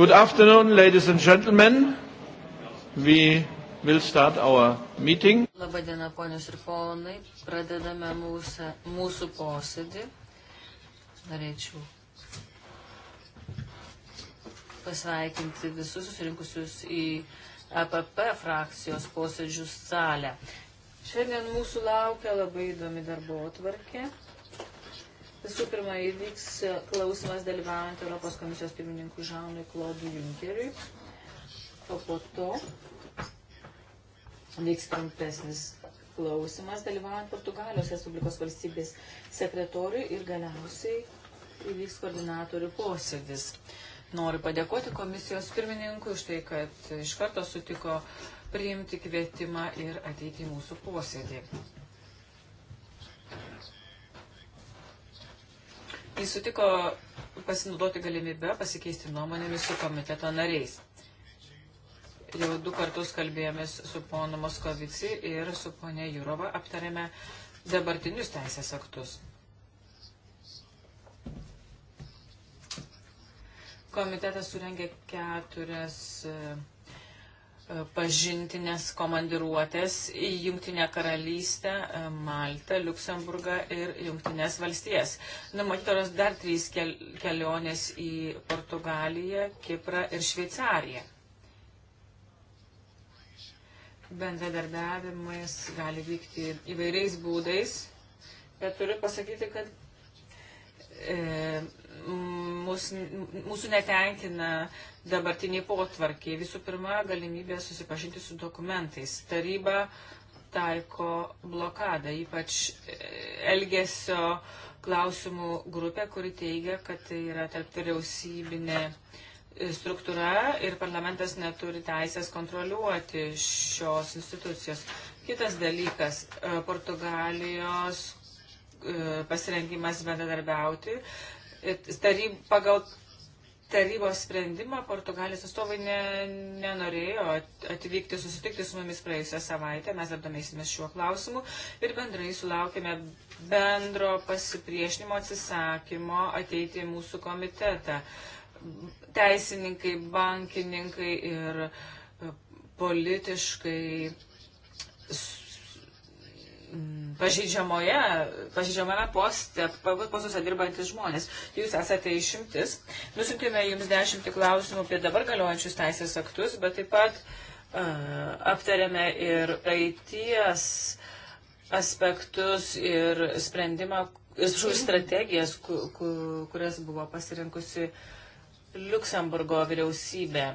Good afternoon, ladies and gentlemen. We will start our meeting. Labadiena, ponios ir ponai. Pradedame mūsų, mūsų posėdį. Norėčiau pasveikinti visus susirinkusius į APP e frakcijos posėdžių salę. Šiandien mūsų laukia labai įdomi darbo atvarkė. Visų pirma, įvyks klausimas dalyvaujant Europos komisijos pirmininkui Žanui Klodui Junkeriui, o po to vyks trumpesnis klausimas dalyvaujant Portugalijos Respublikos valstybės sekretoriui ir galiausiai įvyks koordinatorių posėdis. Noriu padėkoti komisijos pirmininkui už tai, kad iš karto sutiko priimti kvietimą ir ateiti į mūsų posėdį. Jis sutiko pasinaudoti galimybę pasikeisti nuomonėmis su komiteto nariais. Jau du kartus kalbėjomės su ponu Moskovici ir su ponė Jurova aptarėme dabartinius teisės aktus. Komitetas surengė keturias pažintinės komandiruotės į Jungtinę karalystę, e, Maltą, Luksemburgą ir Jungtinės valstijas. Numatytos dar trys kelionės į Portugaliją, Kiprą ir Šveicariją. Bendradarbiavimas gali vykti įvairiais būdais, bet turiu pasakyti, kad e, mus, mūsų netenkina dabartiniai potvarkiai. Visų pirma, galimybė susipažinti su dokumentais. Taryba taiko blokadą, ypač e, Elgesio klausimų grupė, kuri teigia, kad tai yra tarp vyriausybinė e, struktūra ir parlamentas neturi teisės kontroliuoti šios institucijos. Kitas dalykas e, - Portugalijos pasirengimas bendradarbiauti taryb, pagal tarybos sprendimą Portugalijos atstovai ne, nenorėjo atvykti susitikti su mumis praėjusią savaitę. Mes dar domėsimės šiuo klausimu ir bendrai sulaukime bendro pasipriešinimo atsisakymo ateiti į mūsų komitetą. Teisininkai, bankininkai ir e, politiškai pažeidžiamoje, pažeidžiamame poste, postuose dirbantis žmonės. Jūs esate išimtis. Nusintėme jums dešimtį klausimų apie dabar galiojančius teisės aktus, bet taip pat uh, aptarėme ir praeities aspektus ir sprendimą, ir strategijas, ku, ku, kurias buvo pasirinkusi Luksemburgo vyriausybė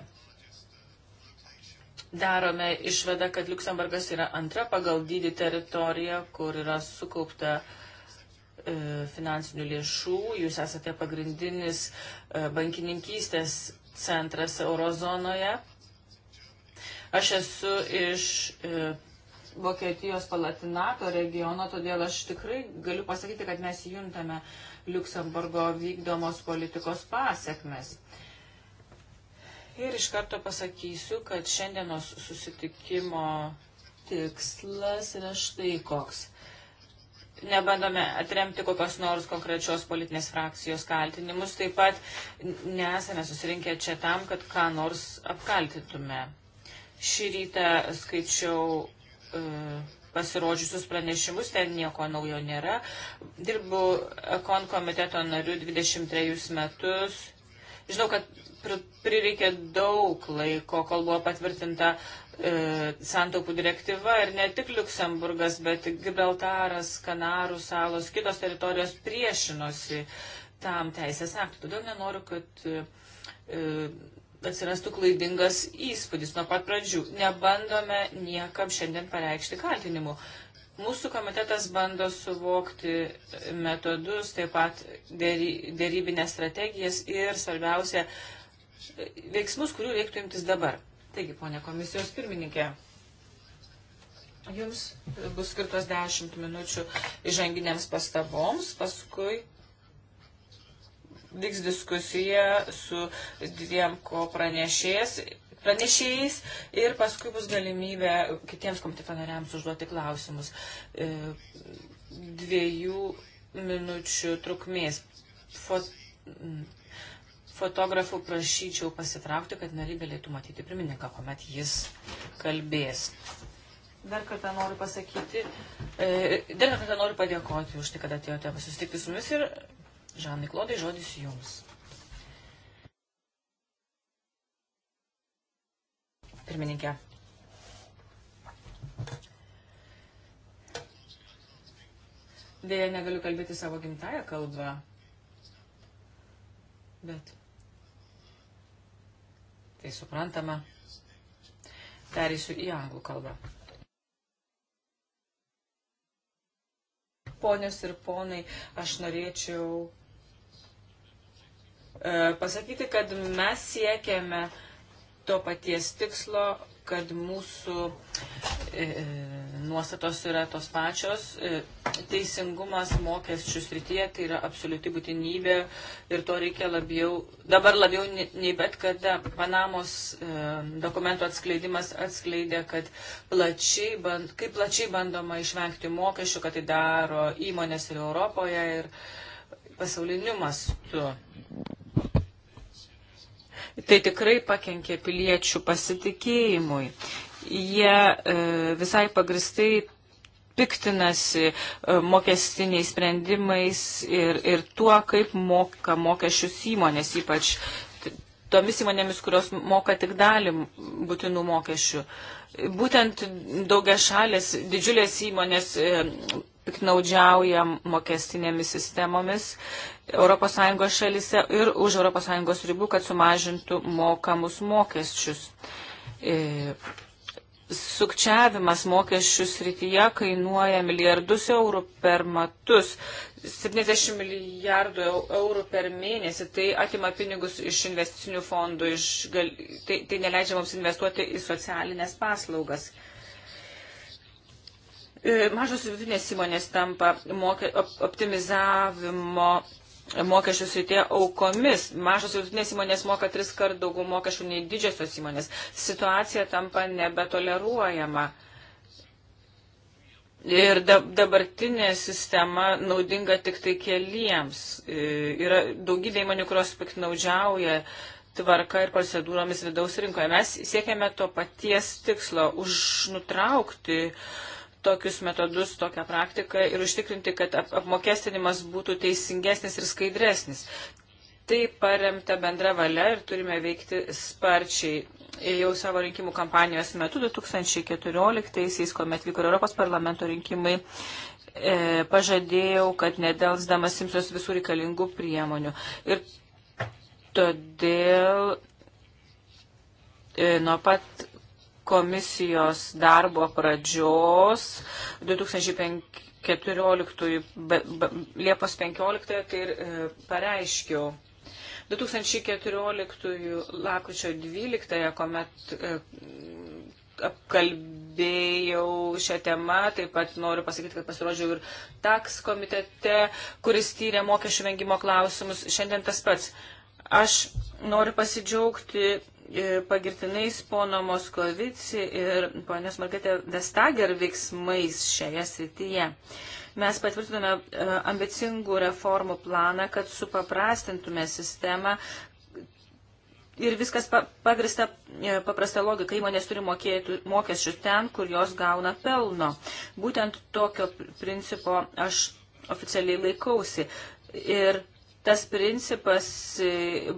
darome išvadą, kad Luksemburgas yra antra pagal dydį teritorija, kur yra sukaupta e, finansinių lėšų. Jūs esate pagrindinis e, bankininkystės centras eurozonoje. Aš esu iš e, Vokietijos palatinato regiono, todėl aš tikrai galiu pasakyti, kad mes juntame Luksemburgo vykdomos politikos pasiekmes. E, Ir iš karto pasakysiu, kad šiandienos susitikimo tikslas yra štai koks. Nebandome atremti kokios nors konkrečios politinės frakcijos kaltinimus, taip pat nesame susirinkę čia tam, kad ką nors apkaltintume. Šį rytą skaičiau. Uh, pasirodžiusius pranešimus, ten nieko naujo nėra. Dirbu Ekon komiteto nariu 23 metus. Žinau, kad prireikė daug laiko, kol buvo patvirtinta e, santaupų direktyva ir ne tik Luksemburgas, bet Gibraltaras, Kanarų salos, kitos teritorijos priešinosi tam teisės aktui. Todėl nenoriu, kad e, e, atsirastų klaidingas įspūdis nuo pat pradžių. Nebandome niekam šiandien pareikšti kaltinimų. Mūsų komitetas bando suvokti metodus, taip pat dėry, dėrybinės strategijas ir svarbiausia veiksmus, kurių reiktų imtis dabar. Taigi, ponė komisijos pirmininkė, jums bus skirtos 10 minučių įžanginėms pastaboms, paskui vyks diskusija su dviem ko pranešėjas pranešėjais ir paskui bus galimybė kitiems komiteto nariams užduoti klausimus. E, dviejų minučių trukmės. Fot Fotografų prašyčiau pasitraukti, kad nariai galėtų matyti pirmininką, kuomet jis kalbės. Dar kartą noriu pasakyti, e, dar kartą noriu padėkoti už tai, kad atėjote susitikti su mumis ir Žanai Klodai, žodis jums. Pirmininkė. Dėja, negaliu kalbėti savo gimtają kalbą, bet tai suprantama. Perėsiu į anglų kalbą. Ponios ir ponai, aš norėčiau e, pasakyti, kad mes siekiame to paties tikslo, kad mūsų e, nuostatos yra tos pačios. E, teisingumas mokesčių srityje tai yra absoliuti būtinybė ir to reikia labiau, dabar labiau nei bet kada. Panamos e, dokumentų atskleidimas atskleidė, kad plačiai, kaip plačiai bandoma išvengti mokesčių, kad tai daro įmonės ir Europoje ir pasauliniu mastu. Tai tikrai pakenkė piliečių pasitikėjimui jie e, visai pagristai piktinasi e, mokestiniais sprendimais ir, ir tuo, kaip moka mokesčius įmonės, ypač tomis įmonėmis, kurios moka tik dalį būtinų mokesčių. Būtent daugia šalės, didžiulės įmonės e, piknaudžiauja mokestinėmis sistemomis ES šalise ir už ES ribų, kad sumažintų mokamus mokesčius sukčiavimas mokesčių srityje kainuoja milijardus eurų per metus, 70 milijardų eurų per mėnesį. Tai atima pinigus iš investicinių fondų, iš, gal, tai, tai neleidžia mums investuoti į socialinės paslaugas. E, mažos vidutinės įmonės tampa optimizavimo mokesčių srityje aukomis. Mažos vidutinės įmonės moka tris kart daugiau mokesčių nei didžiosios įmonės. Situacija tampa nebetoleruojama. Ir dabartinė sistema naudinga tik tai keliems. E, yra daugybė įmonių, kurios piknaudžiauja tvarka ir procedūromis vidaus rinkoje. Mes siekiame to paties tikslo - užnutraukti uh, tokius metodus, tokią praktiką ir užtikrinti, kad ap apmokestinimas būtų teisingesnis ir skaidresnis. Tai paremta bendra valia ir turime veikti sparčiai. Ir jau savo rinkimų kampanijos metu 2014-aisiais, kuomet vyko Europos parlamento rinkimai, e, pažadėjau, kad nedelsdamas simsios visų reikalingų priemonių. Ir todėl e, nuo pat komisijos darbo pradžios 2014 Liepos 15 tai ir e, pareiškiau. 2014 lakučio 12, kuomet e, apkalbėjau šią temą, taip pat noriu pasakyti, kad pasirodžiau ir TAX komitete, kuris tyrė mokesčių vengimo klausimus. Šiandien tas pats. Aš noriu pasidžiaugti E, pagirtinais pono Moskovici ir ponios Markete Vestager veiksmais šioje srityje. Mes patvirtinome e, ambicingų reformų planą, kad supaprastintume sistemą, ir viskas pagrista e, paprasta logika. Įmonės turi mokėti mokesčius ten, kur jos gauna pelno. Būtent tokio principo aš oficialiai laikausi. Ir tas principas e,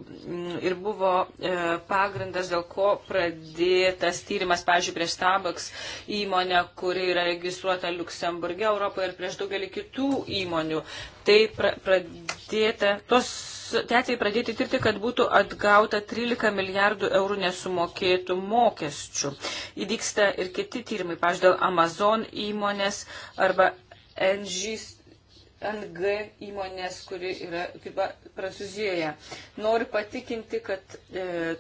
ir buvo e, pagrindas, dėl ko pradėtas tyrimas, pavyzdžiui, prieš Starbucks įmonę, kuri yra registruota Luksemburge, Europoje ir prieš daugelį kitų įmonių. Tai pra pradėta, tos teatvėjai pradėti tirti, kad būtų atgauta 13 milijardų eurų nesumokėtų mokesčių. Įvyksta ir kiti tyrimai, pavyzdžiui, dėl Amazon įmonės arba NG's NG įmonės, kuri yra kaip, Prancūzijoje. Noriu patikinti, kad e,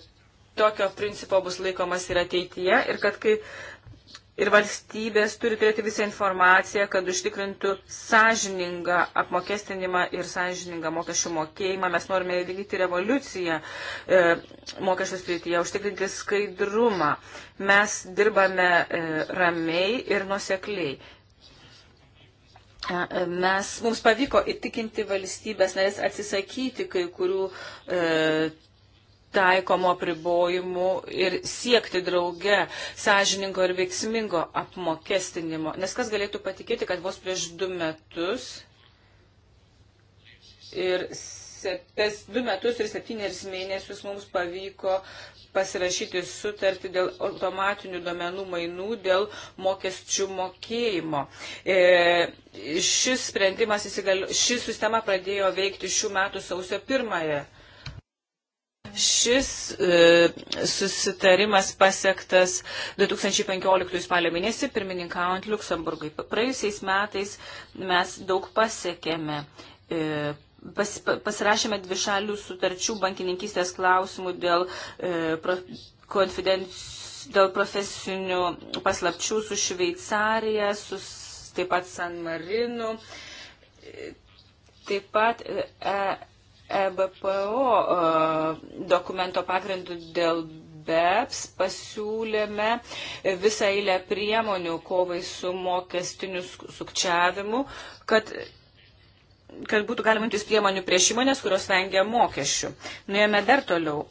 tokio principo bus laikomas ir ateityje ir kad kai ir valstybės turi turėti visą informaciją, kad užtikrintų sąžiningą apmokestinimą ir sąžiningą mokesčių mokėjimą. Mes norime įvykdyti revoliuciją e, mokesčių srityje, užtikrinti skaidrumą. Mes dirbame e, ramiai ir nusekliai. E, mes, mums pavyko įtikinti valstybės narės atsisakyti kai kurių e, taikomo pribojimų ir siekti drauge sąžiningo ir veiksmingo apmokestinimo. Nes kas galėtų patikėti, kad vos prieš du metus ir sepes, du metus ir septynerius mėnesius mums pavyko pasirašyti sutartį dėl automatinių duomenų mainų, dėl mokesčių mokėjimo. E, šis sprendimas įsigaliu, ši sistema pradėjo veikti šių metų sausio pirmąją. Šis e, susitarimas pasiektas 2015 spalio mėnesį, pirmininkaujant Luksemburgui. Praėjusiais metais mes daug pasiekėme. E, pas, pasirašėme dvišalių sutarčių bankininkystės klausimų dėl, e, pro, dėl profesinių paslapčių su Šveicarija, su taip pat San Marinu, taip pat e, EBPO e, dokumento pagrindų dėl BEPS pasiūlėme visą eilę priemonių kovai su mokestiniu sukčiavimu, kad kad būtų galima imtis priemonių prieš įmonės, kurios vengia mokesčių. Nuėjome dar toliau.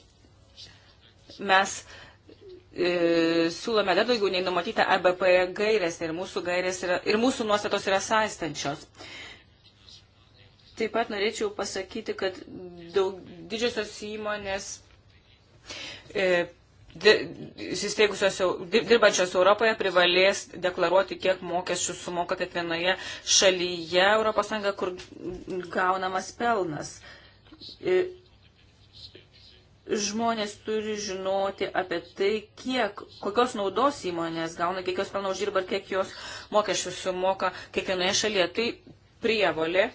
Mes e, siūlome dar daugiau nei numatyta ABP gairės ir mūsų, gairės yra, ir mūsų nuostatos yra saistančios. Taip pat norėčiau pasakyti, kad daug, didžiosios įmonės e, įsisteigusios, dirbančios Europoje privalės deklaruoti, kiek mokesčių sumoka kiekvienoje šalyje ES, kur gaunamas pelnas. Žmonės turi žinoti apie tai, kiek, kokios naudos įmonės gauna, kiek jos pelno uždirba ir kiek jos mokesčių sumoka kiekvienoje šalyje. Tai prievolė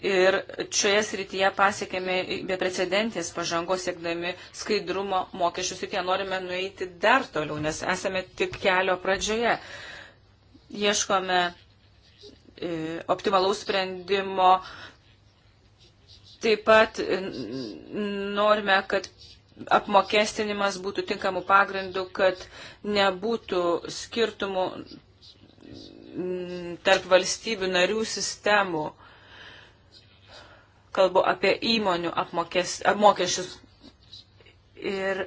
Ir šioje srityje pasiekėme beprecedentės pažangos siekdami skaidrumo mokesčių srityje. Norime nueiti dar toliau, nes esame tik kelio pradžioje. Ieškome e, optimalaus sprendimo. Taip pat e, norime, kad apmokestinimas būtų tinkamų pagrindų, kad nebūtų skirtumų tarp valstybių narių sistemų kalbu apie įmonių apmokes, apmokesčius. Ir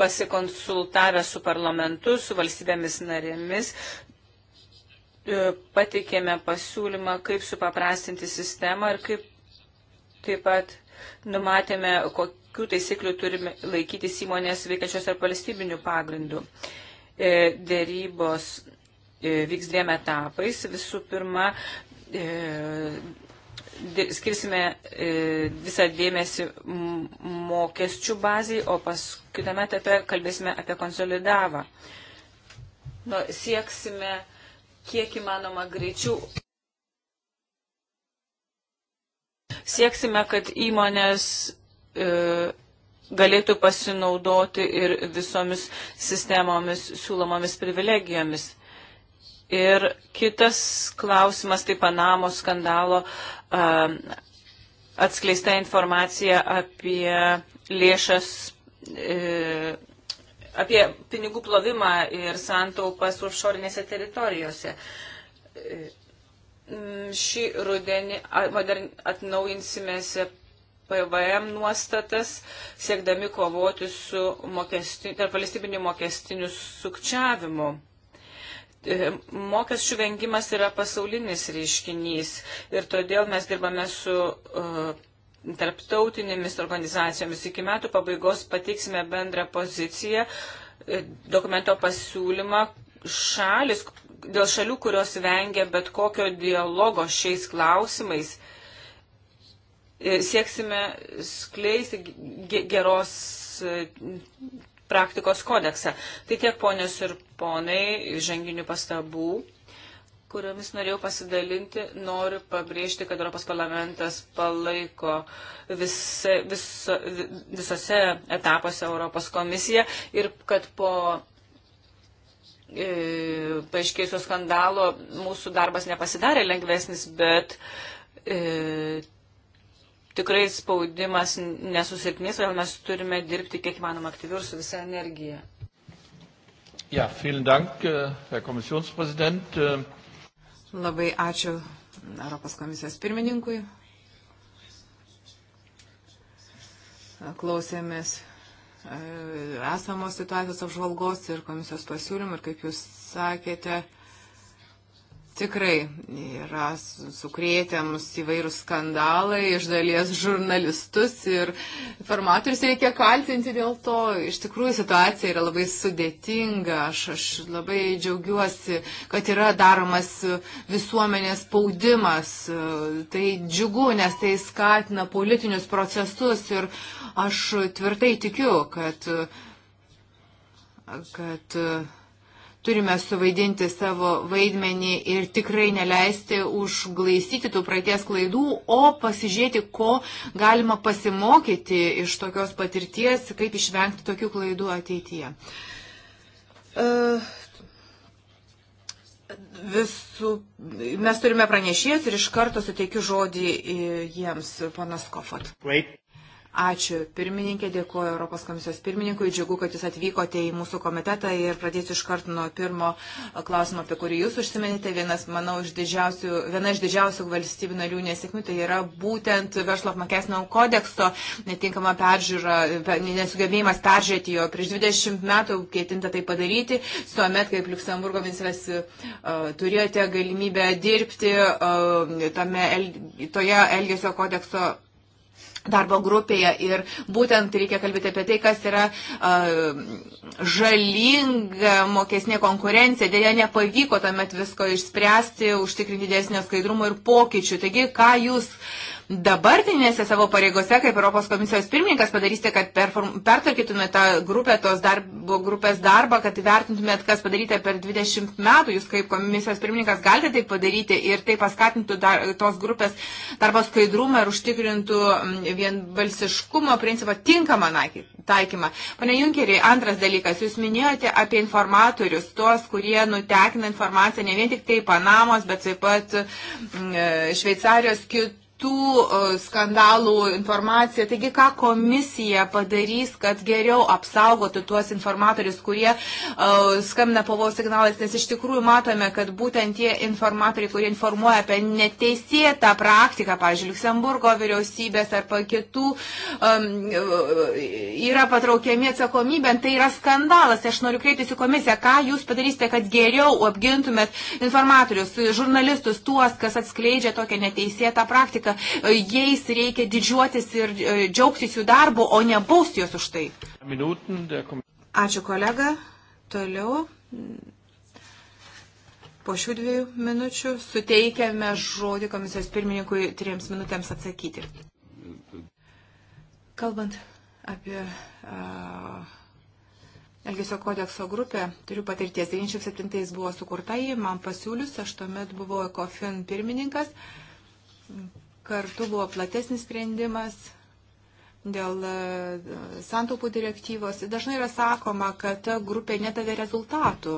pasikonsultavę su parlamentu, su valstybėmis narėmis, e, pateikėme pasiūlymą, kaip supaprastinti sistemą ir kaip taip pat numatėme, kokių taisyklių turime laikytis įmonės veikiančios ar valstybinių pagrindų. E, dėrybos e, vyks dviem etapais. Visų pirma, skirsime e, visą dėmesį mokesčių bazai, o pas kitame etape kalbėsime apie konsolidavą. Nu, sieksime kiek įmanoma greičiau. Sieksime, kad įmonės e, galėtų pasinaudoti ir visomis sistemomis siūlomomis privilegijomis. Ir kitas klausimas, tai Panamo skandalo Um, atskleista informacija apie lėšas, e, apie pinigų plovimą ir santaupas užšorinėse teritorijose. E, šį rudenį atnaujinsime PVM nuostatas, siekdami kovoti su tarpvalstybiniu mokestiniu sukčiavimu. E, mokesčių vengimas yra pasaulinis reiškinys ir todėl mes dirbame su uh, tarptautinėmis organizacijomis. Iki metų pabaigos pateiksime bendrą poziciją, e, dokumento pasiūlymą šalis, dėl šalių, kurios vengia bet kokio dialogo šiais klausimais. Sieksime skleisti geros praktikos kodeksą. Tai tiek ponios ir ponai, ženginių pastabų kuriomis norėjau pasidalinti, noriu pabrėžti, kad Europos parlamentas palaiko vise, viso, visose etapuose Europos komisiją ir kad po e, paaiškėjusio skandalo mūsų darbas nepasidarė lengvesnis, bet e, tikrai spaudimas nesusilpnės, todėl mes turime dirbti kiek įmanoma aktyviau ir su visa energija. Ja, vielen Dank, äh, Herr Kommissionspräsident. Äh, Labai ačiū Europos komisijos pirmininkui. Klausėmės äh, esamos situacijos apžvalgos ir komisijos pasiūlymų ir kaip jūs sakėte, tikrai yra sukrėtę mus įvairūs skandalai, iš dalies žurnalistus ir informatorius reikia kaltinti dėl to. Iš tikrųjų situacija yra labai sudėtinga. Aš, aš labai džiaugiuosi, kad yra daromas visuomenės spaudimas. Tai džiugu, nes tai skatina politinius procesus ir aš tvirtai tikiu, kad kad turime suvaidinti savo vaidmenį ir tikrai neleisti užglaistyti tų praeities klaidų, o pasižiūrėti, ko galima pasimokyti iš tokios patirties, kaip išvengti tokių klaidų ateityje. Uh, visų, mes turime pranešėjus ir iš karto suteikiu žodį e, jiems, panas Kofot. Great. Ačiū pirmininkė, dėkuoju Europos komisijos pirmininkui, džiugu, kad jūs atvykote į mūsų komitetą ir pradėsiu iš karto nuo pirmo klausimo, apie kurį jūs užsiminėte. Vienas, manau, iš didžiausių, viena iš didžiausių valstybių narių nesėkmių tai yra būtent verslo apmokesnio kodekso netinkama peržiūra, nesugebėjimas peržiūrėti jo. Prieš 20 metų ketinta tai padaryti, tuomet, kaip Luksemburgo ministras uh, turėjote galimybę dirbti uh, tame, el, toje Elgesio kodekso darbo grupėje ir būtent reikia kalbėti apie tai, kas yra uh, žalinga mokesnė konkurencija. Dėja, nepavyko tuomet visko išspręsti, užtikrinti didesnio skaidrumo ir pokyčių. Taigi, ką jūs dabartinėse savo pareigose, kaip Europos komisijos pirmininkas, padarysite, kad pertvarkytumėte tą grupę, tos darbo, grupės darbą, kad vertintumėt, kas padaryta per 20 metų, jūs kaip komisijos pirmininkas galite tai padaryti ir tai paskatintų dar, tos grupės darbo skaidrumą ir užtikrintų vienbalsiškumo principą tinkamą taikymą. Pane Junkeriai, antras dalykas, jūs minėjote apie informatorius, tuos, kurie nutekina informaciją ne vien tik tai Panamos, bet taip pat e, Šveicarijos kitų kitų e, skandalų informacija. Taigi, ką komisija padarys, kad geriau apsaugotų tuos informatorius, kurie e, skambina pavojaus signalais, nes iš tikrųjų matome, kad būtent tie informatoriai, kurie informuoja apie neteisėtą praktiką, pavyzdžiui, Luksemburgo vyriausybės ar kitų, e, yra patraukiami atsakomybė. Tai yra skandalas. Aš noriu kreiptis į komisiją, ką jūs padarysite, kad geriau apgintumėt informatorius, žurnalistus, tuos, kas atskleidžia tokią neteisėtą praktiką ekonomiką, e, jais reikia didžiuotis ir e, džiaugtis jų darbu, o ne bausti juos už tai. Ačiū kolega. Toliau po šių dviejų minučių suteikiame žodį komisijos pirmininkui trims minutėms atsakyti. Kalbant apie uh, Elgesio kodekso grupę, turiu patirties. 97 buvo sukurta jį, man pasiūlius, aš tuomet buvau ECOFIN pirmininkas kartu buvo platesnis sprendimas dėl e, santaupų direktyvos. Dažnai yra sakoma, kad ta grupė netavė rezultatų,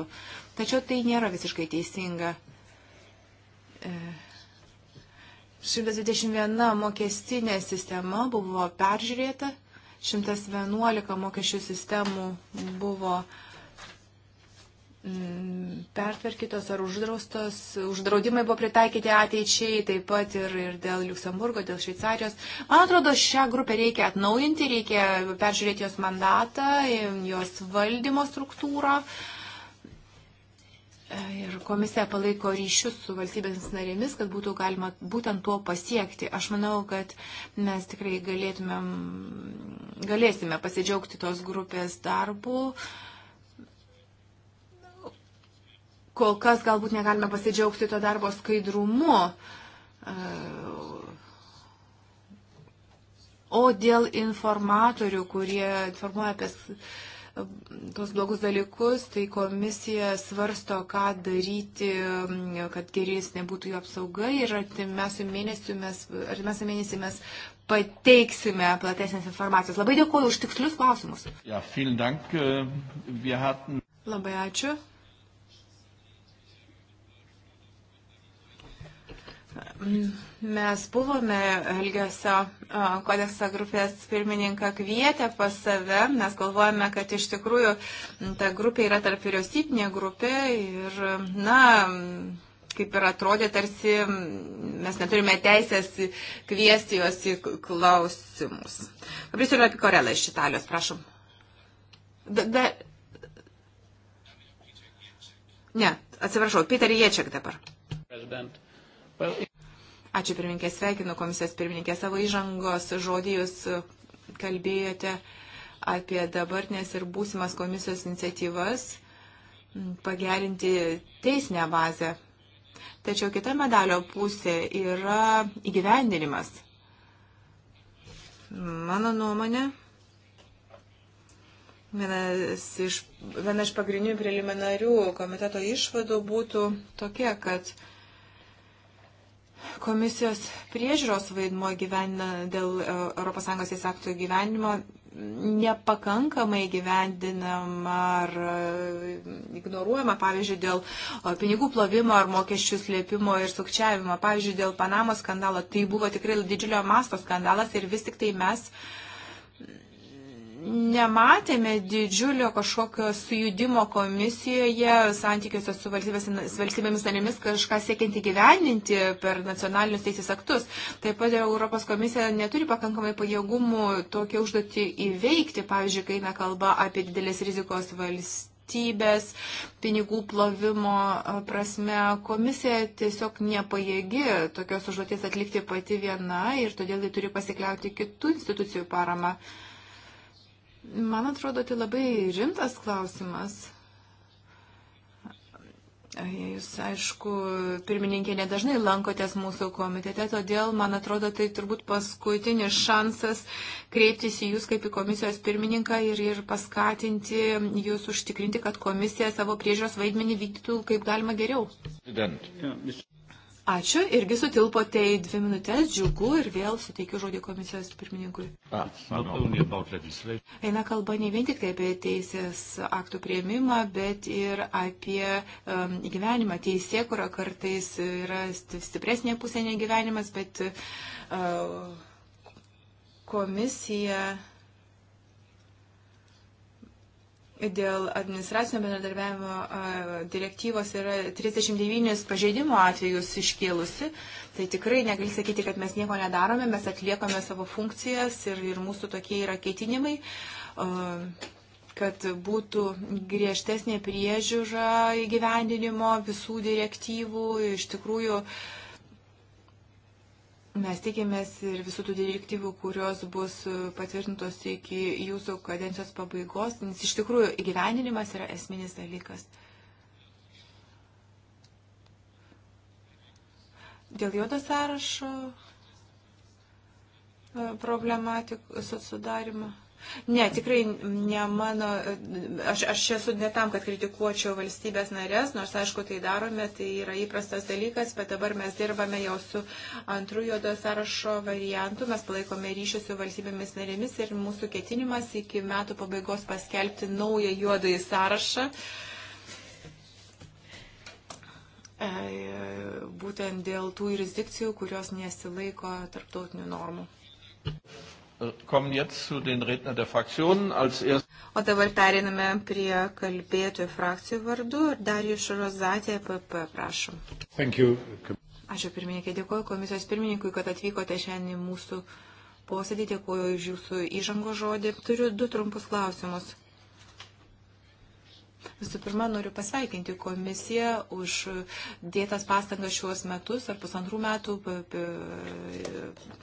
tačiau tai nėra visiškai teisinga. 121 e, mokestinė sistema buvo peržiūrėta, 111 mokesčių sistemų buvo uh, Mm, pertvarkytos ar uždraustos, uždraudimai buvo pritaikyti ateičiai, taip pat ir, ir dėl Luksemburgo, dėl Šveicarijos. Man atrodo, šią grupę reikia atnaujinti, reikia peržiūrėti jos mandatą, jos valdymo struktūrą. Ir komisija palaiko ryšius su valstybės narėmis, kad būtų galima būtent tuo pasiekti. Aš manau, kad mes tikrai galėtumėm, galėsime pasidžiaugti tos grupės darbu. Uh, kol kas galbūt negalime pasidžiaugti to darbo skaidrumu. O dėl informatorių, kurie informuoja apie tos blogus dalykus, tai komisija svarsto, ką daryti, kad geresnė būtų jų apsauga ir artimiausią mėnesį mes, artimiausią mėnesį mes pateiksime platesnės informacijos. Labai dėkuoju už tikslius klausimus. Ja, dank. Äh, wir hatten... Labai ačiū. Mes buvome Elgesio kodekso grupės pirmininką kvietę pas save. Mes galvojame, kad iš tikrųjų ta grupė yra tarp vyriausybinė grupė ir, na, kaip ir atrodė, tarsi mes neturime teisės kviesti juos į klausimus. Prisiliu apie Korelą iš Italijos, prašom. Da, da... Ne, atsiprašau, Peter Ječiak dabar. President. Ačiū pirmininkė, sveikinu komisijos pirmininkė savo įžangos žodėjus kalbėjote apie dabartinės ir būsimas komisijos iniciatyvas pagerinti teisinę bazę. Tačiau kita medalio pusė yra įgyvendinimas. Mano nuomonė, vienas iš, viena iš pagrindinių preliminarių komiteto išvadų būtų tokia, kad Komisijos priežiūros vaidmo gyvenime dėl ES teisės aktų gyvenimo nepakankamai gyvendinama ar e, ignoruojama, pavyzdžiui, dėl e, pinigų plovimo ar mokesčių slėpimo ir sukčiavimo. Pavyzdžiui, dėl Panamos skandalo. Tai buvo tikrai didžiulio masto skandalas ir vis tik tai mes nematėme didžiulio kažkokio sujudimo komisijoje santykiuose su valstybėmis narėmis kažką siekiant įgyvendinti per nacionalinius teisės aktus. Taip pat Europos komisija neturi pakankamai pajėgumų tokią užduotį įveikti, pavyzdžiui, kai eina kalba apie didelės rizikos valstybės valstybės, pinigų plovimo prasme. Komisija tiesiog nepajėgi tokios užduoties atlikti pati viena ir todėl ji turi pasikliauti kitų institucijų paramą. Uh, Man atrodo, tai labai rimtas klausimas. Jūs, aišku, pirmininkė nedažnai lankotės mūsų komitete, todėl, man atrodo, tai turbūt paskutinis šansas kreiptis į jūs kaip į komisijos pirmininką ir, ir paskatinti jūs užtikrinti, kad komisija savo priežiūros vaidmenį vykdytų kaip galima geriau. Ačiū, irgi sutilpote į dvi minutės, džiugu ir vėl suteikiu žodį komisijos pirmininkui. A, Eina kalba ne vien tik tai apie teisės aktų prieimimą, bet ir apie um, gyvenimą. Teisė, kurio kartais yra stipresnė pusė nei gyvenimas, bet uh, komisija dėl administracinio bendradarbiavimo direktyvos yra 39 pažeidimo atvejus iškėlusi. Tai tikrai negali sakyti, kad mes nieko nedarome, mes atliekame savo funkcijas ir, ir mūsų tokie yra ketinimai kad būtų griežtesnė priežiūra įgyvendinimo visų direktyvų. Iš tikrųjų, uh, Mes tikimės ir visų tų direktyvų, kurios bus patvirtintos iki jūsų kadencijos pabaigos, nes iš tikrųjų įgyveninimas yra esminis dalykas. Dėl juodo sąrašo e, problematikos sudarimo. Ne, tikrai ne mano, aš, aš esu ne tam, kad kritikuočiau valstybės narės, nors aišku tai darome, tai yra įprastas dalykas, bet dabar mes dirbame jau su antrų juodo sąrašo variantu, mes palaikome ryšį su valstybėmis narėmis ir mūsų ketinimas iki metų pabaigos paskelbti naują juodąjį sąrašą e, būtent dėl tų jurisdikcijų, kurios nesilaiko tarptautinių normų. O dabar periname prie kalbėtojų frakcijų vardų ir dar iš Rozatė e PP, prašom. Ačiū pirmininkė, dėkuoju komisijos pirmininkui, kad atvykote šiandien mūsų posėdį, dėkuoju už jūsų įžango žodį. Turiu du trumpus klausimus. Visų pirma, noriu pasveikinti komisiją už dėtas pastangas šiuos metus ar pusantrų metų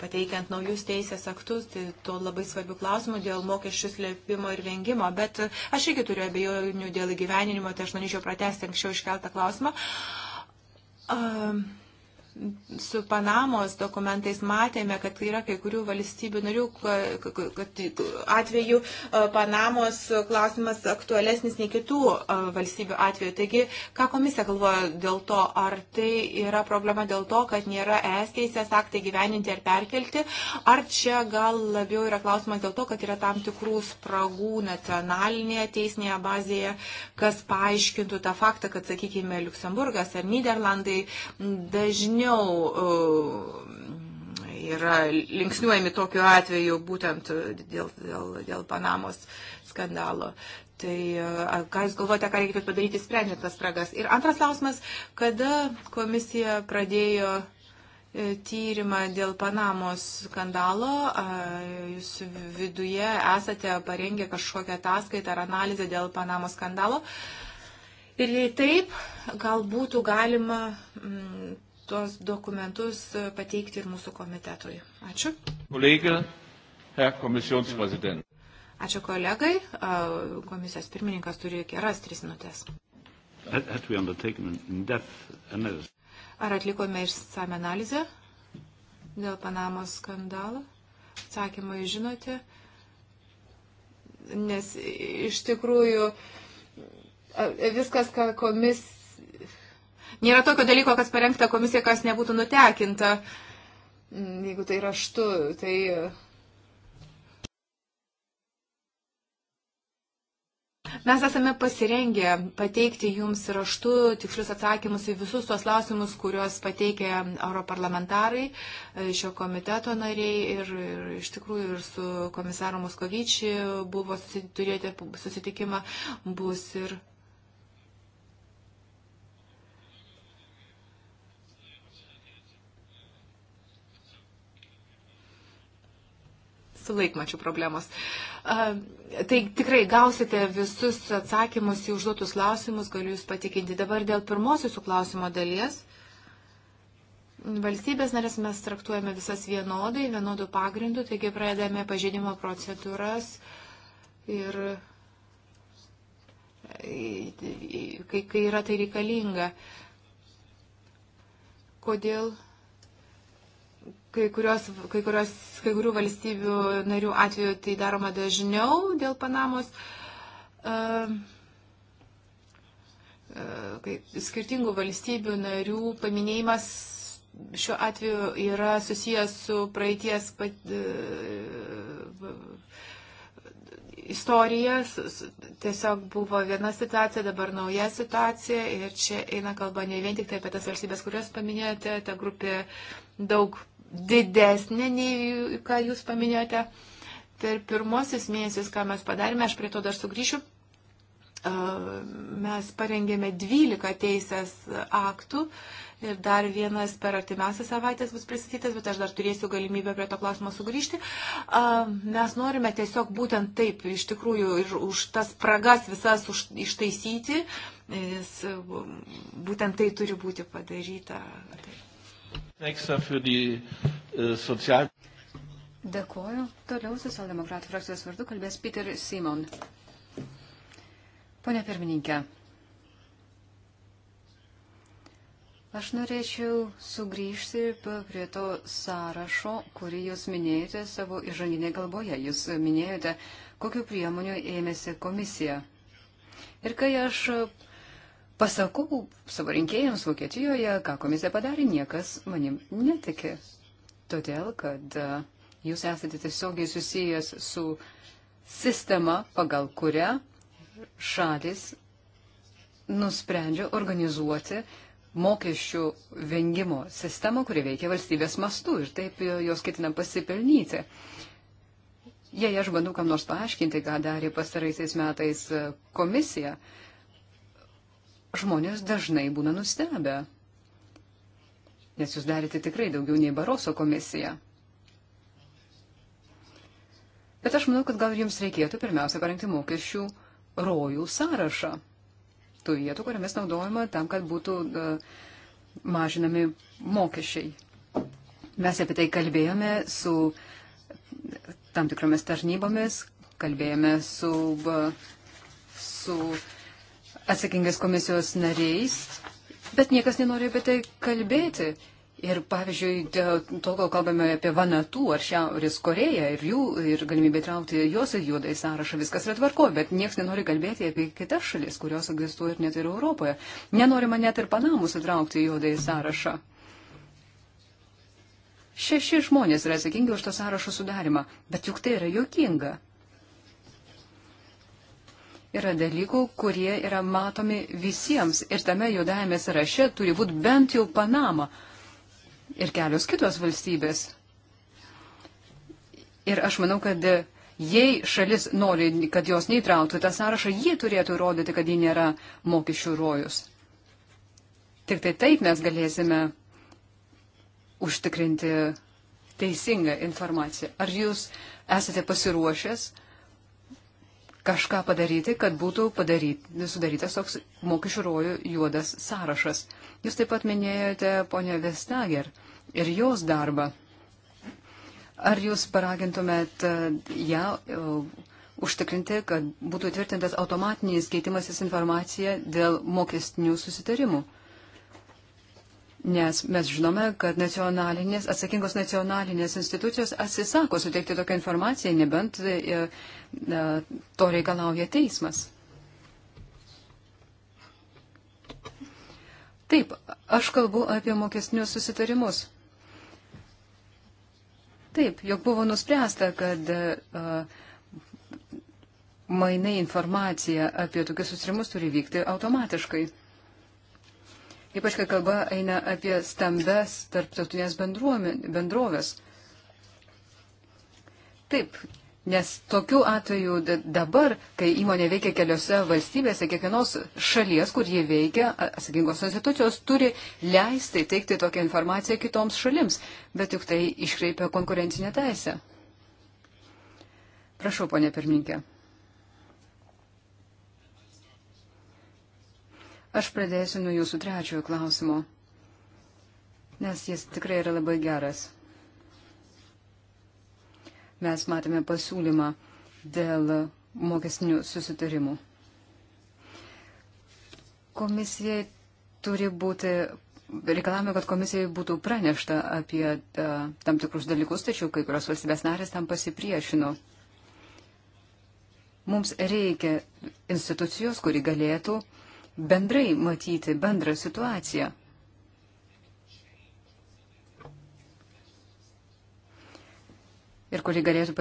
pateikiant naujus teisės aktus, tai to labai svarbių klausimų dėl mokesčių slėpimo ir vengimo, bet aš irgi turiu abejonių dėl įgyveninimo, tai aš norėčiau pratesti anksčiau iškeltą klausimą. Um su Panamos dokumentais matėme, kad yra kai kurių valstybių narių, kad atveju e, Panamos klausimas aktualesnis nei kitų e, valstybių atveju. Taigi, ką komisija galvoja dėl to, ar tai yra problema dėl to, kad nėra ES teisės aktai gyveninti ar perkelti, ar čia gal labiau yra klausimas dėl to, kad yra tam tikrų spragų nacionalinėje teisinėje bazėje, kas paaiškintų tą faktą, kad, sakykime, Luksemburgas ar Niderlandai dažniau dažniau e, yra linksniuojami tokiu atveju būtent dėl, dėl, dėl Panamos skandalo. Tai e, ką Jūs galvojate, ką reikėtų padaryti sprendžiant tas spragas? Ir antras klausimas, kada komisija pradėjo e, tyrimą dėl Panamos skandalo. Jūs viduje esate parengę kažkokią ataskaitą ar analizę dėl Panamos skandalo. Ir jei taip, gal būtų galima mm, tuos dokumentus e, pateikti ir mūsų komitetui. Ačiū. Kolega, Herr Kommissionspräsident. Ačiū kolegai. E, komisijos pirmininkas turi geras tris minutės. Ar atlikome išsame analizę dėl Panamos skandalo? Atsakymą žinote, nes iš tikrųjų viskas, ką komisija Nėra tokio dalyko, kas parengta komisija, kas nebūtų nutekinta. Mm, jeigu tai raštu, tai. E, mes esame pasirengę pateikti jums raštu tikslius atsakymus į visus tuos klausimus, kuriuos pateikė europarlamentarai, e, šio komiteto nariai ir, ir iš tikrųjų ir su komisaru Moskovičiu buvo susit, turėjote susitikimą, bus ir su laikmačiu problemos. Tai tikrai gausite visus atsakymus į užduotus klausimus, galiu Jūs patikinti. Dabar dėl pirmosios jūsų klausimo dalies. Valstybės narės mes traktuojame visas vienodai, vienodų pagrindų, taigi pradedame pažeidimo procedūras ir e, kai, kai yra tai reikalinga. Kodėl Kai, kurios, kai, kurios, kai kurių valstybių narių atveju tai daroma dažniau dėl Panamos. Uh, kai skirtingų valstybių narių paminėjimas šiuo atveju yra susijęs su praeities pat, e, istorija. Tiesiog buvo viena situacija, dabar nauja situacija ir čia eina kalba ne vien tik tai apie tas valstybės, kurias paminėjote, ta grupė daug didesnė nei ką jūs paminėjote. Per tai pirmosius mėnesius, ką mes padarėme, aš prie to dar sugrįšiu, mes parengėme 12 teisės aktų ir dar vienas per artimiausias savaitės bus pristatytas, bet aš dar turėsiu galimybę prie to klausimo sugrįžti. Mes norime tiesiog būtent taip, iš tikrųjų, ir už tas spragas visas už, ištaisyti, nes būtent tai turi būti padaryta. Taip. Äh, Dėkuoju. Toliau socialdemokratų frakcijos vardu kalbės Peter Simon. Pone pirmininkė, aš norėčiau sugrįžti prie to sąrašo, kurį jūs minėjote savo įžanginėje kalboje. Jūs minėjote, kokiu priemoniu ėmėsi komisija. Ir kai aš pasakau savo rinkėjams Vokietijoje, ką komisija padarė, niekas manim netiki. Todėl, kad e, jūs esate tiesiogiai susijęs su sistema, pagal kurią šalis nusprendžia organizuoti mokesčių vengimo sistemą, kuri veikia valstybės mastu ir taip e, jos ketina pasipelnyti. Jei aš bandau kam nors paaiškinti, ką darė pastaraisiais metais e, komisija, žmonės dažnai būna nustebę, nes jūs darėte tikrai daugiau nei Baroso komisija. Bet aš manau, kad gal jums reikėtų pirmiausia parengti mokesčių rojų sąrašą. Tų vietų, kuriamis naudojama tam, kad būtų uh, mažinami mokesčiai. Mes apie tai kalbėjome su tam tikromis tarnybomis, kalbėjome su, e, su atsakingais komisijos nariais, bet niekas nenori apie tai kalbėti. Ir pavyzdžiui, tol, kol kalbame apie Vanatų ar Šiaurės Koreją ir jų ir galimybę traukti juos į juodą į sąrašą, viskas yra tvarko, bet niekas nenori kalbėti apie kitas šalis, kurios egzistuoja ir net ir Europoje. Nenorima net ir Panamų sutraukti į juodą į sąrašą. Šeši žmonės yra atsakingi už to sąrašo sudarimą, bet juk tai yra jokinga yra dalykų, kurie yra matomi visiems. Ir tame juodajame sąraše turi būti bent jau Panama ir kelios kitos valstybės. Ir aš manau, kad jei šalis nori, kad jos neįtrauktų tą sąrašą, jie turėtų įrodyti, kad ji nėra mokesčių rojus. Tik tai taip mes galėsime užtikrinti teisingą informaciją. Ar jūs esate pasiruošęs kažką padaryti, kad būtų padaryt, sudarytas toks mokesčių rojų juodas sąrašas. Jūs taip pat minėjote ponę Vestager ir jos darbą. Ar jūs paragintumėt uh, ją ja, uh, užtikrinti, kad būtų tvirtintas automatinis keitimasis informacija dėl mokestinių susitarimų? Nes mes žinome, kad nacionalinės, atsakingos nacionalinės institucijos atsisako suteikti tokią informaciją, nebent uh, to reikalauja teismas. Taip, aš kalbu apie mokesnius susitarimus. Taip, jog buvo nuspręsta, kad uh, mainai informacija apie tokius susitarimus turi vykti automatiškai. Ypač, kai kalba eina apie stambes tarptautinės bendrovės. Taip, Nes tokiu atveju dabar, kai įmonė veikia keliose valstybėse, kiekvienos šalies, kur jie veikia, atsakingos institucijos turi leisti teikti tokią informaciją kitoms šalims, bet juk tai iškreipia konkurencinę teisę. Prašau, ponė pirmininkė. Aš pradėsiu nuo jūsų trečiojo klausimo, nes jis tikrai yra labai geras mes matėme pasiūlymą dėl mokesnių susitarimų. Komisijai turi būti, reikalavome, kad komisijai būtų pranešta apie a, e, tam tikrus dalykus, tačiau kai kurios valstybės narės tam pasipriešino. Mums reikia institucijos, kuri galėtų bendrai matyti bendrą situaciją. ir kuri galėtų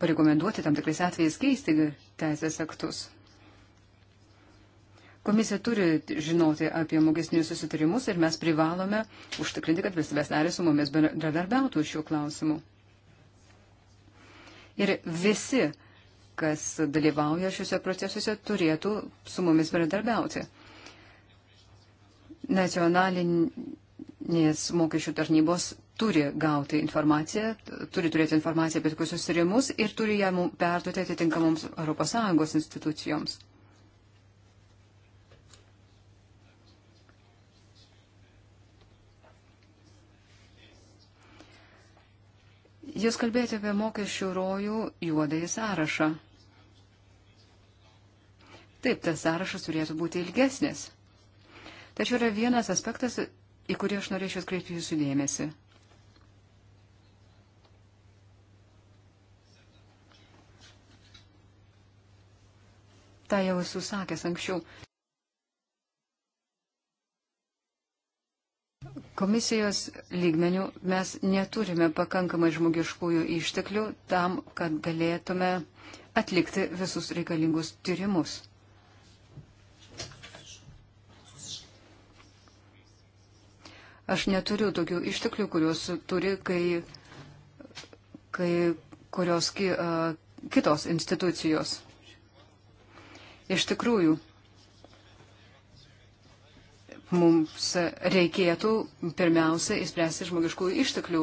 parekomenduoti tam tikrais atvejais keisti teisės aktus. Komisija turi žinoti apie mokesnius susitarimus ir mes privalome užtikrinti, kad valstybės narės su mumis bendradarbiautų šiuo klausimu. Ir visi, kas dalyvauja šiuose procesuose, turėtų su mumis bendradarbiauti. Nacionalinės mokesčių tarnybos turi gauti informaciją, turi turėti informaciją apie tokius susirimus ir turi ją perduoti atitinkamoms ES institucijoms. Jūs kalbėjote apie mokesčių rojų juodąjį sąrašą. Taip, tas sąrašas turėtų būti ilgesnis. Tačiau yra vienas aspektas, į kurį aš norėčiau atkreipti jūsų dėmesį. tą jau esu sakęs anksčiau. Komisijos lygmenių mes neturime pakankamai žmogiškųjų išteklių tam, kad galėtume atlikti visus reikalingus tyrimus. Aš neturiu tokių išteklių, kurios turi, kai, kai kurios ki, uh, kitos institucijos. Iš tikrųjų, mums reikėtų pirmiausia įspręsti žmogiškųjų išteklių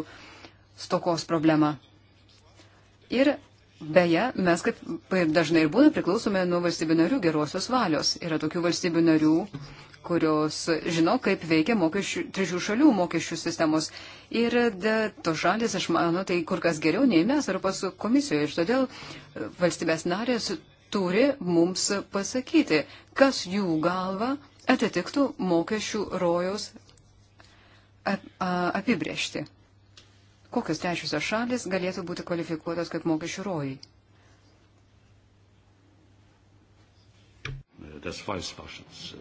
stokos problemą. Ir beje, mes kaip dažnai ir būna priklausome nuo valstybių narių gerosios valios. Yra tokių valstybių narių, kurios žino, kaip veikia mokesčių, trečių šalių mokesčių sistemos. Ir tos šalis, aš manau, tai kur kas geriau nei mes Europos komisijoje. Ir todėl e, valstybės narės turi mums pasakyti, kas jų galva atitiktų mokesčių rojos apibriešti. Kokios trečiosios šalis galėtų būti kvalifikuotos kaip mokesčių rojai? des Weißwaschens äh,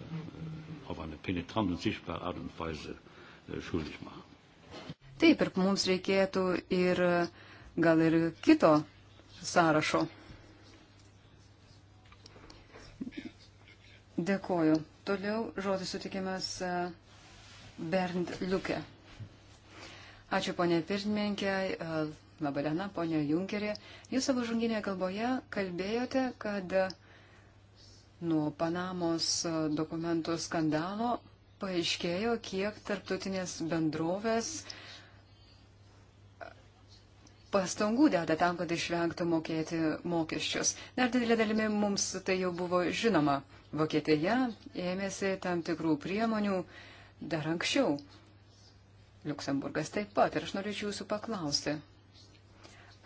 auf eine penetrante und sichtbare Art und Weise äh, schuldig machen. Taip, ir mums reikėtų ir e, gal ir kito sąrašo. Dėkoju. Toliau žodis sutikimas e, Bernd Liukė. Ačiū ponė Pirmininkė, e, laba diena ponė Junkerė. Jūs savo žunginėje kalboje kalbėjote, kad nuo Panamos dokumentų skandalo paaiškėjo, kiek tarptautinės bendrovės pastangų deda tam, kad išvengtų mokėti mokesčius. Dar didelė dalimi mums tai jau buvo žinoma. Vokietija ėmėsi tam tikrų priemonių dar anksčiau. Luksemburgas taip pat. Ir aš norėčiau jūsų paklausti,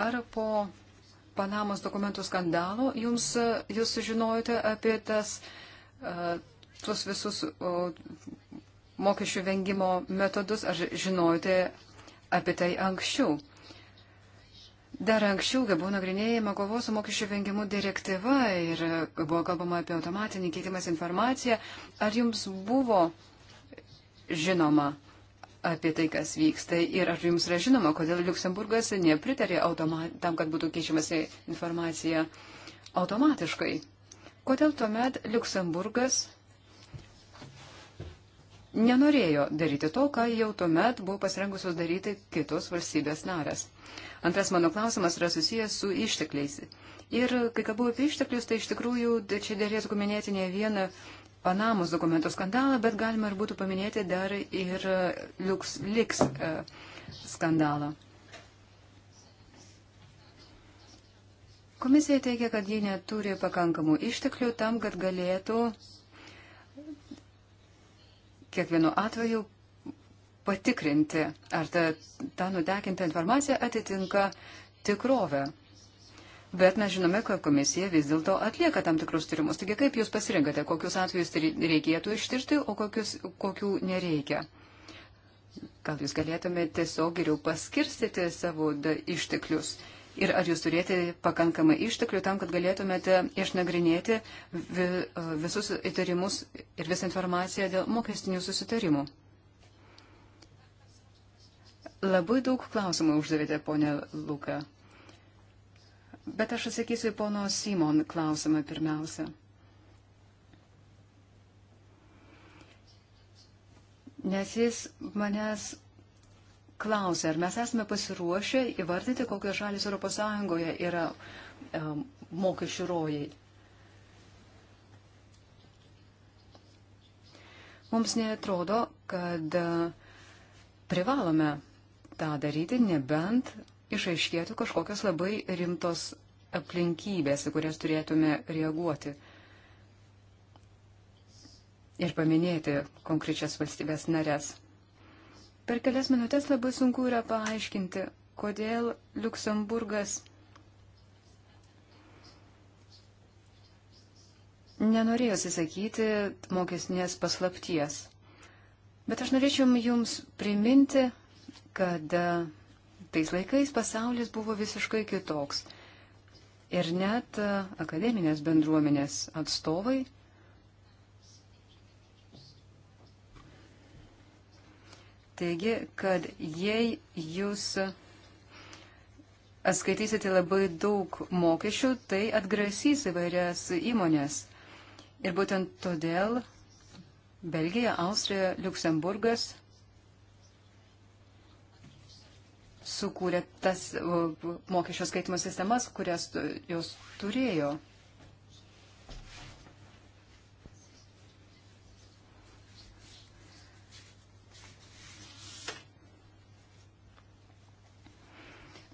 ar po Panamos dokumentų skandalo jums, jūs sužinojote apie tas, uh, tuos visus uh, mokesčių vengimo metodus, ar žinojote apie tai anksčiau? Dar anksčiau buvo nagrinėjama kovos su mokesčių vengimu direktyva ir buvo kalbama apie automatinį keitimas informaciją. Ar jums buvo žinoma apie tai, kas vyksta ir ar jums yra žinoma, kodėl Luksemburgas nepritarė automat, tam, kad būtų keičiamasi informacija automatiškai? Kodėl tuomet Luksemburgas nenorėjo daryti to, ką jau tuomet buvo pasirengusios daryti kitos valstybės narės. Antras mano klausimas yra susijęs su ištekliais. Ir kai kalbu apie išteklius, tai iš tikrųjų čia dėlėtų paminėti ne vieną Panamos dokumentų skandalą, bet galima ir būtų paminėti dar ir e, LuxLeaks e, skandalą. Komisija teigia, kad ji neturi pakankamų išteklių tam, kad galėtų kiekvienu atveju patikrinti, ar ta, ta nudeginta informacija atitinka tikrovę. Bet mes žinome, kad komisija vis dėlto atlieka tam tikrus tyrimus. Taigi kaip jūs pasirinkate, kokius atvejus reikėtų ištirti, o kokius, kokių nereikia? Gal jūs galėtumėte tiesiog geriau paskirstyti savo išteklius? ir ar jūs turėti pakankamai išteklių tam, kad galėtumėte išnagrinėti e, visus įtarimus ir visą informaciją dėl mokestinių susitarimų. Labai daug klausimų uždavėte, ponė Luka. Bet aš atsakysiu į pono Simon klausimą pirmiausia. Nes jis manęs klausia, ar mes esame pasiruošę įvardyti, kokios šalis ES yra um, mokesčių rojai. Mums netrodo, kad e, privalome tą daryti, nebent išaiškėtų kažkokios labai rimtos aplinkybės, į kurias turėtume reaguoti ir paminėti konkrečias valstybės narės. Per kelias minutės labai sunku yra paaiškinti, kodėl Luksemburgas nenorėjo atsisakyti mokesnės paslapties. Bet aš norėčiau Jums priminti, kad e, tais laikais pasaulis buvo visiškai kitoks. Ir net e, akademinės bendruomenės atstovai Taigi, kad jei jūs atskaitysite labai daug mokesčių, tai atgrasys įvairias įmonės. Ir būtent todėl Belgija, Austrija, Luksemburgas sukūrė tas mokesčio skaitimo sistemas, kurias jos turėjo.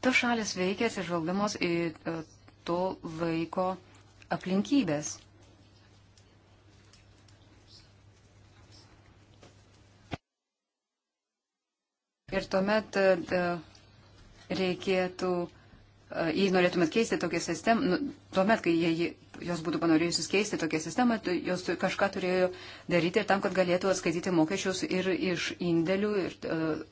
Ta šalis veikia atsižvelgdamos į e, to laiko aplinkybės. Ir tuomet e, e, reikėtų, jei norėtumėt keisti tokią sistemą, nu, tuomet, kai jie jos būtų panorėjusios keisti tokią sistemą, jos kažką turėjo daryti tam, kad galėtų atskaityti mokesčius ir iš indėlių ir uh,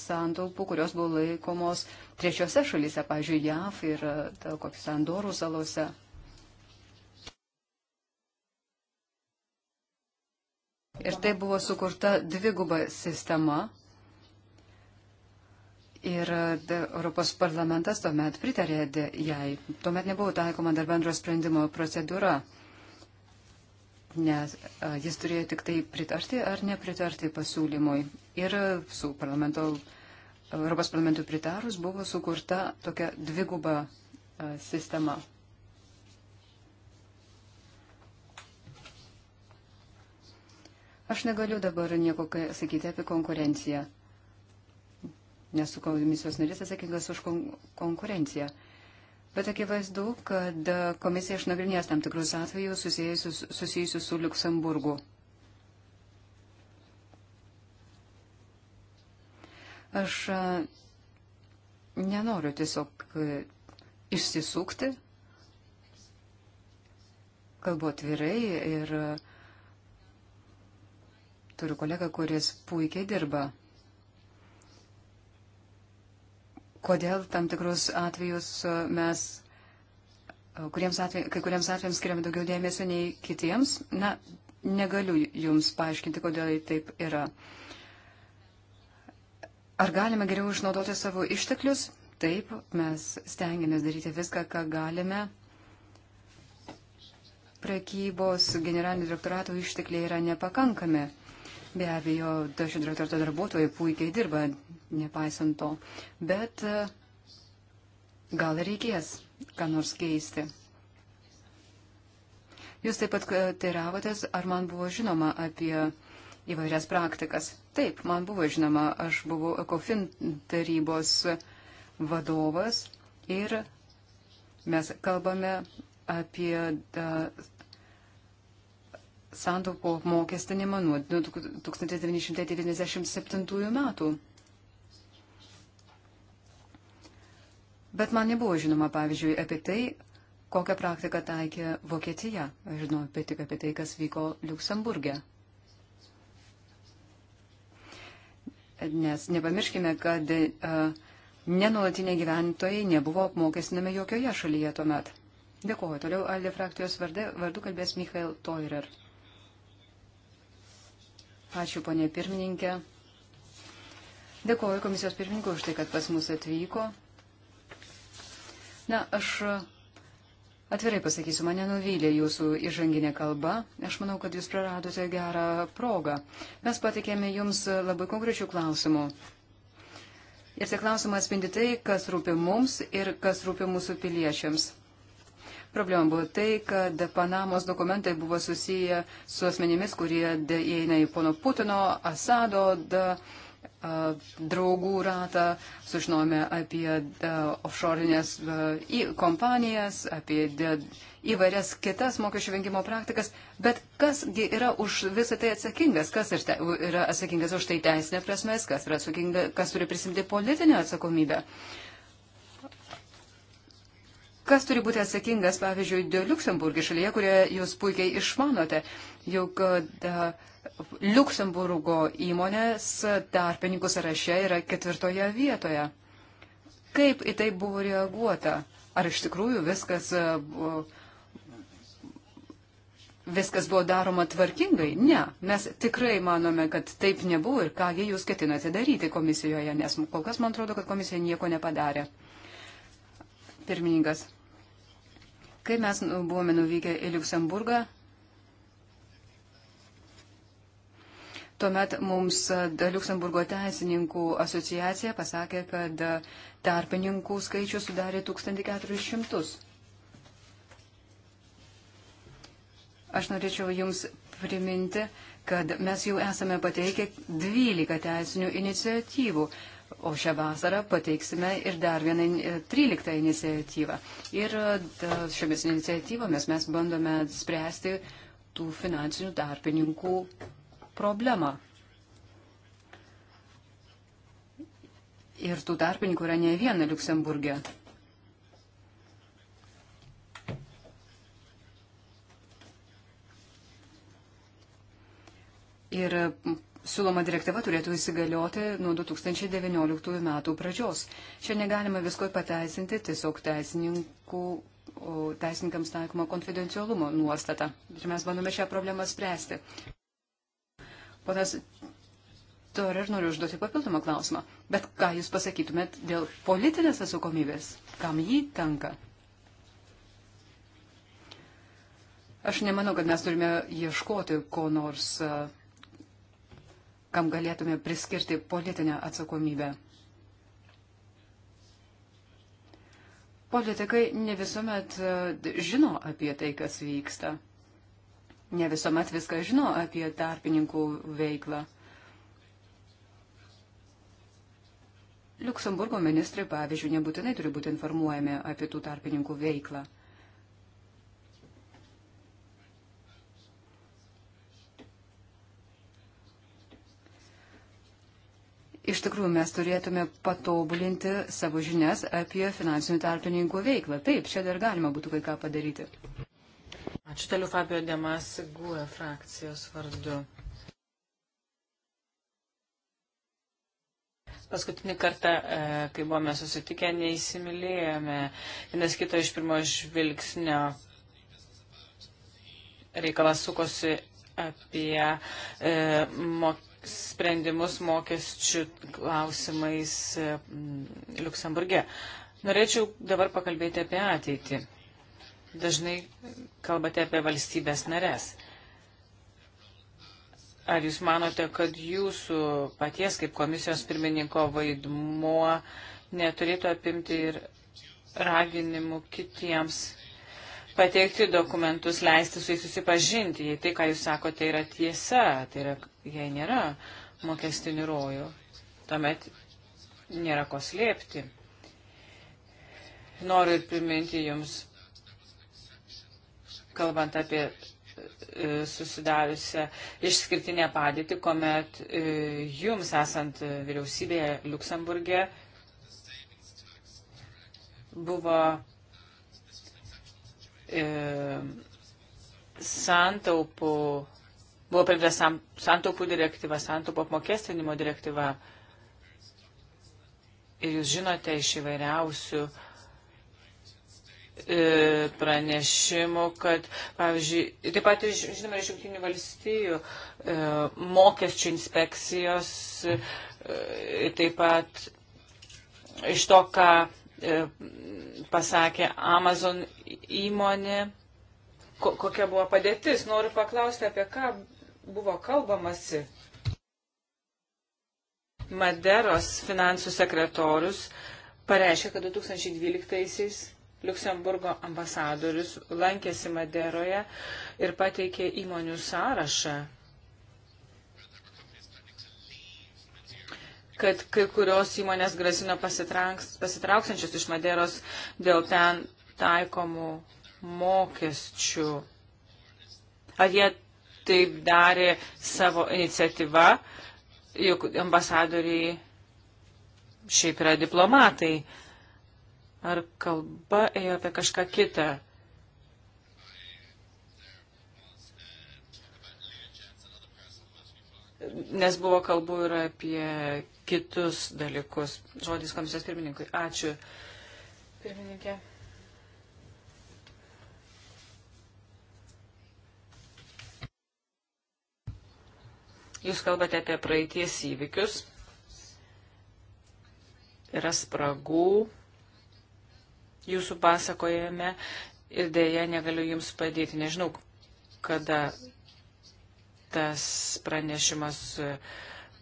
santaupų, kurios buvo laikomos trečiose šalyse, pavyzdžiui, JAV ir uh, e, kokiuose Andorų salose. Ir tai buvo sukurta dviguba sistema, Ir e, Europos parlamentas tuomet pritarė jai. Tuomet nebuvo taikoma dar bendro sprendimo procedūra, nes e, jis turėjo tik tai pritarti ar nepritarti pasiūlymui. Ir su parlamento, Europos parlamentų pritarus buvo sukurta tokia dviguba e, sistema. Aš negaliu dabar nieko sakyti apie konkurenciją nesu komisijos narys atsakingas už kon konkurenciją. Bet akivaizdu, kad komisija išnagrinės tam tikrus atvejus susijusius, susijusius su Luksemburgu. Aš nenoriu tiesiog e, išsisukti, kalbu atvirai ir e, turiu kolegą, kuris puikiai dirba kodėl tam tikrus atvejus e, mes, e, kuriems atvej, kai kuriems atvejams skiriame daugiau dėmesio nei kitiems, na, negaliu jums paaiškinti, kodėl taip yra. Ar galime geriau išnaudoti savo išteklius? Taip, mes stengiamės daryti viską, ką galime. Prekybos generalinio direktorato ištekliai yra nepakankami. Be abejo, šio direktorto darbuotojai puikiai dirba, nepaisant to. Bet e, gal reikės ką nors keisti. Jūs taip pat teiravotės, ar man buvo žinoma apie įvairias praktikas. Taip, man buvo žinoma, aš buvau ECOFIN tarybos vadovas ir mes kalbame apie santaupų mokestinimą nuo 1997 metų. Bet man nebuvo žinoma, pavyzdžiui, apie tai, kokią praktiką taikė Vokietija. Aš žinau apie tik apie tai, kas vyko Luksemburgė. Nes nepamirškime, kad uh, nenuolatiniai gyventojai nebuvo apmokestinami jokioje šalyje tuomet. Dėkuoju. Toliau Aldė frakcijos vardu, vardu kalbės Michael Toirer. Ačiū, ponė pirmininkė. Dėkuoju komisijos pirmininkui už tai, kad pas mus atvyko. Na, aš atvirai pasakysiu, mane nuvylė jūsų įžanginė kalba. Aš manau, kad jūs praradote gerą progą. Mes patikėme jums labai konkrečių klausimų. Ir tie klausimai atspindi tai, kas rūpi mums ir kas rūpi mūsų piliečiams. Problema buvo tai, kad Panamos dokumentai buvo susiję su asmenimis, kurie įeina į pono Putino, Asado da, draugų ratą, sužinome apie offshore'inės kompanijas, apie įvairias kitas mokesčių vengimo praktikas, bet kasgi yra už visą tai atsakingas, kas yra atsakingas už tai teisinė prasme, kas, yra atsakinga, kas turi prisimti politinę atsakomybę. Uh, Kas turi būti atsakingas, pavyzdžiui, dėl Luksemburgė šalyje, kurią jūs puikiai išmanote, juk da, Luksemburgo įmonės tarpininkų sąraše yra ketvirtoje vietoje. Kaip į tai buvo reaguota? Ar iš tikrųjų viskas, viskas buvo daroma tvarkingai? Ne, mes tikrai manome, kad taip nebuvo ir kągi jūs ketinate daryti komisijoje, nes kol kas man atrodo, kad komisija nieko nepadarė. Pirmininkas. Kai mes nu, buvome nuvykę į Luxemburgą, tuomet mums Luxemburgo teisininkų asociacija pasakė, kad tarpininkų skaičius sudarė 1400. Aš norėčiau Jums priminti, kad mes jau esame pateikę 12 teisinių iniciatyvų. O šią vasarą pateiksime ir dar vieną 13 e, iniciatyvą. Ir e, šiomis iniciatyvomis mes bandome spręsti tų finansinių tarpininkų problemą. Ir tų tarpininkų yra ne viena Luksemburgė. Ir siūloma direktyva turėtų įsigalioti nuo 2019 metų pradžios. Čia negalima visko pateisinti tiesiog teisininkų, teisininkams taikoma konfidencialumo nuostata. Ir mes bandome šią problemą spręsti. Ponas Torer, noriu užduoti papildomą klausimą. Bet ką Jūs pasakytumėt dėl politinės atsakomybės? Kam jį tenka? Aš nemanau, kad mes turime ieškoti ko nors. Uh, kam galėtume priskirti politinę atsakomybę. Politikai ne visuomet e, žino apie tai, kas vyksta. Ne visuomet viską žino apie tarpininkų veiklą. Luksemburgo ministrai, pavyzdžiui, nebūtinai turi būti informuojami apie tų tarpininkų veiklą. Iš tikrųjų, mes turėtume patobulinti savo žinias apie finansinių tarpininkų veiklą. Taip, čia dar galima būtų kai ką padaryti. Ačiū toliau Fabio Demas GUE frakcijos vardu. Paskutinį kartą, e, kai buvome susitikę, neįsimylėjome vienas kito iš pirmo žvilgsnio. Reikalas sukosi apie e, mok sprendimus mokesčių klausimais mm, Luksemburge. Norėčiau dabar pakalbėti apie ateitį. Dažnai kalbate apie valstybės narės. Ar jūs manote, kad jūsų paties kaip komisijos pirmininko vaidmuo neturėtų apimti ir raginimų kitiems pateikti dokumentus, leisti su jais susipažinti, jei tai, ką jūs sakote, tai yra tiesa, tai yra, jei nėra mokestinių rojų, tuomet nėra ko slėpti. Noriu ir priminti jums, kalbant apie e, susidariusią išskirtinę padėtį, kuomet e, jums esant vyriausybėje Luksemburgė buvo E, santaupų, buvo priimta santaupų direktyva, santaupų apmokestinimo direktyva. Ir jūs žinote iš įvairiausių e, pranešimų, kad, pavyzdžiui, taip pat žinome iš Junktinių valstijų e, mokesčių inspekcijos, taip pat iš to, ką E, pasakė Amazon įmonė, ko, kokia buvo padėtis. Noriu paklausti, apie ką buvo kalbamasi. Maderos finansų sekretorius pareiškė, kad 2012-aisiais Luksemburgo ambasadorius lankėsi Maderoje ir pateikė įmonių sąrašą, kad kai kurios įmonės grasino pasitrauksančius iš Maderos dėl ten taikomų mokesčių. Ar jie taip darė savo iniciatyvą, juk ambasadoriai šiaip yra diplomatai. Ar kalba ėjo apie kažką kitą? nes buvo kalbų ir apie kitus dalykus. Žodis komisijos pirmininkui. Ačiū. Pirmininkė. Jūs kalbate apie praeities įvykius. Yra spragų jūsų pasakojame ir dėja negaliu jums padėti. Nežinau, kada tas pranešimas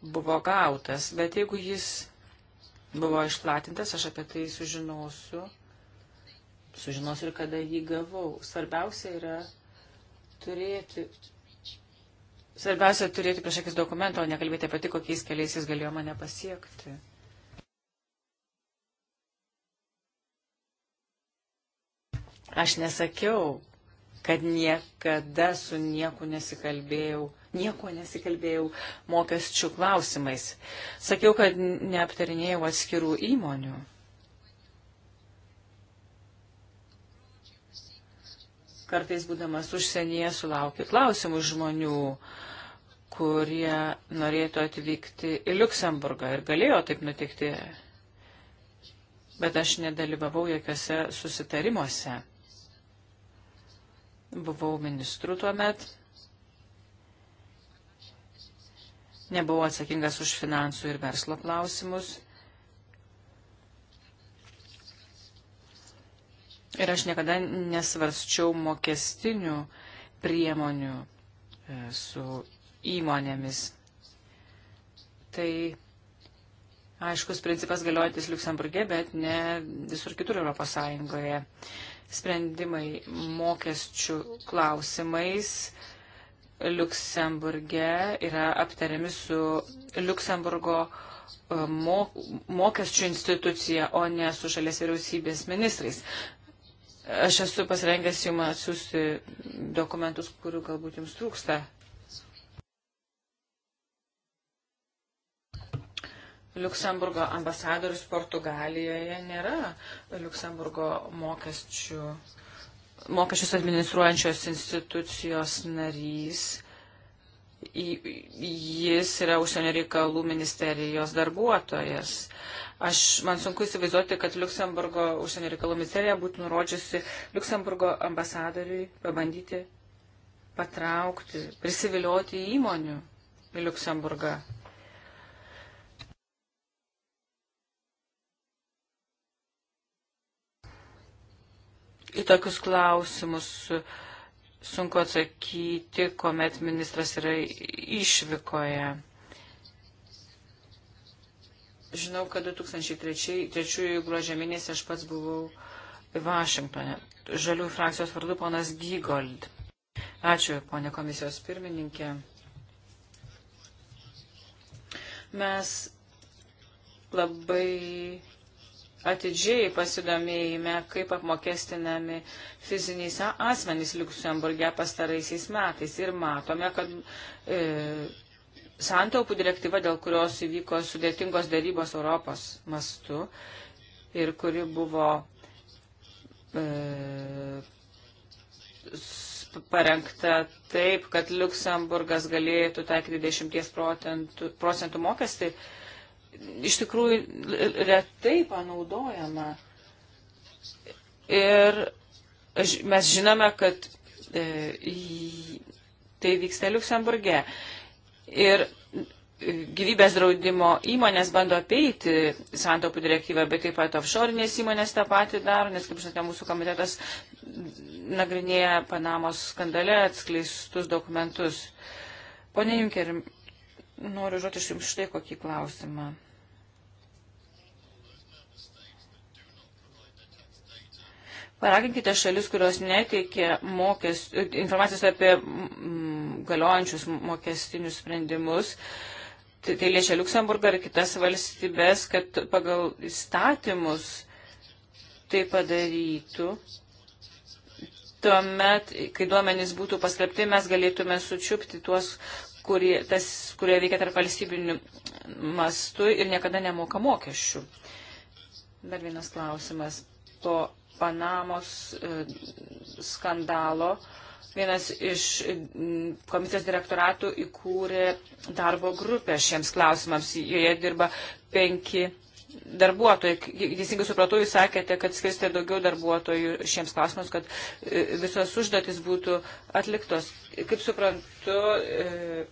buvo gautas, bet jeigu jis buvo išplatintas, aš apie tai sužinosiu, sužinosiu ir kada jį gavau. Svarbiausia yra turėti Svarbiausia turėti prieš akis dokumentą, o nekalbėti apie tai, kokiais keliais jis galėjo mane pasiekti. Aš nesakiau, kad niekada su nieku nesikalbėjau nieko nesikalbėjau mokesčių klausimais. Sakiau, kad neaptarinėjau atskirų įmonių. Kartais būdamas užsienyje sulaukiu klausimų žmonių, kurie norėtų atvykti į Luksemburgą ir galėjo taip nutikti, bet aš nedalyvavau jokiuose susitarimuose. Buvau ministru tuo metu nebuvau atsakingas už finansų ir verslo klausimus. Ir aš niekada nesvarsčiau mokestinių priemonių e, su įmonėmis. Tai aiškus principas galiojantis Luksemburgė, bet ne visur kitur Europos Sąjungoje. Sprendimai mokesčių klausimais Luksemburge yra aptariami su Luksemburgo e, mokesčių institucija, o ne su šalies vyriausybės ministrais. Aš esu pasirengęs jums atsiųsti dokumentus, kurių galbūt jums trūksta. Luksemburgo ambasadorius Portugalijoje nėra Luksemburgo mokesčių uh, mokesčius administruojančios institucijos narys. Jis yra užsienio reikalų ministerijos darbuotojas. Aš, man sunku įsivaizduoti, kad Luksemburgo užsienio reikalų ministerija būtų nurodžiusi Luksemburgo ambasadoriui pabandyti patraukti, prisivilioti įmonių į Luksemburgą. į tokius klausimus sunku atsakyti, kuomet ministras yra išvykoje. Žinau, kad 2003 gruodžio mėnesį aš pats buvau Vašingtone. Žalių frakcijos vardu ponas Gygold. Ačiū, ponė komisijos pirmininkė. Mes labai atidžiai pasidomėjime, kaip apmokestinami fiziniais asmenys Liuksemburgė pastaraisiais metais ir matome, kad e, santaupų direktyva, dėl kurios įvyko sudėtingos darybos Europos mastu ir kuri buvo e, parengta taip, kad Luksemburgas galėtų taikyti 10 procentų, procentų mokestį, e, iš tikrųjų retai panaudojama. Ir mes žinome, kad e, tai vyksta Luksemburge. Ir gyvybės draudimo įmonės bando apeiti santopų direktyvą, bet taip pat offshore'inės įmonės tą patį daro, nes, kaip žinote, mūsų komitetas nagrinėja Panamos skandale atskleistus dokumentus. Pone Junker, noriu žodžiu jums štai kokį klausimą. Paraginkite šalis, kurios neteikia mokes, informacijos apie mm, galiojančius mokestinius sprendimus. Tai, tai liečia Luksemburgą ir kitas valstybės, kad pagal įstatymus tai padarytų. Tuomet, kai duomenys būtų paskelbti, mes galėtume sučiupti tuos, kurie, tas, kurie veikia tarp valstybinių mastų ir niekada nemoka mokesčių. Dar vienas klausimas. Po Panamos e, skandalo vienas iš komisijos direktoratų įkūrė darbo grupę šiems klausimams. Joje dirba penki darbuotojai. Teisingai supratau, jūs sakėte, kad skirstė daugiau darbuotojų šiems klausimams, kad e, visos užduotis būtų atliktos. Kaip suprantu, e,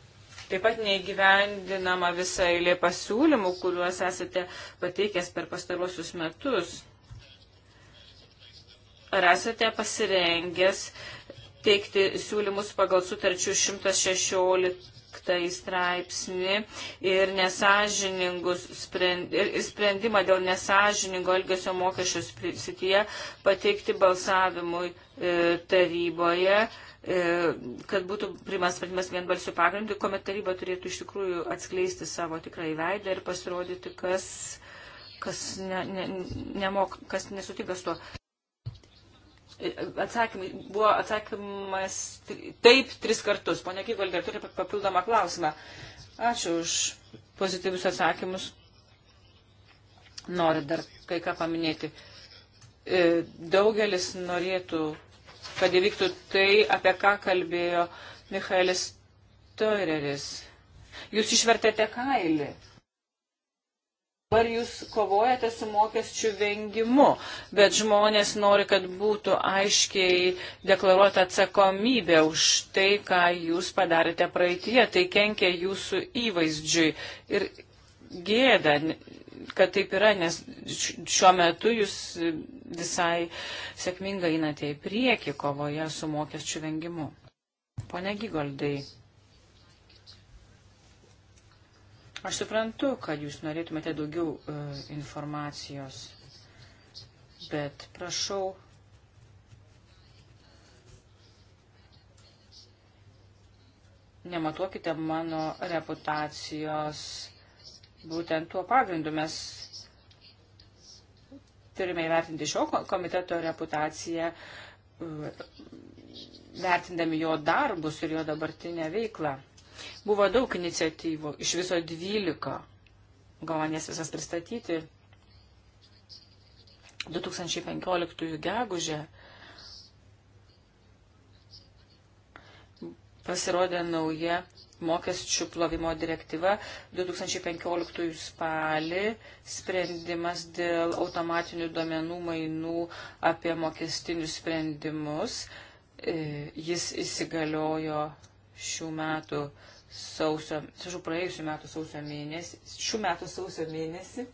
taip pat neįgyvendinama visa eilė pasiūlymų, kuriuos esate pateikęs per pastaruosius metus ar esate pasirengęs teikti siūlymus pagal sutarčių 116 penktąjį straipsnį ir, sprend, ir sprendimą dėl nesažiningo elgesio mokesčių sityje pateikti balsavimui e, taryboje, e, kad būtų primas sprendimas vienbalsių pagrindų, kuomet taryba turėtų iš tikrųjų atskleisti savo tikrai veidą ir pasirodyti, kas, kas, ne, ne, nemok, kas nesutinka su tuo. Atsakymai, buvo atsakymas taip tris kartus. Pone Gygold, dar turiu papildomą klausimą. Ačiū už pozityvius atsakymus. Noriu dar kai ką paminėti. E, daugelis norėtų, kad įvyktų tai, apie ką kalbėjo Michaelis Toireris. Jūs išvertėte kailį. Dabar jūs kovojate su mokesčių vengimu, bet žmonės nori, kad būtų aiškiai deklaruota atsakomybė už tai, ką jūs padarėte praeitie. Tai kenkia jūsų įvaizdžiui ir gėda, kad taip yra, nes šiuo metu jūs visai sėkmingai einate į priekį kovoje su mokesčių vengimu. Pone Gigoldai. Aš suprantu, kad jūs norėtumėte daugiau e, informacijos, bet prašau. Nematuokite mano reputacijos būtent tuo pagrindu. Mes turime įvertinti šio komiteto reputaciją, e, vertindami jo darbus ir jo dabartinę veiklą. Buvo daug iniciatyvų, iš viso 12. Gal nes visas pristatyti. 2015 gegužė pasirodė nauja mokesčių plovimo direktyva 2015 spalį sprendimas dėl automatinių duomenų mainų apie mokestinius sprendimus. E, jis įsigaliojo šių metų sausio, sažu, praėjusiu metu sausio mėnesį, šių metų sausio mėnesį,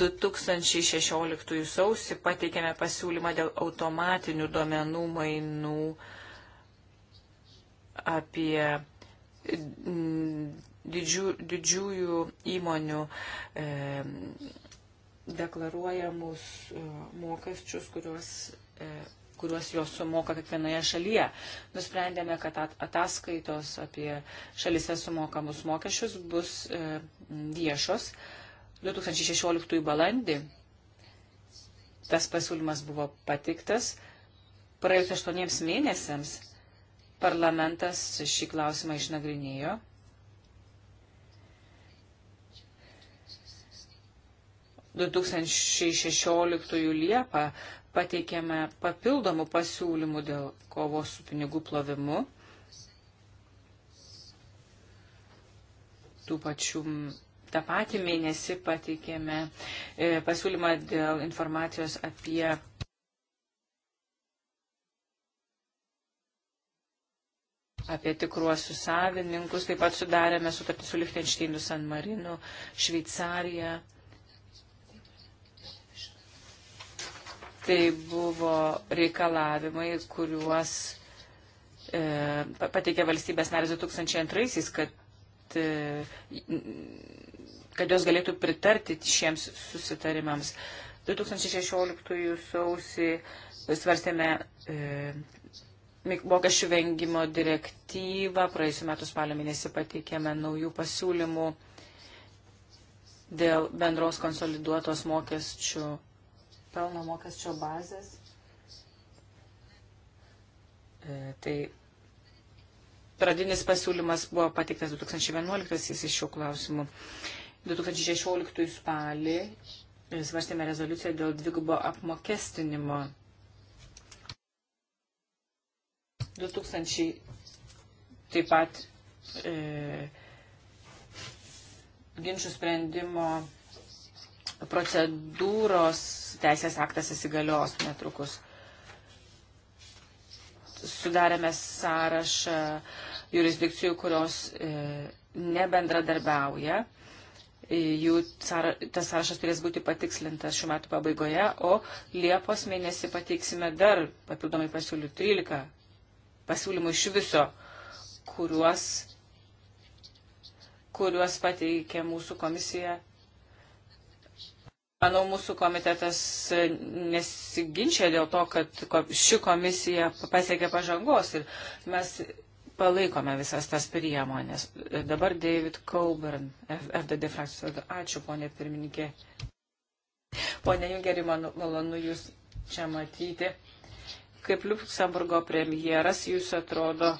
2016 sausį pateikėme pasiūlymą dėl automatinių duomenų mainų apie didžių, didžiųjų įmonių e, deklaruojamus e, mokesčius, kuriuos e, kuriuos jos sumoka kiekvienoje šalyje. Nusprendėme, kad ataskaitos apie šalise sumokamus mokesčius bus e, viešos. 2016 balandį tas pasiūlymas buvo patiktas. Praėjus aštuoniems mėnesiams parlamentas šį klausimą išnagrinėjo. Du 2016 Liepą pateikėme papildomų pasiūlymų dėl kovos su pinigų plovimu. Tų pačių tą patį mėnesį pateikėme e, pasiūlymą dėl informacijos apie. apie tikruosius savininkus, taip pat sudarėme sutartį su Lichtensteinu, San Marinu, Šveicarija, Tai buvo reikalavimai, kuriuos e, pateikė valstybės narės 2002-aisiais, kad, e, kad jos galėtų pritarti šiems susitarimams. 2016 sausį svarstėme e, mokesčių vengimo direktyvą, praėjusiu metu spalio mėnesį pateikėme naujų pasiūlymų dėl bendros konsoliduotos mokesčių pelno mokesčio bazės, e, tai pradinis pasiūlymas buvo pateiktas 2011 iš šių klausimų. 2016 spalį svarstėme rezoliuciją dėl dvigubo apmokestinimo. 2000 taip pat e, ginčių sprendimo procedūros teisės aktas įsigalios netrukus. Sudarėme sąrašą jurisdikcijų, kurios e, nebendradarbiauja. E, jų sąra, tas sąrašas turės būti patikslintas šiuo metu pabaigoje, o Liepos mėnesį pateiksime dar papildomai pasiūlymų 13 pasiūlymų iš viso, kuriuos kuriuos pateikė mūsų komisija Manau, mūsų komitetas nesiginčia dėl to, kad ši komisija pasiekė pažangos ir mes palaikome visas tas priemonės. Dabar David Colburn, FDD frakcijos. Ačiū, ponė pirmininkė. Pone Jungeri, man malonu Jūs čia matyti. Kaip Luxemburgo premjeras Jūs atrodo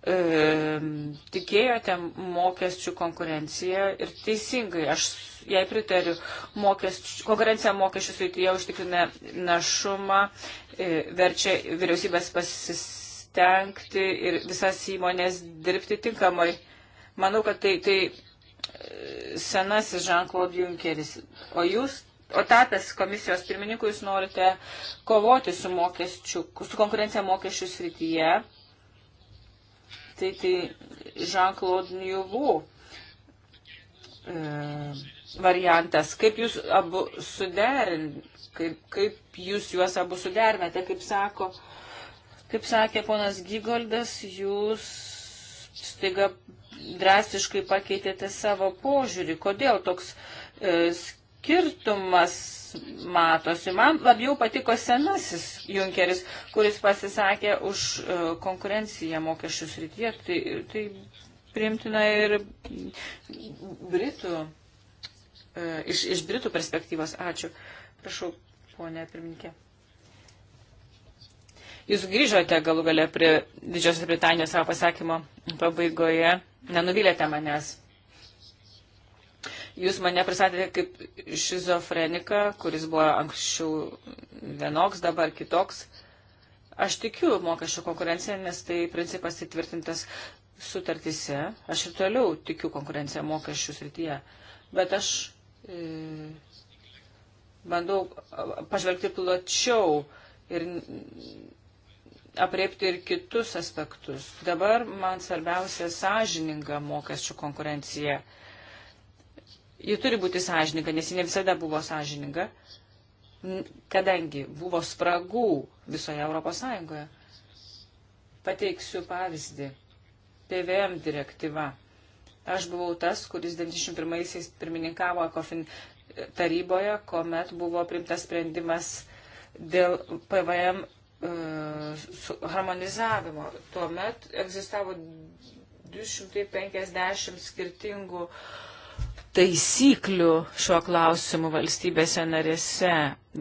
e, tikėjote mokesčių konkurenciją ir teisingai aš jai pritariu. Mokesč, konkurencija mokesčių srityje užtikrina našumą, e, verčia vyriausybės pasistengti ir visas įmonės dirbti tinkamai. Manau, kad tai, tai e, senasis Jean-Claude Junkeris. O jūs, o tapęs komisijos pirmininku, jūs norite kovoti su, su konkurencija mokesčių srityje. Tai, tai Jean-Claude Nouveau. E, variantas. Kaip jūs abu suderin, kaip, kaip jūs juos abu suderinate, kaip sako, kaip sakė ponas Gygoldas, jūs staiga drastiškai pakeitėte savo požiūrį. Kodėl toks e, skirtumas matosi? Man labiau patiko senasis Junkeris, kuris pasisakė už e, konkurenciją mokesčių srityje. Tai, tai priimtina ir Britų E, iš, iš Britų perspektyvos. Ačiū. Prašau, ponė pirminkė. Jūs grįžote galų galę prie Didžiosios Britanijos savo pasakymo pabaigoje. Nenuvylėte manęs. Jūs mane pristatėte kaip šizofreniką, kuris buvo anksčiau vienoks, dabar kitoks. Aš tikiu mokesčio konkurenciją, nes tai principas įtvirtintas sutartise. Aš ir toliau tikiu konkurenciją mokesčių srityje. Bet aš E, bandau pažvelgti plačiau ir apriepti ir kitus aspektus. Dabar man svarbiausia sąžininga mokesčių konkurencija. Ji turi būti sąžininga, nes ji ne visada buvo sąžininga, kadangi buvo spragų visoje Europos Sąjungoje. Pateiksiu pavyzdį. PVM direktyva Aš buvau tas, kuris 91-aisiais pirmininkavo ECOFIN taryboje, kuomet buvo primtas sprendimas dėl PVM e, uh, harmonizavimo. Tuomet egzistavo 250 skirtingų taisyklių šiuo klausimu valstybėse narėse.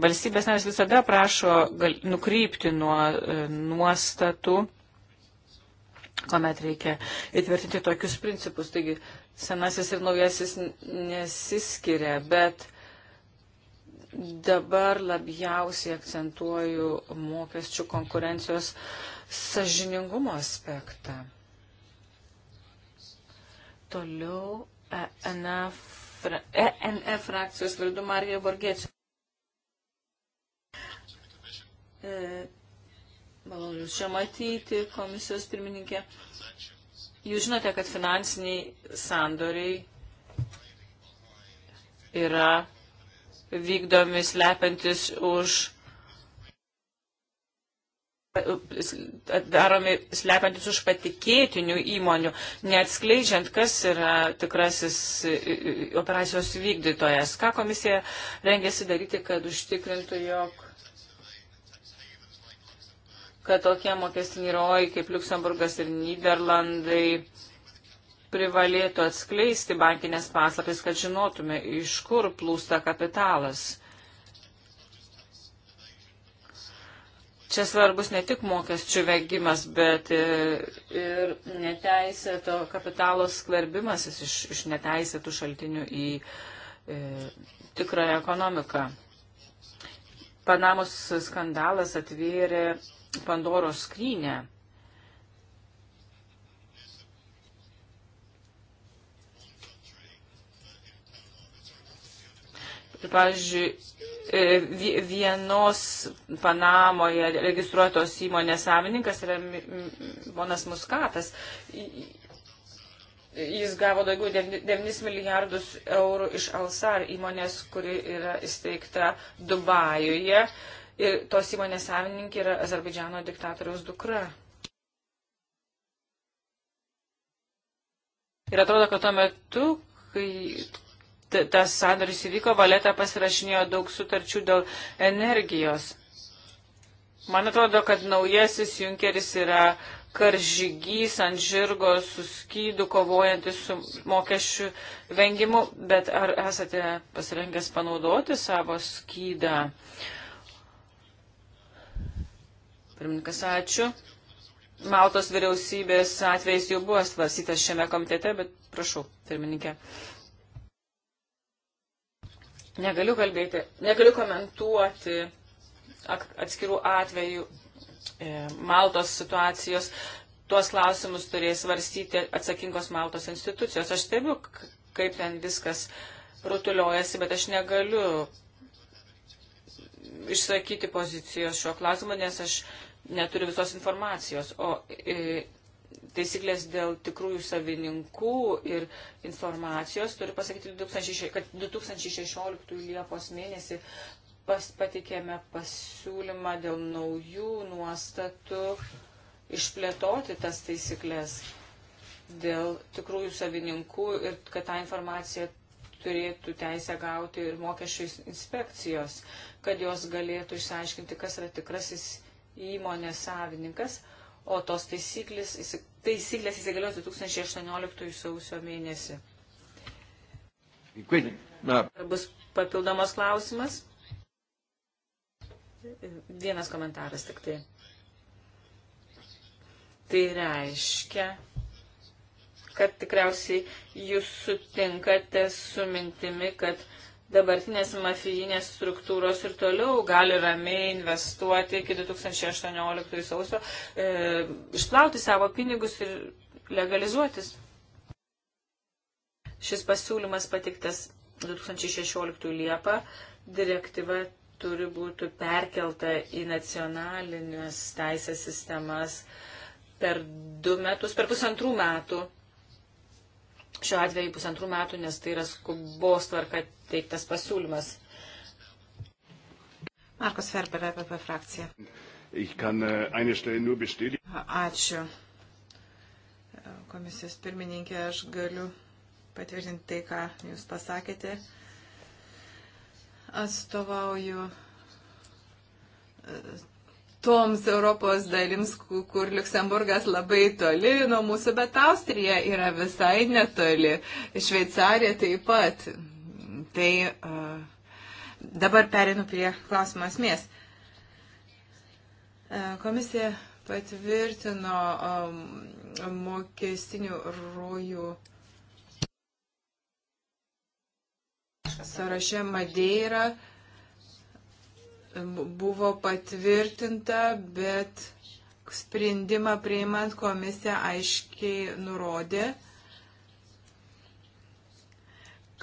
Valstybės narės visada prašo gal, nukrypti nuo e, nuostatų kuomet reikia įtvirtinti tokius principus. Taigi senasis ir naujasis nesiskiria, bet dabar labiausiai akcentuoju mokesčių konkurencijos sažiningumo aspektą. Toliau ENF, ENF frakcijos vardu Marija Borgėčia. E, Malonu Jūs čia matyti, komisijos pirmininkė. Jūs žinote, kad finansiniai sandoriai yra vykdomi slepiantis už daromi slepiantis už patikėtinių įmonių, neatskleidžiant, kas yra tikrasis operacijos vykdytojas. Ką komisija rengėsi daryti, kad užtikrintų, jog kad tokie mokestiniai rojai kaip Luksemburgas ir Niderlandai privalėtų atskleisti bankinės paslaptis, kad žinotume, iš kur plūsta kapitalas. Čia svarbus ne tik mokesčių vengimas, bet e, ir neteisėto kapitalo skverbimasis iš, iš neteisėtų šaltinių į e, tikrąją ekonomiką. Panamos skandalas atvėrė Pandoros skrynę. Pavyzdžiui, e, vienos Panamoje registruotos įmonės savininkas yra ponas Muskatas. Jis gavo daugiau 9 milijardus eurų iš Alsar įmonės, kuri yra įsteigta Dubajuje. Uh, Ir tos įmonės savininkė yra Azerbaidžiano diktatoriaus dukra. Ir atrodo, kad tuo metu, kai tas sandoris įvyko, Valeta pasirašinėjo daug sutarčių dėl energijos. Man atrodo, kad naujasis Junkeris yra karžygys ant žirgo suskydų, kovojantis su mokesčių vengimu, bet ar esate pasirengęs panaudoti savo skydą, Pirmininkas, ačiū. Maltos vyriausybės atvejs jau buvo svarsytas šiame komitete, bet prašau, pirmininkė. Negaliu kalbėti, negaliu komentuoti atskirų atvejų e, Maltos situacijos. Tuos klausimus turės svarstyti atsakingos Maltos institucijos. Aš stebiu, kaip ten viskas rutuliojasi, bet aš negaliu išsakyti pozicijos šiuo klausimu, nes aš neturiu visos informacijos. O e, taisyklės dėl tikrųjų savininkų ir informacijos, turiu pasakyti, 2006, kad 2016 Liepos mėnesį pas, patikėme pasiūlymą dėl naujų nuostatų išplėtoti tas taisyklės dėl tikrųjų savininkų ir kad tą informaciją turėtų teisę gauti ir mokesčių inspekcijos kad jos galėtų išsiaiškinti, kas yra tikrasis įmonės savininkas, o tos taisyklės, taisyklės įsigalios 2018 sausio mėnesį. Ar bus papildomas klausimas? Vienas komentaras tik tai. Tai reiškia, kad tikriausiai jūs sutinkate su mintimi, kad dabartinės mafijinės struktūros ir toliau gali ramiai investuoti iki 2018 sausio, e, išplauti savo pinigus ir legalizuotis. Šis pasiūlymas patiktas 2016 liepą. Direktyva turi būti perkelta į nacionalinės teisės sistemas per du metus, per pusantrų metų šiuo atveju pusantrų metų, nes tai yra skubos tvarka teiktas pasiūlymas. Markus Ferber, APP frakcija. Äh, ačiū. Komisijos pirmininkė, aš galiu patvirtinti tai, ką jūs pasakėte. Atstovauju e, toms Europos dalims, kur Luksemburgas labai toli nuo mūsų, bet Austrija yra visai netoli, Šveicarija taip pat. Tai uh, dabar perinu prie klausimo esmės. Uh, komisija patvirtino um, mokestinių rojų sąraše Madeira. Uh, buvo patvirtinta, bet sprendimą priimant komisija aiškiai nurodė,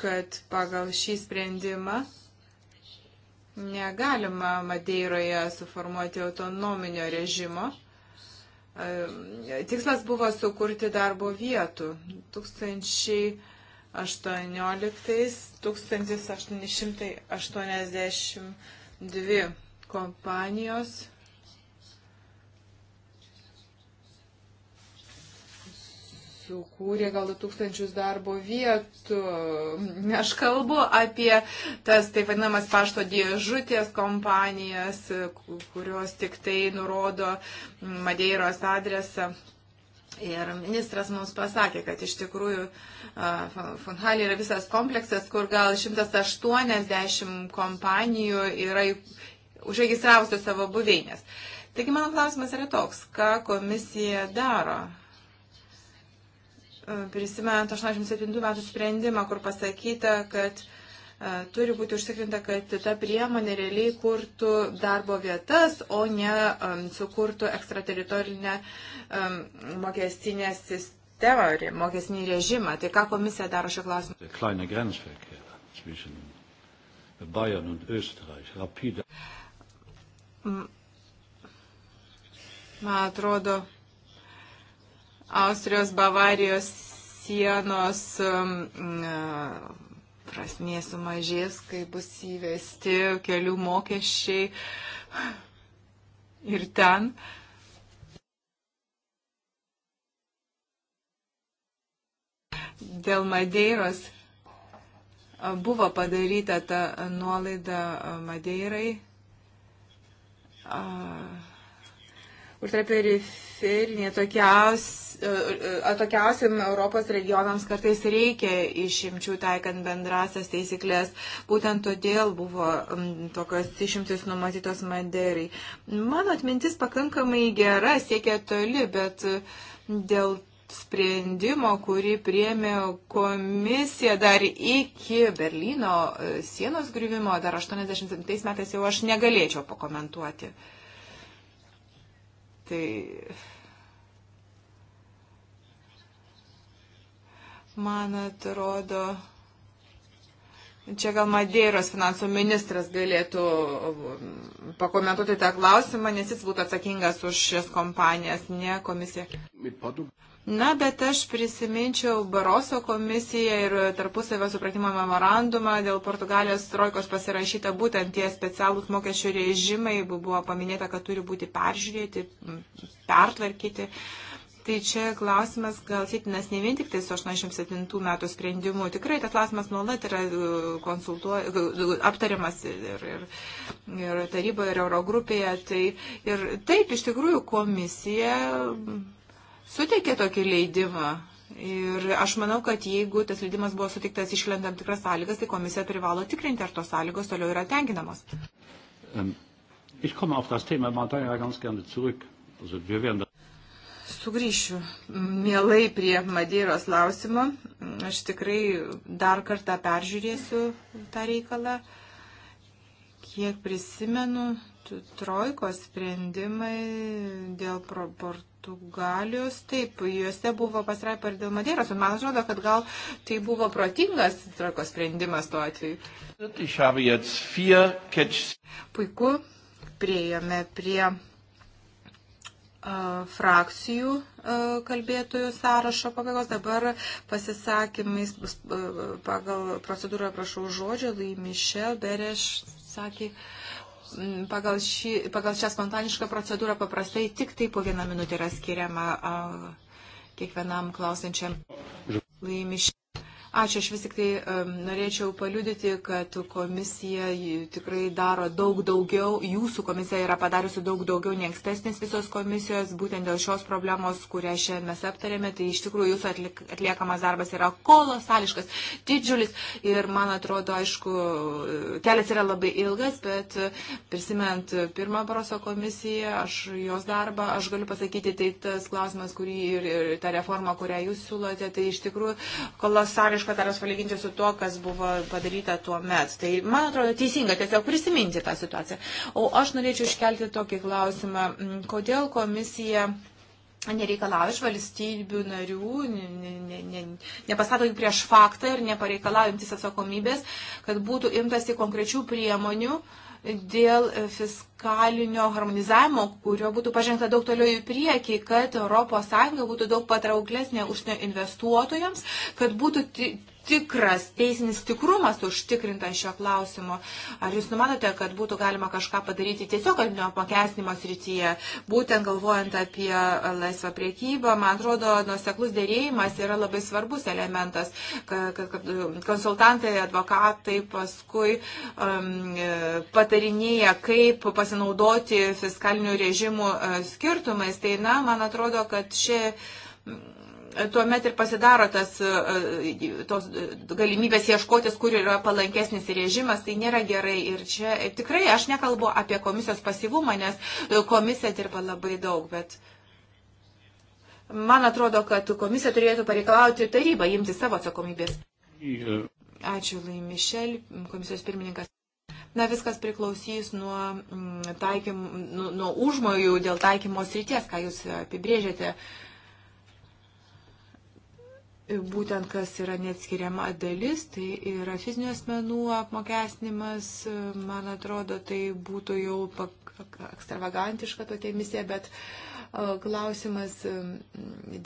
kad pagal šį sprendimą negalima Madeiroje suformuoti autonominio režimo. E, tikslas buvo sukurti darbo vietų. 2018-1880 dvi kompanijos. sukūrė gal tūkstančius darbo vietų. Aš kalbu apie tas taip vadinamas pašto dėžutės kompanijas, kurios tik tai nurodo Madeiros adresą. Ir ministras mums pasakė, kad iš tikrųjų Funhalė yra visas kompleksas, kur gal 180 kompanijų yra užregistravusios savo buveinės. Taigi mano klausimas yra toks, ką komisija daro? Prisimenant 87 metų sprendimą, kur pasakyta, kad E, turi būti užtikrinta, kad ta priemonė realiai kurtų darbo vietas, o ne e, sukurtų ekstrateritorinę e, mokestinę sistemą ar mokestinį režimą. Tai ką komisija daro šio klausimu? Man atrodo, Austrijos, Bavarijos sienos um, prasmė sumažės, kai bus įvesti kelių mokesčiai ir ten. Dėl Madeiros buvo padaryta ta nuolaida Madeirai. Uh, ultraperiferiniai e, e, atokiausiam Europos regionams kartais reikia išimčių taikant bendrasias teisiklės. Būtent todėl buvo tokios išimtis numatytos Madeirai. Mano atmintis pakankamai gera, siekia toli, bet dėl sprendimo, kurį priemė komisija dar iki Berlyno e, sienos griuvimo, dar 87 metais jau aš negalėčiau pakomentuoti. Tai man atrodo, Čia gal Madeiros finansų ministras galėtų pakomentuoti tą klausimą, nes jis būtų atsakingas už šias kompanijas, ne komisija. Na, bet aš prisiminčiau Baroso komisiją ir tarpusavio supratimo memorandumą dėl Portugalijos trojkos pasirašyta būtent tie specialūs mokesčių režimai, buvo paminėta, kad turi būti peržiūrėti, pertvarkyti. Tai čia klausimas gal sėtinas ne vien tik tai su 87 metų sprendimu. Tikrai tas klausimas nuolat yra e, e, aptariamas ir, ir, ir taryboje, ir eurogrupėje. Tai, ir taip, iš tikrųjų, komisija suteikė tokį leidimą. Ir aš manau, kad jeigu tas leidimas buvo sutiktas išlendant tikras sąlygas, tai komisija privalo tikrinti, ar tos sąlygos toliau yra tenkinamos. Ähm, um, Sugryšiu mielai prie Madeiros klausimo. Aš tikrai dar kartą peržiūrėsiu tą reikalą. Kiek prisimenu, trojkos sprendimai dėl proport Portugalijos, taip, juose buvo pasraipa ir dėl Madeiros, ir man atrodo, kad gal tai buvo protingas trako sprendimas tuo atveju. Puiku, priejome prie frakcijų kalbėtojų sąrašo pabaigos. Dabar pasisakymais pagal procedūrą prašau žodžio, Lai Mišel Bereš sakė, Mm, pagal, šį, pagal šią spontanišką procedūrą paprastai tik tai po vieną minutę yra skiriama kiekvienam klausančiam laimiškiam. Ačiū, aš vis tik tai um, norėčiau paliudyti, kad komisija tikrai daro daug daugiau, jūsų komisija yra padariusi daug daugiau nei ankstesnės visos komisijos, būtent dėl šios problemos, kurią šiandien mes aptarėme, tai iš tikrųjų jūsų atlik, atliekamas darbas yra kolosališkas, didžiulis ir man atrodo, aišku, kelias yra labai ilgas, bet prisimint pirmą Baroso komisiją, aš jos darbą, aš galiu pasakyti, tai tas klausimas, kurį ir, ir ta reforma, kurią jūs siūlote, tai iš tikrųjų kolosališkas patarus palyginti su tuo, kas buvo padaryta tuo met. Tai, man atrodo, teisinga tiesiog prisiminti tą situaciją. O aš norėčiau iškelti tokį klausimą, kodėl komisija nereikalauja iš valstybių narių, ne, ne, ne, nepastato jų prieš faktą ir nepareikalaujantis atsakomybės, kad būtų imtasi konkrečių priemonių, uh, dėl fiskalinio harmonizavimo, kurio būtų pažengta daug toliau į priekį, kad ES būtų daug patrauklesnė užsienio investuotojams, kad būtų tikras teisinis tikrumas užtikrintas šio klausimo? Ar jūs numanote, kad būtų galima kažką padaryti tiesiog kalbinio apmokestinimo srityje, būtent galvojant apie laisvą priekybą? Man atrodo, nuoseklus dėrėjimas yra labai svarbus elementas, kad, kad, um, kad konsultantai, advokatai paskui um, e, patarinėja, kaip pasinaudoti fiskalinių režimų e, skirtumais. Tai, na, man atrodo, kad čia tuomet ir pasidaro tas, e, e, tos e, galimybės ieškotis, kur yra palankesnis režimas, tai nėra gerai. Ir čia tikrai aš nekalbu apie komisijos pasivumą, nes komisija dirba labai daug, bet man atrodo, kad komisija turėtų pareikalauti tarybą imti savo atsakomybės. Ačiū, Laimišel, komisijos pirmininkas. Na, viskas priklausys nuo, mm, taikym, nuo, nuo užmojų dėl taikymo srities, ką jūs apibrėžėte. Uh, būtent kas yra neatskiriama dalis, tai yra fizinių asmenų apmokestinimas, man atrodo, tai būtų jau ekstravagantiška tokia misija, bet e, klausimas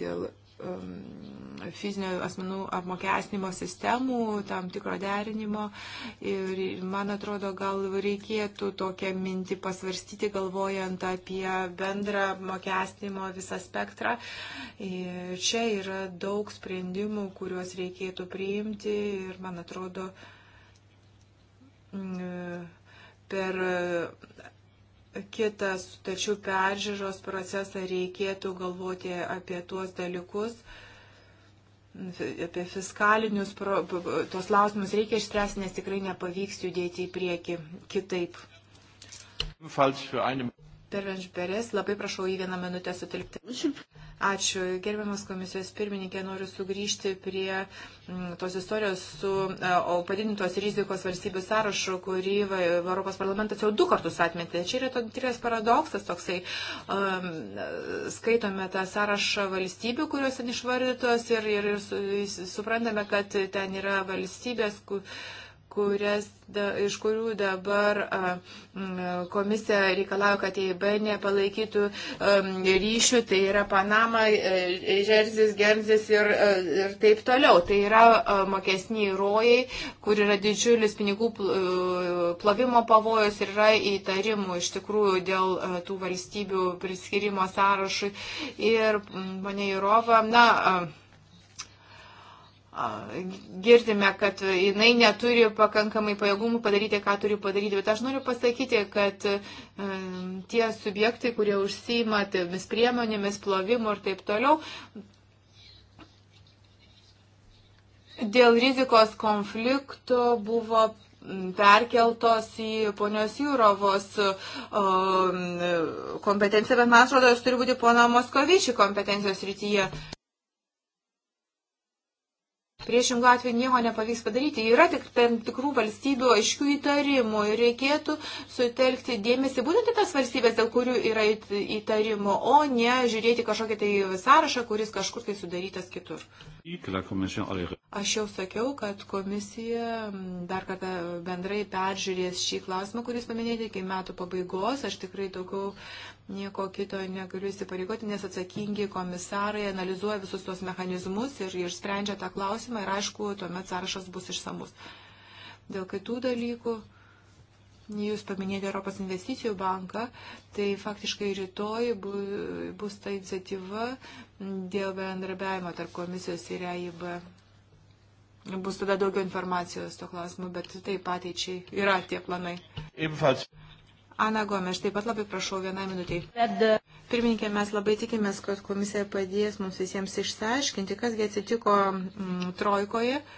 dėl Um, fizinio asmenų apmokesnimo sistemų, tam tikro derinimo. Ir man atrodo, gal reikėtų tokią mintį pasvarstyti, galvojant apie bendrą apmokesnimo visą spektrą. Ir čia yra daug sprendimų, kuriuos reikėtų priimti. Ir man atrodo, mm, per kitas, tačiau peržiūros procesą reikėtų galvoti apie tuos dalykus, apie fiskalinius, pro, tuos lausimus reikia išspręsti, nes tikrai nepavyks judėti į priekį kitaip. Falls für eine Pervenš Perės, labai prašau į vieną minutę sutilpti. Ačiū. Gerbiamas komisijos pirmininkė, noriu sugrįžti prie mm, tos istorijos su e, padidintos rizikos valstybių sąrašu, kurį Europos parlamentas jau du kartus atmetė. Čia yra tikras paradoksas toksai. Um, skaitome tą sąrašą valstybių, kurios ten išvardytos ir, ir, ir suprantame, kad ten yra valstybės, kur kurias, da, iš kurių dabar a, komisija reikalauja, kad EIB nepalaikytų a, ryšių, tai yra Panama, e, Žerzis, Gerzis ir, a, ir taip toliau. Tai yra a, mokesniai rojai, kur yra didžiulis pinigų e, plovimo pavojus ir yra įtarimų iš tikrųjų dėl a, tų valstybių priskirimo sąrašui. Ir, m, mane Jurova, na, a, girdime, kad jinai neturi pakankamai pajėgumų padaryti, ką turi padaryti. Bet aš noriu pasakyti, kad e, tie subjektai, kurie užsima tomis priemonėmis, plovimu ir taip toliau, dėl rizikos konflikto buvo perkeltos į ponios Jūrovos kompetenciją, bet man atrodo, jos turi būti pono Moskovičių kompetencijos rytyje. Priešingų atveju nieko nepavyks padaryti. Yra tik tam tikrų valstybių aiškių įtarimų ir reikėtų sutelkti dėmesį būtent į tas valstybės, dėl kurių yra įtarimų, o ne žiūrėti kažkokį tai sąrašą, kuris kažkur tai sudarytas kitur. Aš jau sakiau, kad komisija dar kartą bendrai peržiūrės šį klausimą, kuris paminėti iki metų pabaigos. Aš tikrai daugiau nieko kito negaliu įsipareigoti, nes atsakingi komisarai analizuoja visus tuos mechanizmus ir, ir sprendžia tą klausimą ir aišku, tuomet sąrašas bus išsamus. Dėl kitų dalykų Jūs paminėjote Europos investicijų banką, tai faktiškai rytoj bus ta iniciatyva dėl bendrabiavimo tarp komisijos ir AIB. Bus tada daugiau informacijos to klausimu, bet taip ateičiai yra tie planai. Infats. Ana Gomeš, taip pat labai prašau vieną minutį. Pirmininkė, mes labai tikimės, kad komisija padės mums visiems išsiaiškinti, kasgi atsitiko m, mm, trojkoje. Mm,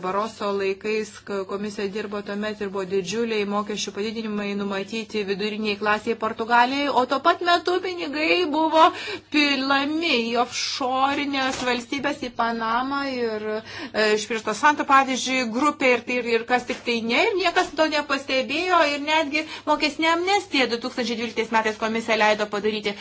Baroso laikais komisija dirbo tuomet ir buvo didžiuliai mokesčių padidinimai numatyti viduriniai klasiai Portugalijai, o tuo pat metu pinigai buvo pilami į offshore'inės valstybės, į Panamą ir iš e, Piršto Santo, pavyzdžiui, grupė ir, tai ir, ir kas tik tai ne, ir niekas to nepastebėjo ir netgi mokesnė amnestija 2012 metais komisija leido padaryti.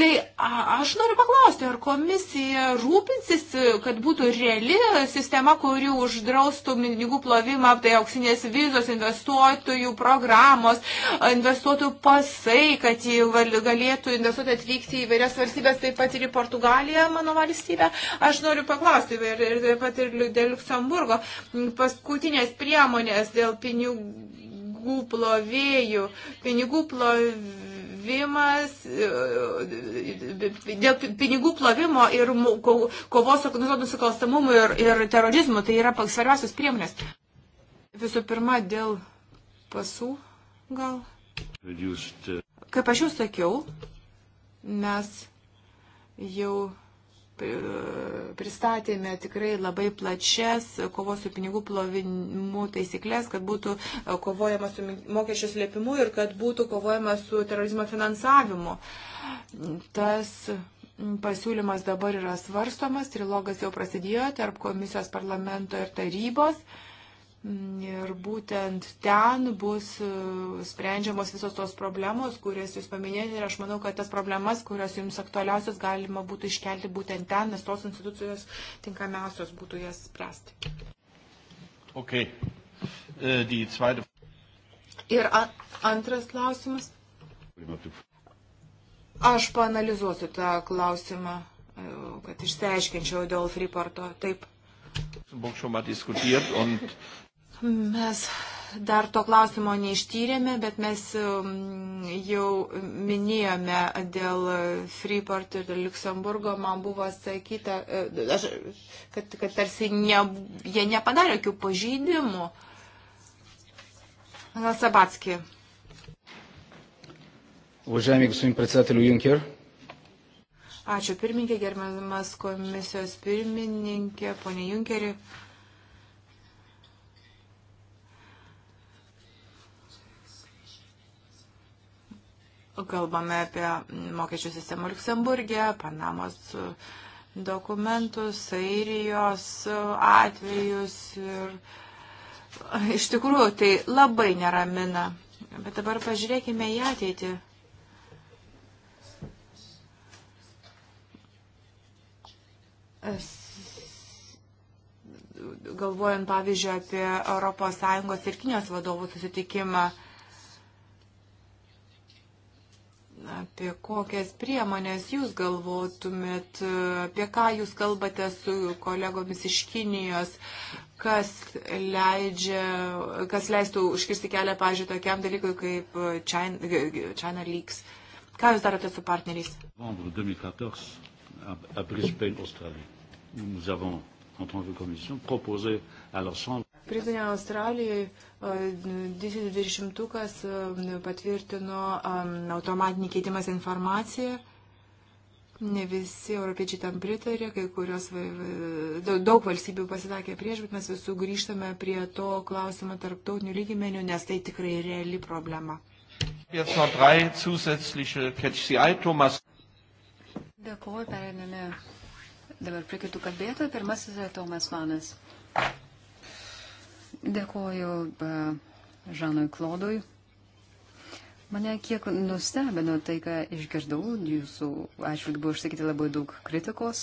Tai a, aš noriu paklausti, ar komisija rūpinsis, kad būtų reali sistema? sistema, kuri uždraustų pinigų plovimą, tai auksinės vizos, investuotojų programos, investuotojų pasai, kad jie galėtų investuoti atvykti į vairias valstybės, taip pat ir į Portugaliją, mano valstybę. Aš noriu paklausti ir, ir taip pat ir dėl Luxemburgo paskutinės priemonės dėl pinigų plovėjų. Pinigų plovėjų plovimas, dėl pinigų plovimo ir kovos su nusikalstamumu ir, ir terorizmu. Tai yra svarbiausios priemonės. Visų pirma, dėl pasų gal. Uh, Kaip aš jau sakiau, mes jau E, pristatėme tikrai labai plačias kovos su pinigų plovimu taisyklės, kad būtų e, kovojama su mokesčių slėpimu ir kad būtų kovojama su terorizmo finansavimu. Tas pasiūlymas dabar yra svarstomas, trilogas jau prasidėjo tarp komisijos parlamento ir tarybos. Uh, Ir būtent ten bus e, sprendžiamos visos tos problemos, kurias jūs paminėjote. Ir aš manau, kad tas problemas, kurios jums aktualiausios, galima būtų iškelti būtent ten, nes tos institucijos tinkamiausios būtų jas spręsti. Okay. Uh, Ir antras klausimas. Aš panalizuosiu tą klausimą, e, kad išsiaiškinčiau dėl Freeporto. Taip. Luxemburg schon mal diskutiert und Mes dar to klausimo neištyrėme, bet mes um, jau minėjome dėl Freeport ir Luxemburgo, man buvo sakyta, e, kad, kad tarsi ne, jie nepadarė jokių pažydimų. Na, Sabatski. Уважаеми господин председателю Юнкер. Ačiū pirmininkė, gerbiamas komisijos pirmininkė, ponė Junkeri. Uh, Kalbame apie mokesčių sistemą Luksemburgė, Panamos dokumentus, Airijos atvejus ir iš tikrųjų tai labai neramina. Bet dabar pažiūrėkime į ateitį. Galvojant, pavyzdžiui, apie ES ir Kinijos vadovų susitikimą apie kokias priemonės jūs galvotumėt, apie ką jūs kalbate su kolegomis iš Kinijos, kas, leidžia, kas leistų užkirsti kelią, pažiūrėjau, tokiam dalykui kaip China, China Leaks. Ką jūs darote su partneriais? à Brisbane, Australie. Nous avons, en tant que commission, proposé à l'ensemble. Pietinė Australijoje didysis dvidešimtukas patvirtino automatinį keitimas informaciją. Ne visi europiečiai tam pritarė, kai kurios daug valstybių pasitakė prieš, bet mes visų grįžtame prie to klausimo tarptautinių lygmenių, nes tai tikrai reali problema. Dėkuoju, perėmėme dabar prie kitų kalbėtojų. Pirmasis yra Tomas Manas. Dėkoju Žanui Klodui. Mane kiek nustebino tai, ką išgirdau, jūsų atžvilgiu buvo išsakyti labai daug kritikos,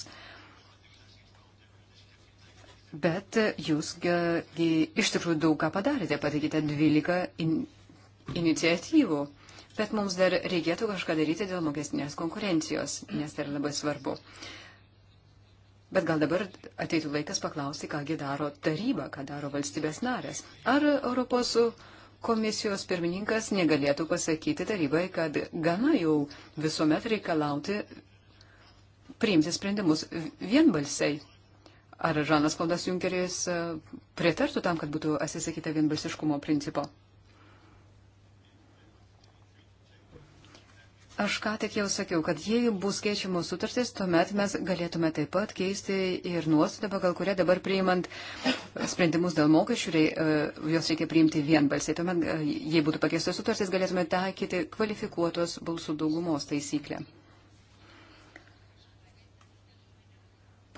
bet jūs iš tikrųjų daug ką padarėte, patikite 12 in, iniciatyvų, bet mums dar reikėtų kažką daryti dėl mokestinės konkurencijos, nes tai yra labai svarbu. Uh, Bet gal dabar ateitų laikas paklausti, kągi daro taryba, ką daro valstybės narės. Ar Europos komisijos pirmininkas negalėtų pasakyti tarybai, kad gana jau visuomet reikalauti priimti sprendimus vienbalsiai? Ar Žanas Klaudas Junkeris pritartų tam, kad būtų atsisakyta vienbalsiškumo principo? Aš ką tik jau sakiau, kad jei bus keičiamos sutartys, tuomet mes galėtume taip pat keisti ir nuostatą, pagal kurią dabar priimant sprendimus dėl mokesčių, e, juos reikia priimti vienbalsiai. Tuomet, e, jei būtų pakeistos sutartys, galėtume taikyti kvalifikuotos balsų daugumos taisyklę.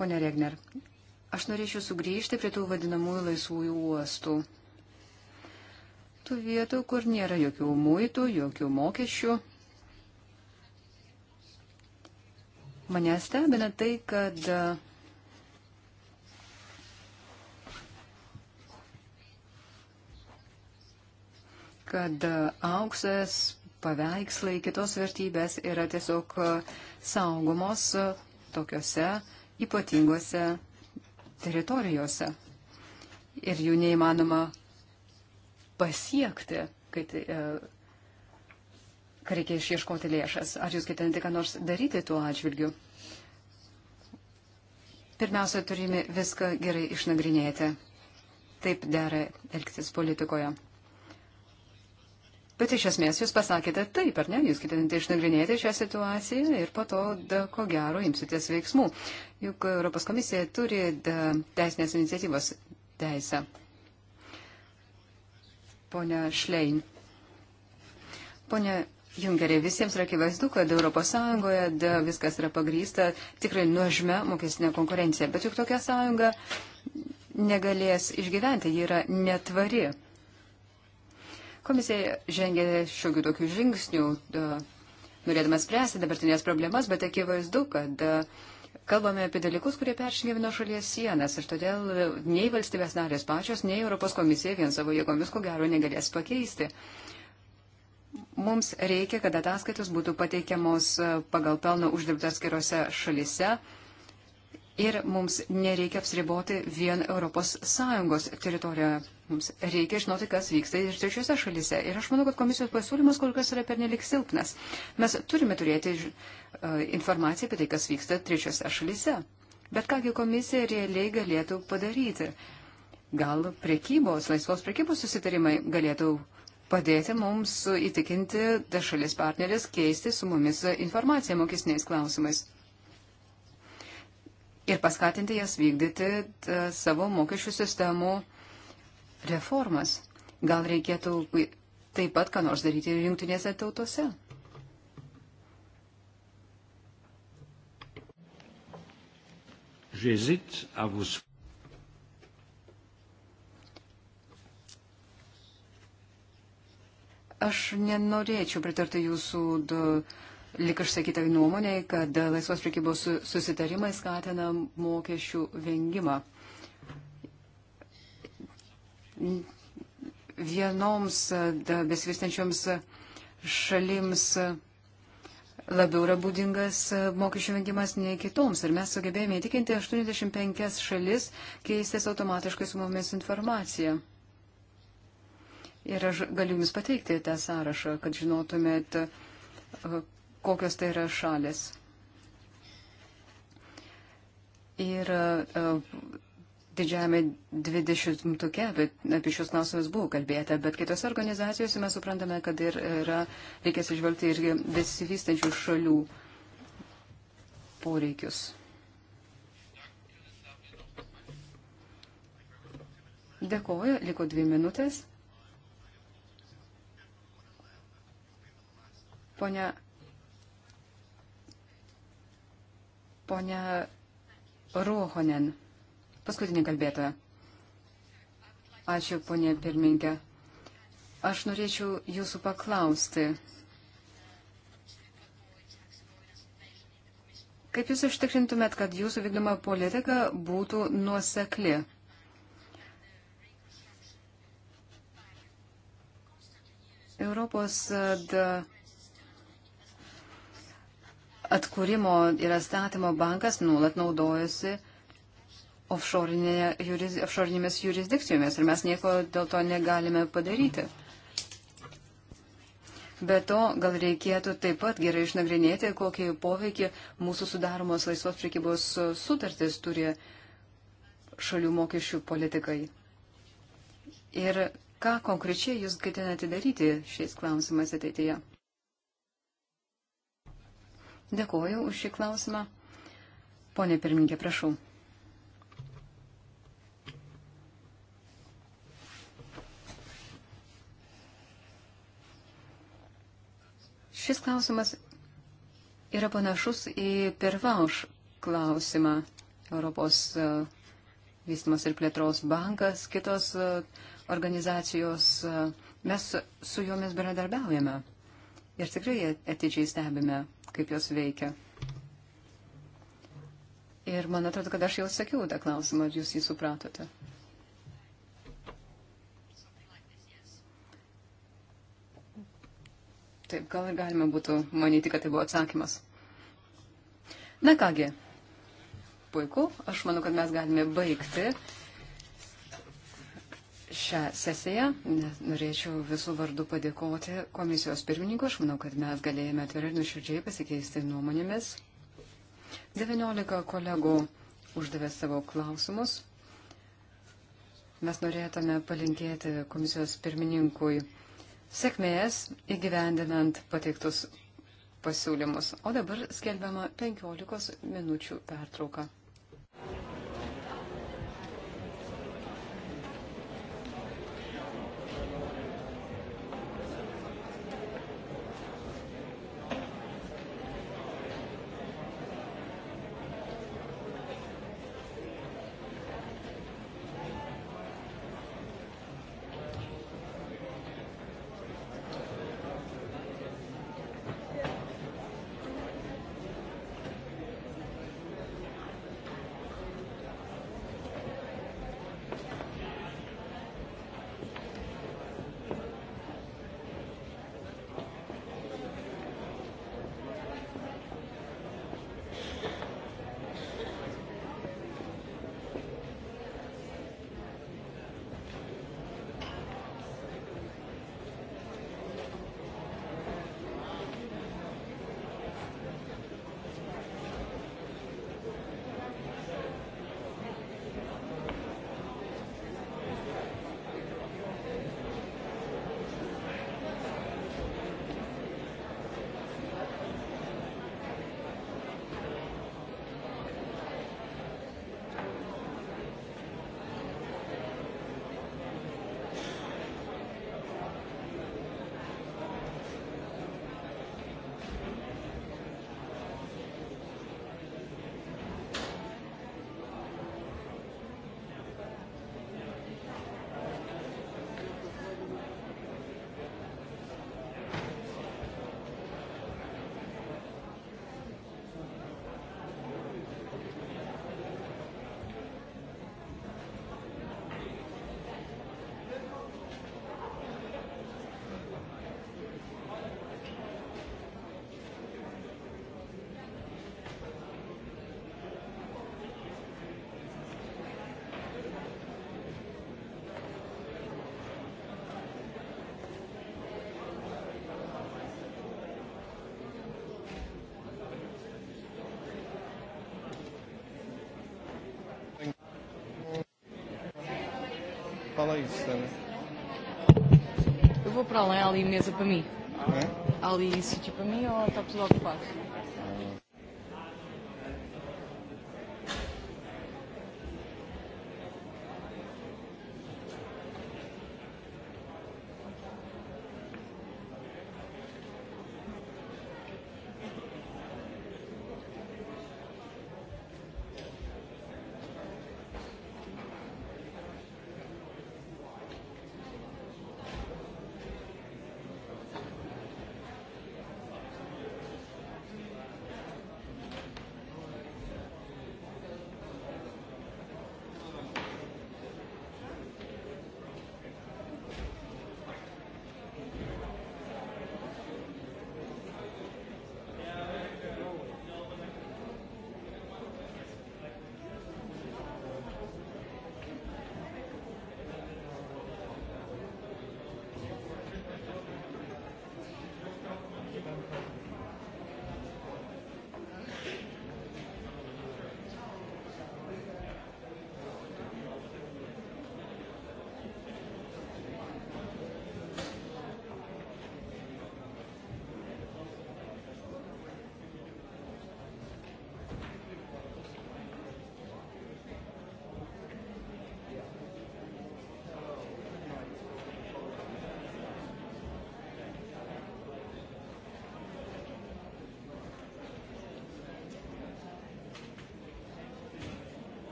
Pone Regner, aš norėčiau sugrįžti prie tų vadinamųjų laisvųjų uostų. Tų vietų, kur nėra jokių muitų, jokių mokesčių Mane stebina tai, kad e, kad e, auksas, paveikslai, kitos vertybės yra tiesiog e, saugomos tokiuose ypatingose teritorijose. Ir jų neįmanoma pasiekti, kai tai, kad reikia išieškoti lėšas. Ar jūs ketinate ką nors daryti tuo atžvilgiu? Pirmiausia, turime viską gerai išnagrinėti. Taip dera elgtis politikoje. Bet iš esmės jūs pasakėte taip, ar ne? Jūs ketinate išnagrinėti šią situaciją ir po to, da, ko gero, imsitės veiksmų. Juk Europos komisija turi da, teisinės iniciatyvos teisę. Pone Šlein. Pone Junkerį, visiems yra akivaizdu, kad ES viskas yra pagrysta tikrai nuožme mokestinė konkurencija, bet juk tokia sąjunga negalės išgyventi, ji yra netvari. Komisija žengė šiokių tokių žingsnių, norėdama spręsti dabartinės problemas, bet akivaizdu, kad kalbame apie dalykus, kurie peršingia vieno šalies sienas ir todėl nei valstybės narės pačios, nei Europos komisija vien savo jėgomis ko gero negalės pakeisti mums reikia, kad ataskaitos būtų pateikiamos e, pagal pelno uždirbtas skiriose šalise. Ir mums nereikia apsiriboti vien ES teritorijoje. Mums reikia žinoti, kas vyksta ir trečiose šalyse. Ir aš manau, kad komisijos pasiūlymas kol kas yra pernelik silpnas. Mes turime turėti e, informaciją apie tai, kas vyksta trečiose šalyse. Bet kągi komisija realiai galėtų padaryti? Gal prekybos, laisvos prekybos susitarimai galėtų uh, padėti mums įtikinti tas šalis partneris keisti su mumis informaciją mokesniais klausimais ir paskatinti jas vykdyti ta, e, savo mokesčių sistemų reformas. Gal reikėtų taip pat, ką nors daryti ir jungtinėse tautose. J'hésite à vous Aš nenorėčiau pritarti jūsų lik išsakytai nuomonėj, kad laisvos prekybos susitarimai skatina mokesčių vengimą. Vienoms besivystančioms šalims labiau yra būdingas mokesčių vengimas nei kitoms. Ir mes sugebėjome įtikinti 85 šalis keistis automatiškai su mumis informacija. Ir aš galiu Jums pateikti tą sąrašą, kad žinotumėt, e, kokios tai yra šalis. Ir e, didžiame dvidešimtuke apie šios klausimus buvo kalbėta, bet kitose organizacijose mes suprantame, kad ir yra, reikės išvelgti ir besivystančių šalių poreikius. Dėkoju, liko dvi minutės. Pone, pone Ruohonen, paskutinį kalbėtoją. Ačiū, ponė pirmininkė. Aš norėčiau jūsų paklausti, kaip jūs ištikrintumėt, kad jūsų vykdoma politika būtų nuosekli? Europos da, atkūrimo ir atstatymo bankas nuolat naudojasi offshore'inėmis juris, offshore jurisdikcijomis ir mes nieko dėl to negalime padaryti. Be to, gal reikėtų taip pat gerai išnagrinėti, kokį poveikį mūsų sudaromos laisvos prekybos sutartys turi šalių mokesčių politikai. Ir ką konkrečiai jūs ketinate daryti šiais klausimais ateityje? Dėkoju už šį klausimą. Pone pirmininkė, prašau. Šis klausimas yra panašus į pirvauš klausimą. Europos e, vystimas ir plėtros bankas, kitos e, organizacijos, e, mes su jomis bendradarbiaujame ir tikrai atidžiai stebime, kaip jos veikia. Ir man atrodo, kad aš jau sakiau tą klausimą, ar jūs jį supratote. Taip, gal ir galima būtų manyti, kad tai buvo atsakymas. Na kągi, puiku, aš manau, kad mes galime baigti šią sesiją. Norėčiau visų vardų padėkoti komisijos pirmininkui. Aš manau, kad mes galėjome atvirai ir nuširdžiai pasikeisti nuomonėmis. 19 kolegų uždavė savo klausimus. Mes norėtume palinkėti komisijos pirmininkui sėkmės įgyvendinant pateiktus pasiūlymus. O dabar skelbiama 15 minučių pertrauka. ela isso, sabe? Eu vou para lá, há ali mesa para mim. É? Há ali sítio para mim ou está tudo ocupado?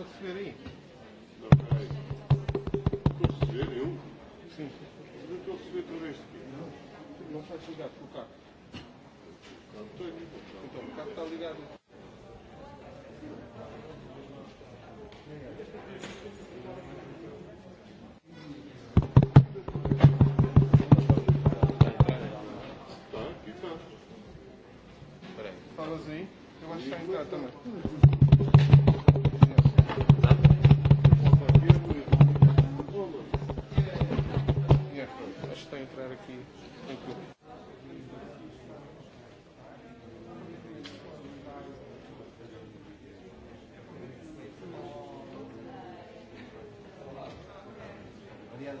signor Fiorì. Okay. Serio? Sì. Tutto svetovesti. No, non faccio caso, capo. Tanto è Então, o carro está ligado share a key. Thank you. The other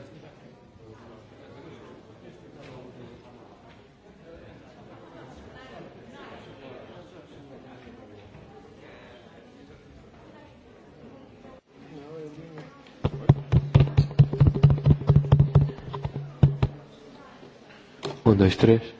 1, 2, 3.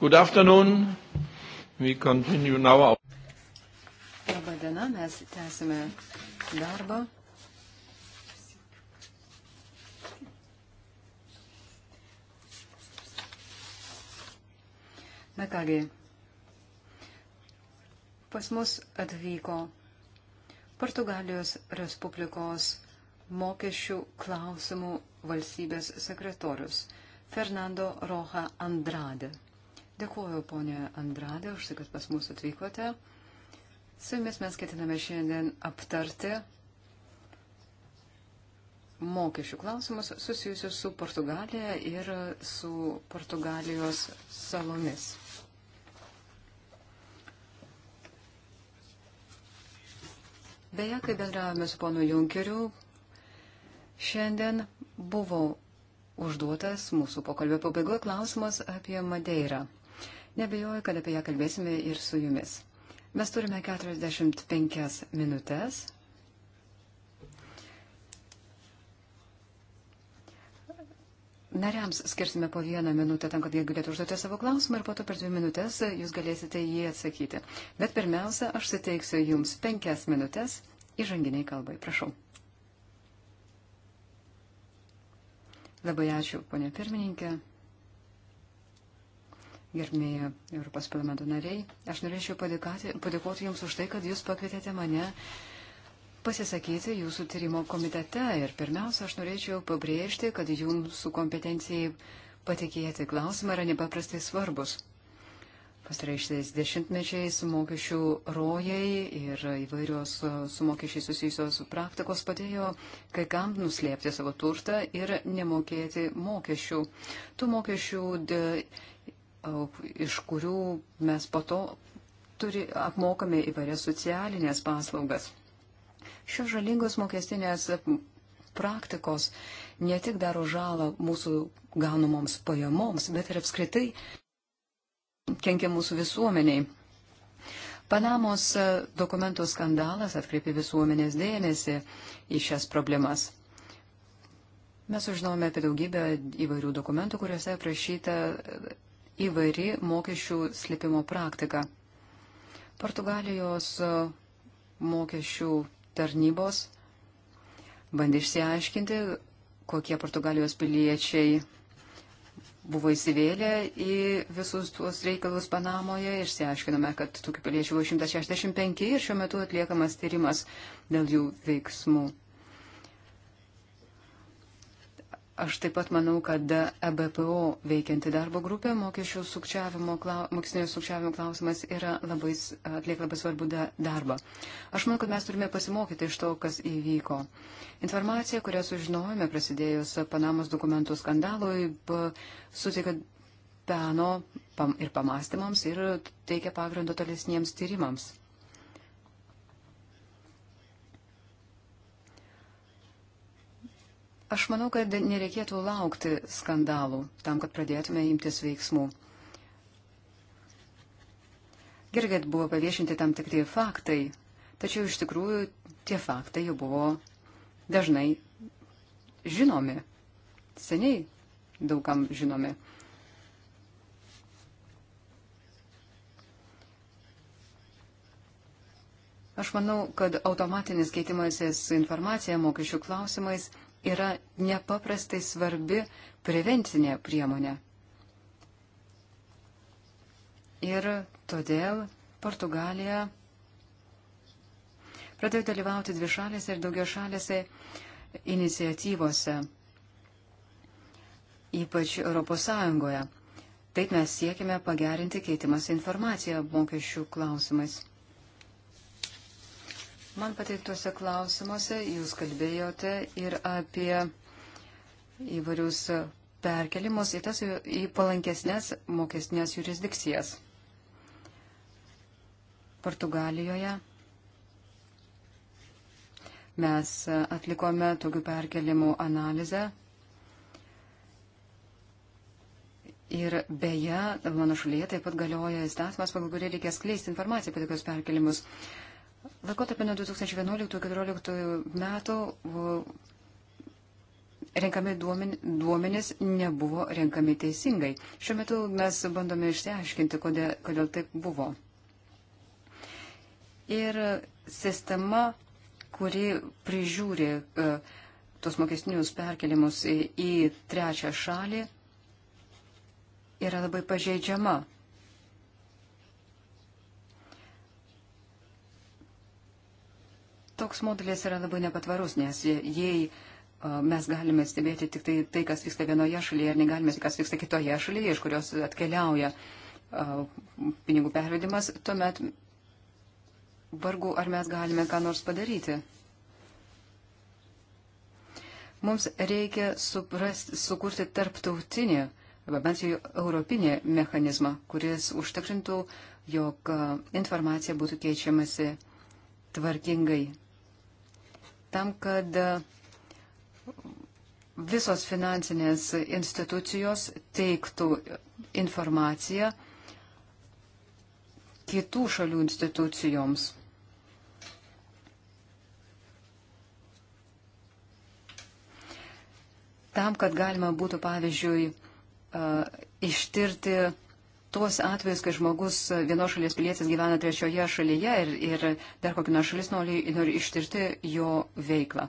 Good afternoon. We continue now. Labą dieną, mes tęsime darbą. Na kągi, pas mus atvyko Portugalijos Respublikos mokesčių klausimų valstybės sekretorius Fernando Roja Andrade. Dėkuoju, ponė Andradė, už tai, kad pas mus atvykote. Su jumis mes ketiname šiandien aptarti mokesčių klausimus susijusius su Portugalija ir su Portugalijos salomis. Beje, kai bendravome su ponu Junkeriu, šiandien buvo užduotas mūsų pokalbio pabaigoje klausimas apie Madeirą. Nebejoju, kad apie ją kalbėsime ir su jumis. Mes turime 45 minutės. Nariams skirsime po vieną minutę tam, kad jie galėtų užduoti savo klausimą ir po to per dvi minutės jūs galėsite jį atsakyti. Bet pirmiausia, aš suteiksiu jums penkias minutės įžanginiai kalbai. Prašau. Labai ačiū, ponė pirmininkė gerbėjai Europos parlamento nariai. Aš norėčiau padėkoti, padėkoti Jums už tai, kad Jūs pakvietėte mane pasisakyti Jūsų tyrimo komitete. Ir pirmiausia, aš norėčiau pabrėžti, kad Jūsų kompetencijai patikėti klausimą yra nepaprastai svarbus. Pastaraištais dešimtmečiais mokesčių rojai ir įvairios e, su mokesčiai susijusios praktikos padėjo kai kam nuslėpti savo turtą ir nemokėti mokesčių. Tų mokesčių iš kurių mes po to turi, apmokame įvairias socialinės paslaugas. Šios žalingos mokestinės praktikos ne tik daro žalą mūsų gaunamoms pajamoms, bet ir apskritai kenkia mūsų visuomeniai. Panamos dokumentų skandalas atkreipė visuomenės dėmesį į šias problemas. Mes sužinome apie daugybę įvairių dokumentų, kuriuose aprašyta įvairi mokesčių slėpimo praktika. Portugalijos e, mokesčių tarnybos bandė išsiaiškinti, kokie Portugalijos piliečiai buvo įsivėlę į visus tuos reikalus Panamoje. Išsiaiškinome, kad tokių piliečių buvo 165 ir šiuo metu atliekamas tyrimas dėl jų veiksmų. Aš taip pat manau, kad EBPO veikianti darbo grupė mokesčių sukčiavimo, mokestinio sukčiavimo klausimas yra labai, atliek labai svarbu da, darbą. Aš manau, kad mes turime pasimokyti iš to, kas įvyko. Informacija, kurią sužinojome prasidėjus Panamos dokumentų skandalui, suteikė peno ir pamastymams ir teikia pagrindo tolesniems tyrimams. Aš manau, kad nereikėtų laukti skandalų tam, kad pradėtume imtis veiksmų. Gerai, kad buvo paviešinti tam tikri faktai, tačiau iš tikrųjų tie faktai jau buvo dažnai žinomi, seniai daugam žinomi. Aš manau, kad automatinis keitimasis informacija mokesčių klausimais yra nepaprastai svarbi prevencinė priemonė. Ir todėl Portugalija pradėjo dalyvauti dvišalėse ir daugiašalėse iniciatyvose, ypač ES. Taip mes siekime pagerinti keitimas informaciją mokesčių klausimais. Man pateiktuose klausimuose jūs kalbėjote ir apie įvairius perkelimus į tas į palankesnės mokestinės jurisdikcijas. Portugalijoje mes atlikome tokių perkelimų analizę. Ir beje, mano šalyje taip pat galioja įstatymas, pagal kurį reikės kleisti informaciją apie tokius perkelimus. Uh, Laikotarpį nuo 2011-2014 metų uh, renkami duomenys nebuvo renkami teisingai. Šiuo metu mes bandome išsiaiškinti, kodėl, kodėl taip buvo. Ir sistema, kuri prižiūri uh, tos mokestinius perkelimus į, į trečią šalį, yra labai pažeidžiama. toks modelis yra labai nepatvarus, nes jei mes galime stebėti tik tai, tai kas vyksta vienoje šalyje ir negalime, kas vyksta kitoje šalyje, iš kurios atkeliauja pinigų pervedimas, tuomet vargu ar mes galime ką nors padaryti. Mums reikia suprasti, sukurti tarptautinį arba bent jau europinį mechanizmą, kuris užtikrintų, jog informacija būtų keičiamasi tvarkingai tam, kad e, visos finansinės institucijos teiktų informaciją kitų šalių institucijoms. Tam, kad galima būtų, pavyzdžiui, e, ištirti tuos atvejus, kai žmogus e, vienos šalies pilietis gyvena trečioje šalyje ir, ir dar kokia nors šalis nori, nori ištirti jo veiklą.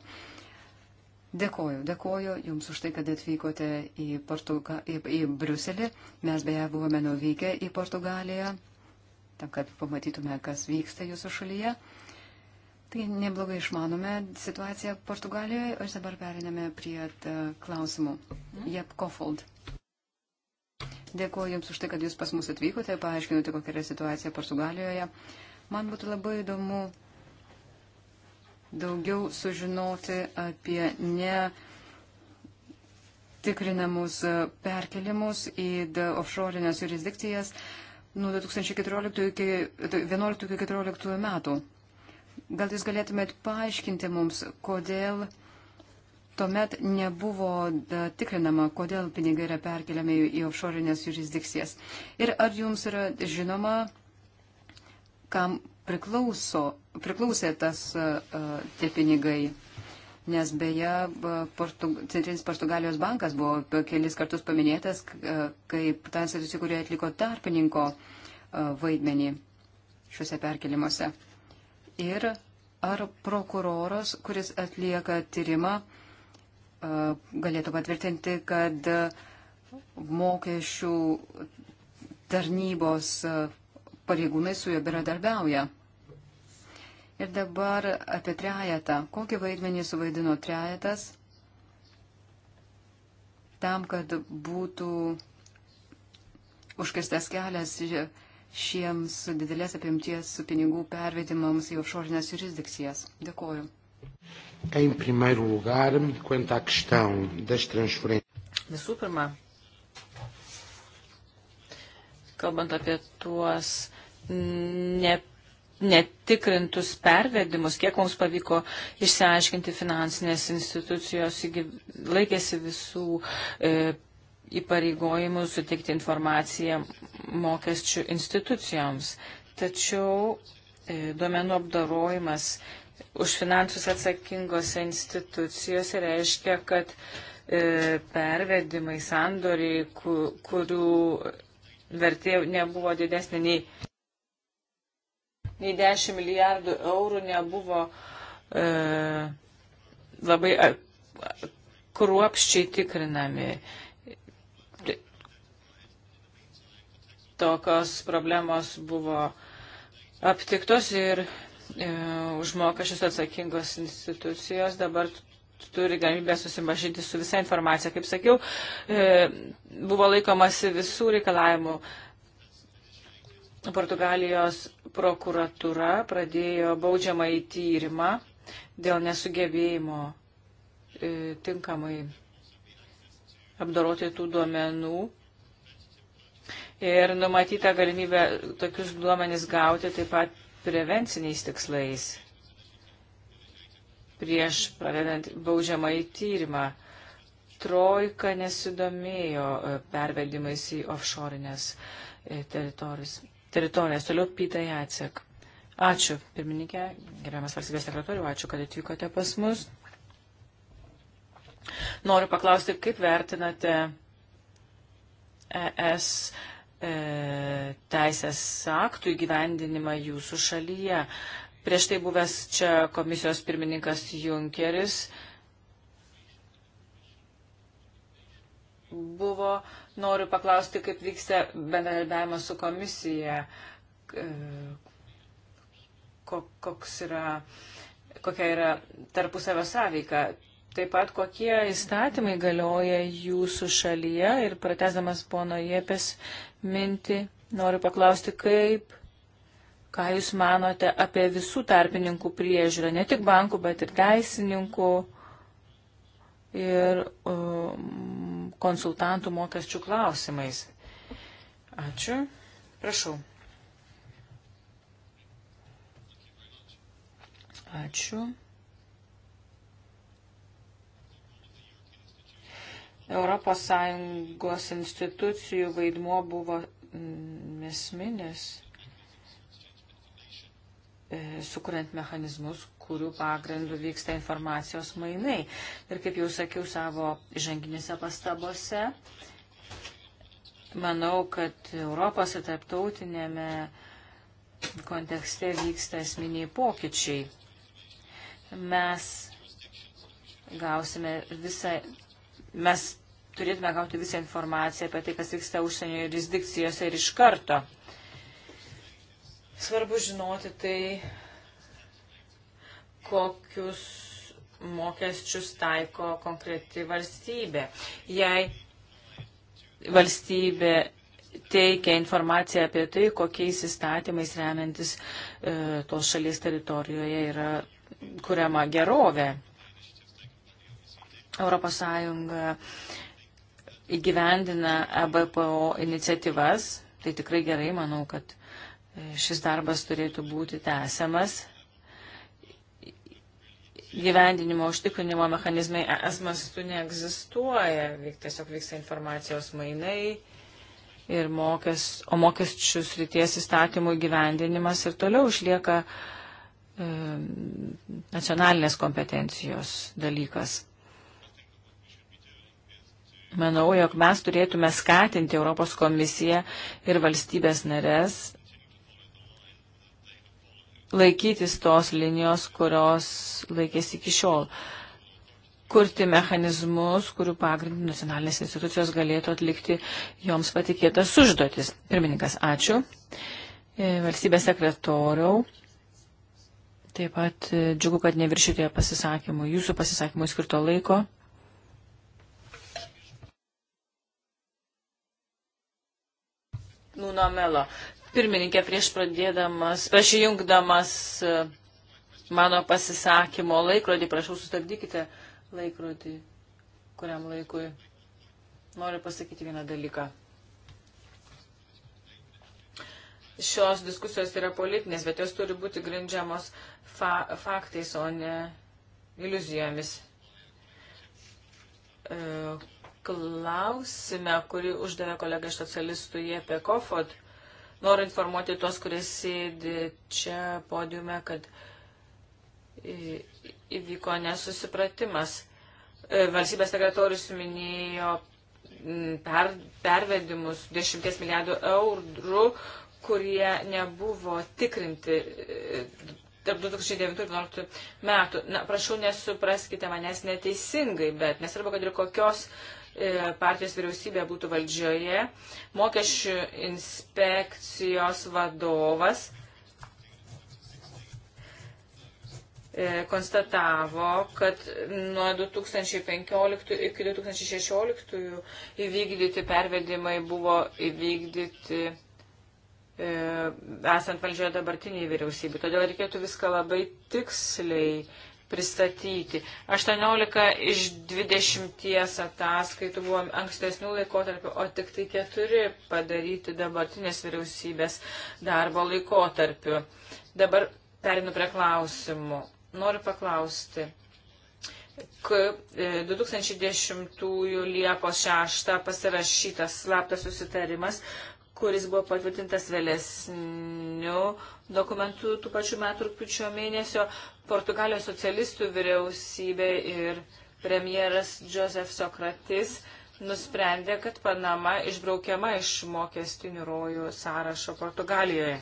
Dėkoju, dėkoju Jums už tai, kad atvykote į, Portuga, į, į Briuselį. Mes beje buvome nuvykę į Portugaliją, tam, kad pamatytume, kas vyksta Jūsų šalyje. Tai neblogai išmanome situaciją Portugalijoje ir dabar periname prie e, klausimų. Mhm. Jep Kofold. Dėkuoju Jums už tai, kad Jūs pas mus atvykote, paaiškinote, kokia yra situacija Portugalijoje. Man būtų labai įdomu daugiau sužinoti apie ne tikrinamus e, perkelimus į offshore'inės jurisdikcijas nuo 2014 iki 2011-2014 metų. Gal Jūs galėtumėt paaiškinti mums, kodėl tuomet nebuvo da, tikrinama, kodėl pinigai yra perkeliami į offshore'inės jurisdikcijas. Ir ar jums yra žinoma, kam priklauso, priklausė tas uh, tie pinigai? Nes beje, Portug Centrinis Portugalijos bankas buvo kelis kartus paminėtas uh, kaip ta institucija, kurioje atliko tarpininko uh, vaidmenį šiuose perkelimuose. Ir ar prokuroras, kuris atlieka tyrimą, galėtų patvirtinti, kad mokesčių tarnybos pareigūnai su juo bendradarbiauja. Ir dabar apie trejetą. Kokį vaidmenį suvaidino trejetas tam, kad būtų užkirstas kelias šiems didelės apimties pinigų pervedimams į offshore'inės jurisdikcijas. Dėkuoju. Em primeiro lugar, quanto à questão das transferências. Visų pirma, kalbant apie tuos ne, netikrintus pervedimus, kiek mums pavyko išsiaiškinti finansinės institucijos, laikėsi visų e, įpareigojimų suteikti informaciją mokesčių institucijoms. Tačiau e, duomenų apdarojimas e, už finansus atsakingose institucijose reiškia, kad e, pervedimai, sandoriai, kurių vertė nebuvo didesnė nei, nei 10 milijardų eurų, nebuvo e, labai a, a, kruopščiai tikrinami. Tokios problemos buvo aptiktos ir E, už mokesčius atsakingos institucijos dabar turi galimybę susimažinti su visa informacija. Kaip sakiau, e, buvo laikomasi visų reikalavimų. Portugalijos prokuratura pradėjo baudžiamą į tyrimą dėl nesugebėjimo e, tinkamai apdoroti tų duomenų ir numatyta galimybė tokius duomenys gauti taip pat prevenciniais tikslais prieš pradedant baudžiamąjį tyrimą. Trojka nesidomėjo e, pervedimais į offshore'inės e, teritorijas. teritorijas. Toliau Pytai Atsek. Ačiū, pirmininkė, gerbiamas valstybės sekretoriu, ačiū, kad atvykote pas mus. Noriu paklausti, kaip vertinate ES e, teisės aktų įgyvendinimą jūsų šalyje. Prieš tai buvęs čia komisijos pirmininkas Junkeris buvo, noriu paklausti, kaip vyksta bendradarbiavimas su komisija, e, koks yra, kokia yra tarpusavio sąveika taip pat kokie įstatymai galioja jūsų šalyje ir pratesamas pono Jėpės mintį, noriu paklausti, kaip, ką jūs manote apie visų tarpininkų priežiūrą, ne tik bankų, bet ir teisininkų ir um, konsultantų mokesčių klausimais. Ačiū. Prašau. Ačiū. ES institucijų vaidmuo buvo mm, esminis, e, sukuriant mechanizmus, kurių pagrindų vyksta informacijos mainai. Ir kaip jau sakiau savo žanginėse pastabose, manau, kad Europos ir tarptautinėme kontekste vyksta esminiai pokyčiai. Mes gausime visą, mes turėtume gauti visą informaciją apie tai, kas vyksta užsienio jurisdikcijose ir iš karto. Svarbu žinoti tai, kokius mokesčius taiko konkreti valstybė. Jei valstybė teikia informaciją apie tai, kokiais įstatymais remiantis e, tos šalies teritorijoje yra kuriama gerovė. Europos Sąjunga įgyvendina EBPO iniciatyvas. Tai tikrai gerai, manau, kad e, šis darbas turėtų būti tęsiamas. Gyvendinimo užtikrinimo mechanizmai ES mastu neegzistuoja, tiesiog vyksta informacijos mainai ir mokes, o mokesčių srities įstatymų gyvendinimas ir toliau išlieka e, nacionalinės kompetencijos dalykas. Manau, jog mes turėtume skatinti Europos komisiją ir valstybės narės laikytis tos linijos, kurios laikėsi iki šiol. Kurti mechanizmus, kurių pagrindų nacionalinės institucijos galėtų atlikti joms patikėtas užduotis. Pirmininkas, ačiū. E, valstybės sekretoriau. Taip pat e, džiugu, kad neviršytėje pasisakymų, jūsų pasisakymų skirto laiko. Nuno Melo. Pirmininkė, prieš pradėdamas, prieš jungdamas e, mano pasisakymo laikrodį, prašau, sustabdykite laikrodį, kuriam laikui noriu pasakyti vieną dalyką. Šios diskusijos yra politinės, bet jos turi būti grindžiamos fa faktais, o ne iliuzijomis. E, klausime, kurį uždavė kolega iš socialistų Jėpė Kofot, noriu informuoti tuos, kurie sėdi čia podiume, kad įvyko nesusipratimas. E, valstybės sekretorius minėjo per, pervedimus 10 milijardų eurų, kurie nebuvo tikrinti e, tarp 2009-2011 metų. Na, prašau, nesupraskite manęs neteisingai, bet nesvarbu, kad ir kokios E, partijos vyriausybė būtų valdžioje, mokesčių inspekcijos vadovas e, konstatavo, kad nuo 2015 iki 2016 įvykdyti pervedimai buvo įvykdyti e, esant valdžioje dabartiniai vyriausybė. Todėl reikėtų viską labai tiksliai pristatyti. 18 iš 20 ataskaitų buvo ankstesnių laikotarpių, o tik tai 4 padaryti dabartinės vyriausybės darbo laikotarpiu. Dabar perinu prie klausimų. Noriu paklausti. 2010 e, Liepos 6 pasirašytas slaptas susitarimas, kuris buvo patvirtintas vėlesniu dokumentu tų pačių metų rūpiučio mėnesio Portugalijos socialistų vyriausybė ir premjeras Joseph Sokratis nusprendė, kad Panama išbraukiama iš mokestinių rojų sąrašo Portugalijoje.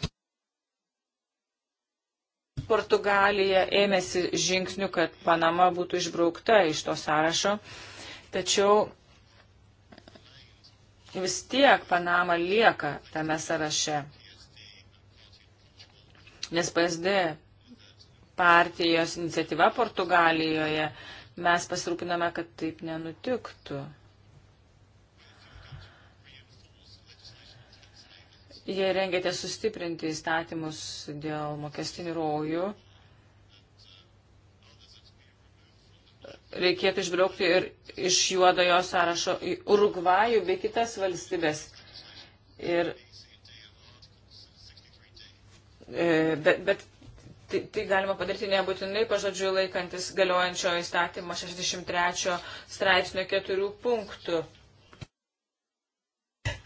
Portugalija ėmėsi žingsnių, kad Panama būtų išbraukta iš to sąrašo, tačiau vis tiek Panama lieka tame sąraše. Nes PSD partijos iniciatyva Portugalijoje mes pasirūpiname, kad taip nenutiktų. Jie rengėte sustiprinti įstatymus dėl mokestinių rojų. Reikėtų išbraukti ir iš juodojo sąrašo į Urugvajų bei kitas valstybės. Ir E, bet, bet tai, tai galima padaryti nebūtinai pažodžiu laikantis galiojančio įstatymo 63 straipsnio 4 punktų.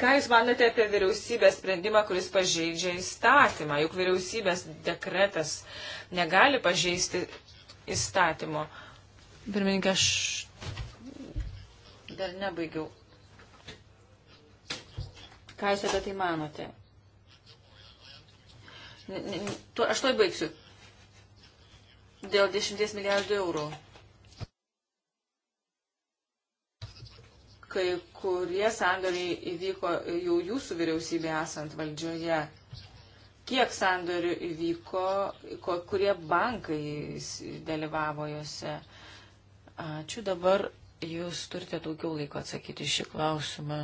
Ką Jūs manote apie vyriausybės sprendimą, kuris pažeidžia įstatymą? Juk vyriausybės dekretas negali pažeisti įstatymo. Pirmininkė, aš dar nebaigiau. Ką Jūs apie tai manote? Aš to baigsiu. Dėl 10 milijardų eurų. Kai kurie sandoriai įvyko jau jūsų vyriausybė esant valdžioje. Kiek sandorių įvyko, kurie bankai dalyvavo juose? Ačiū dabar. Jūs turite daugiau laiko atsakyti šį klausimą.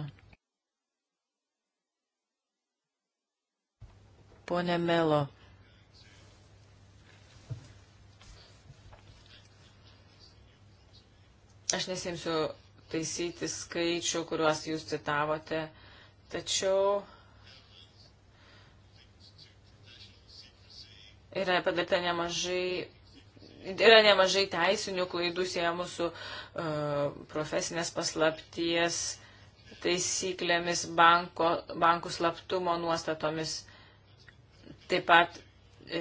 Pone Melo. Aš nesimsiu taisyti skaičių, kuriuos jūs citavote, tačiau yra padaryta nemažai. Yra nemažai teisinių klaidų siejamų su uh, profesinės paslapties taisyklėmis, banko, bankų slaptumo nuostatomis taip pat e,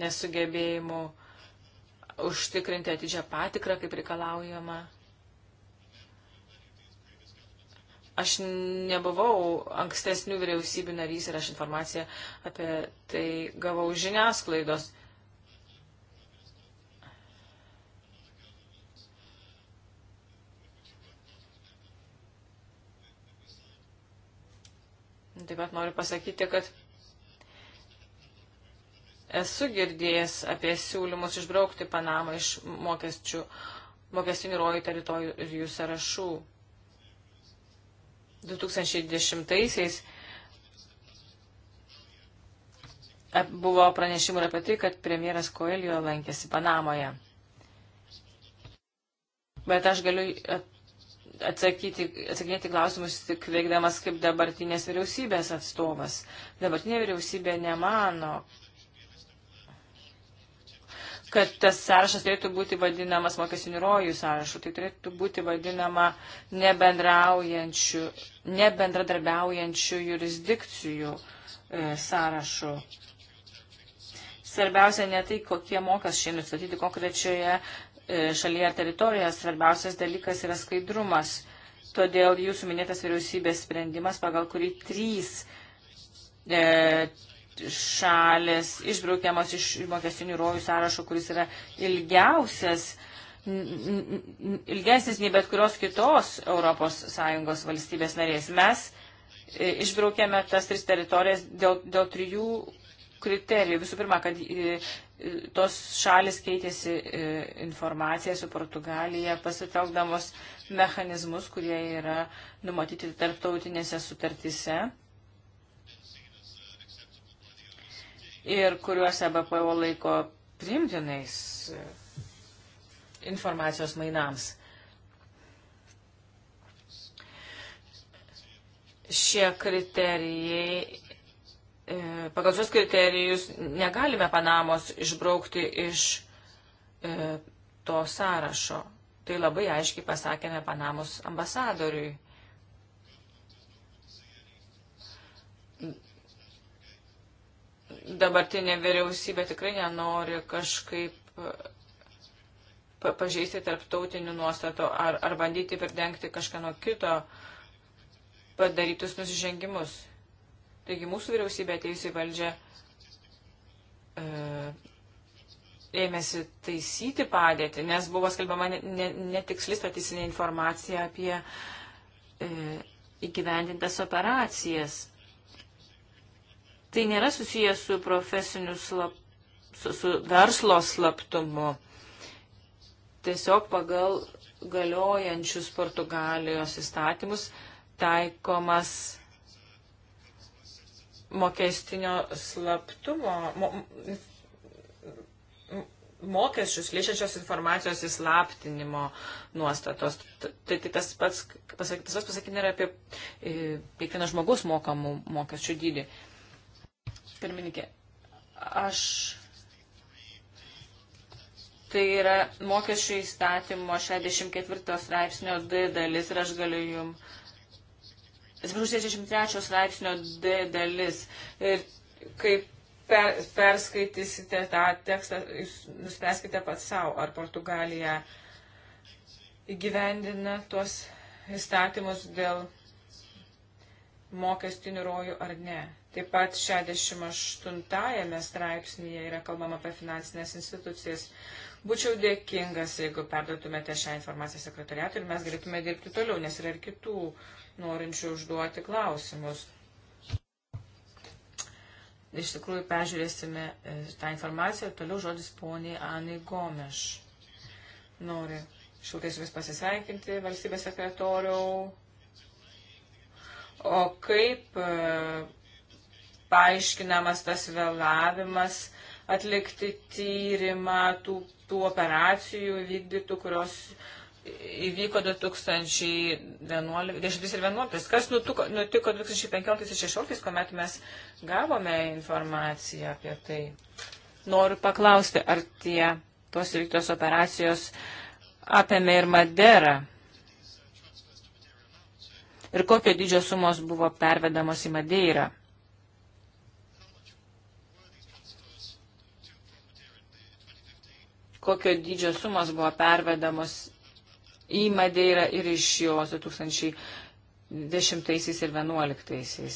nesugebėjimu užtikrinti atidžią patikrą, kaip reikalaujama. Aš nebuvau ankstesnių vyriausybių narys ir aš informaciją apie tai gavau žiniasklaidos. Taip pat noriu pasakyti, kad Esu girdėjęs apie siūlymus išbraukti Panamą iš mokesčių, mokestinių rojų teritorijų sąrašų. 2010-aisiais buvo pranešimų ir apie tai, kad premjeras Koelio lankėsi Panamoje. Bet aš galiu atsakyti, atsakinėti klausimus tik veikdamas kaip dabartinės vyriausybės atstovas. Dabartinė vyriausybė nemano, kad tas sąrašas turėtų būti vadinamas mokesinių rojų sąrašu, tai turėtų būti vadinama nebendraujančių, nebendradarbiaujančių jurisdikcijų e, sąrašu. Svarbiausia ne tai, kokie mokesčiai nustatyti konkrečioje e, šalyje ar teritorijoje, svarbiausias dalykas yra skaidrumas. Todėl jūsų minėtas vyriausybės sprendimas, pagal kurį trys e, šalis išbraukiamos iš mokestinių rojų sąrašo, kuris yra ilgiausias, ilgesnis nei bet kurios kitos ES valstybės narės. Mes e, išbraukėme tas tris teritorijas dėl, dėl trijų kriterijų. Visų pirma, kad e, e, tos šalis keitėsi informaciją su Portugalija, pasitelkdamos mechanizmus, kurie yra numatyti tarptautinėse sutartyse. ir kuriuos BPO laiko primtinais e, informacijos mainams. Šie kriterijai, e, pagal šios kriterijus negalime Panamos išbraukti iš e, to sąrašo. Tai labai aiškiai pasakėme Panamos ambasadoriui. dabartinė vyriausybė tikrai nenori kažkaip e, pažeisti tarptautinių nuostatų ar, ar bandyti pridengti kažkieno kito padarytus nusižengimus. Taigi mūsų vyriausybė ateisi valdžia e, ėmėsi taisyti padėtį, nes buvo skelbama netiksli ne, ne statistinė informacija apie e, įgyvendintas operacijas. Tai nėra susijęs su profesiniu slap, su, su verslo slaptumu. Tiesiog pagal galiojančius Portugalijos įstatymus taikomas mokestinio slaptumo, mo, mokesčius liečiančios informacijos įslaptinimo nuostatos. Tai, tai tas pats pasakytina yra apie e, kiekvieno žmogus mokamų mokesčių dydį pirmininkė. Aš. Tai yra mokesčių įstatymo 64 straipsnio D dalis ir aš galiu jum. Atsiprašau, 63 straipsnio D dalis. Ir kaip per, perskaitysite tą tekstą, jūs nuspręskite pat savo, ar Portugalija įgyvendina tuos įstatymus dėl mokestinių rojų ar ne. Taip pat 68 straipsnėje yra kalbama apie finansinės institucijas. Būčiau dėkingas, jeigu perduotumėte šią informaciją sekretariatui ir mes galėtume dirbti toliau, nes yra ir kitų norinčių užduoti klausimus. Iš tikrųjų, peržiūrėsime e, tą informaciją ir toliau žodis poniai Anai Gomeš. Noriu šiltai su vis pasisveikinti, valstybės sekretoriau. O kaip e, paaiškinamas tas vėlavimas atlikti tyrimą tų, tų operacijų vykdytų, kurios įvyko 2011. Kas nutiko, nutiko 2015-2016, kuomet mes gavome informaciją apie tai? Noriu paklausti, ar tie tos įvyktos operacijos apėmė ir Maderą? Ir kokio didžio sumos buvo pervedamos į Madeirą? kokio dydžio sumos buvo pervedamos į Madeirą ir iš jos 2010 ir 2011.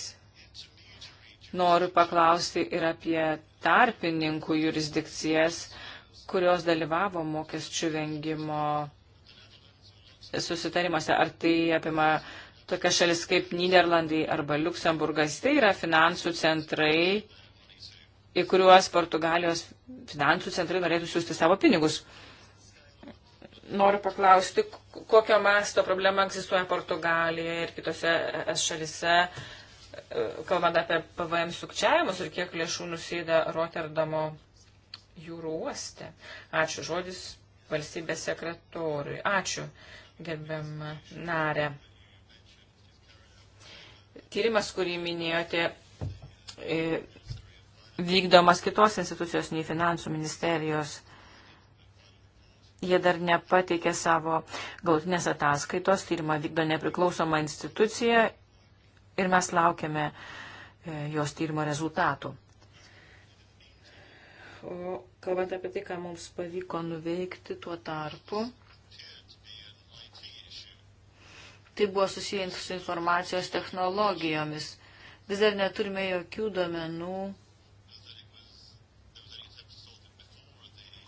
Noriu paklausti ir apie tarpininkų jurisdikcijas, kurios dalyvavo mokesčių vengimo susitarimuose. Ar tai apima tokia šalis kaip Niderlandai arba Luksemburgas? Tai yra finansų centrai, į kuriuos Portugalijos finansų centrai norėtų siūsti savo pinigus. Noriu paklausti, kokio masto problema egzistuoja Portugalijoje ir kitose šalise, e, kalbant apie PVM sukčiavimus ir kiek lėšų nusėda Rotterdamo jūrų uoste. Ačiū žodis valstybės sekretoriui. Ačiū, gerbiam narė. Tyrimas, kurį minėjote, e, vykdomas kitos institucijos nei finansų ministerijos. Jie dar nepateikė savo gautinės ataskaitos, tyrimą vykdo nepriklausoma institucija ir mes laukiame e, jos tyrimo rezultatų. O kalbant apie tai, ką mums pavyko nuveikti tuo tarpu, tai buvo susijęs su informacijos technologijomis. Vis dar neturime jokių duomenų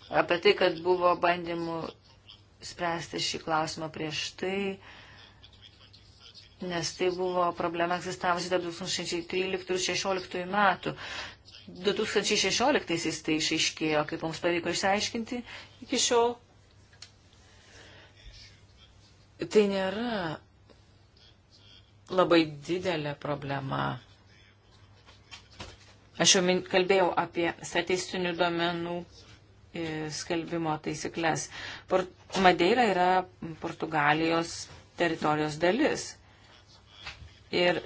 apie tai, kad buvo bandymų spręsti šį klausimą prieš tai, nes tai buvo problema egzistavusi tarp 2013-2016 metų. 2016 tai išaiškėjo, kaip mums pavyko išsiaiškinti iki šiol. Tai nėra labai didelė problema. Aš jau kalbėjau apie statistinių duomenų skelbimo taisyklės. Madeira yra Portugalijos teritorijos dalis. Ir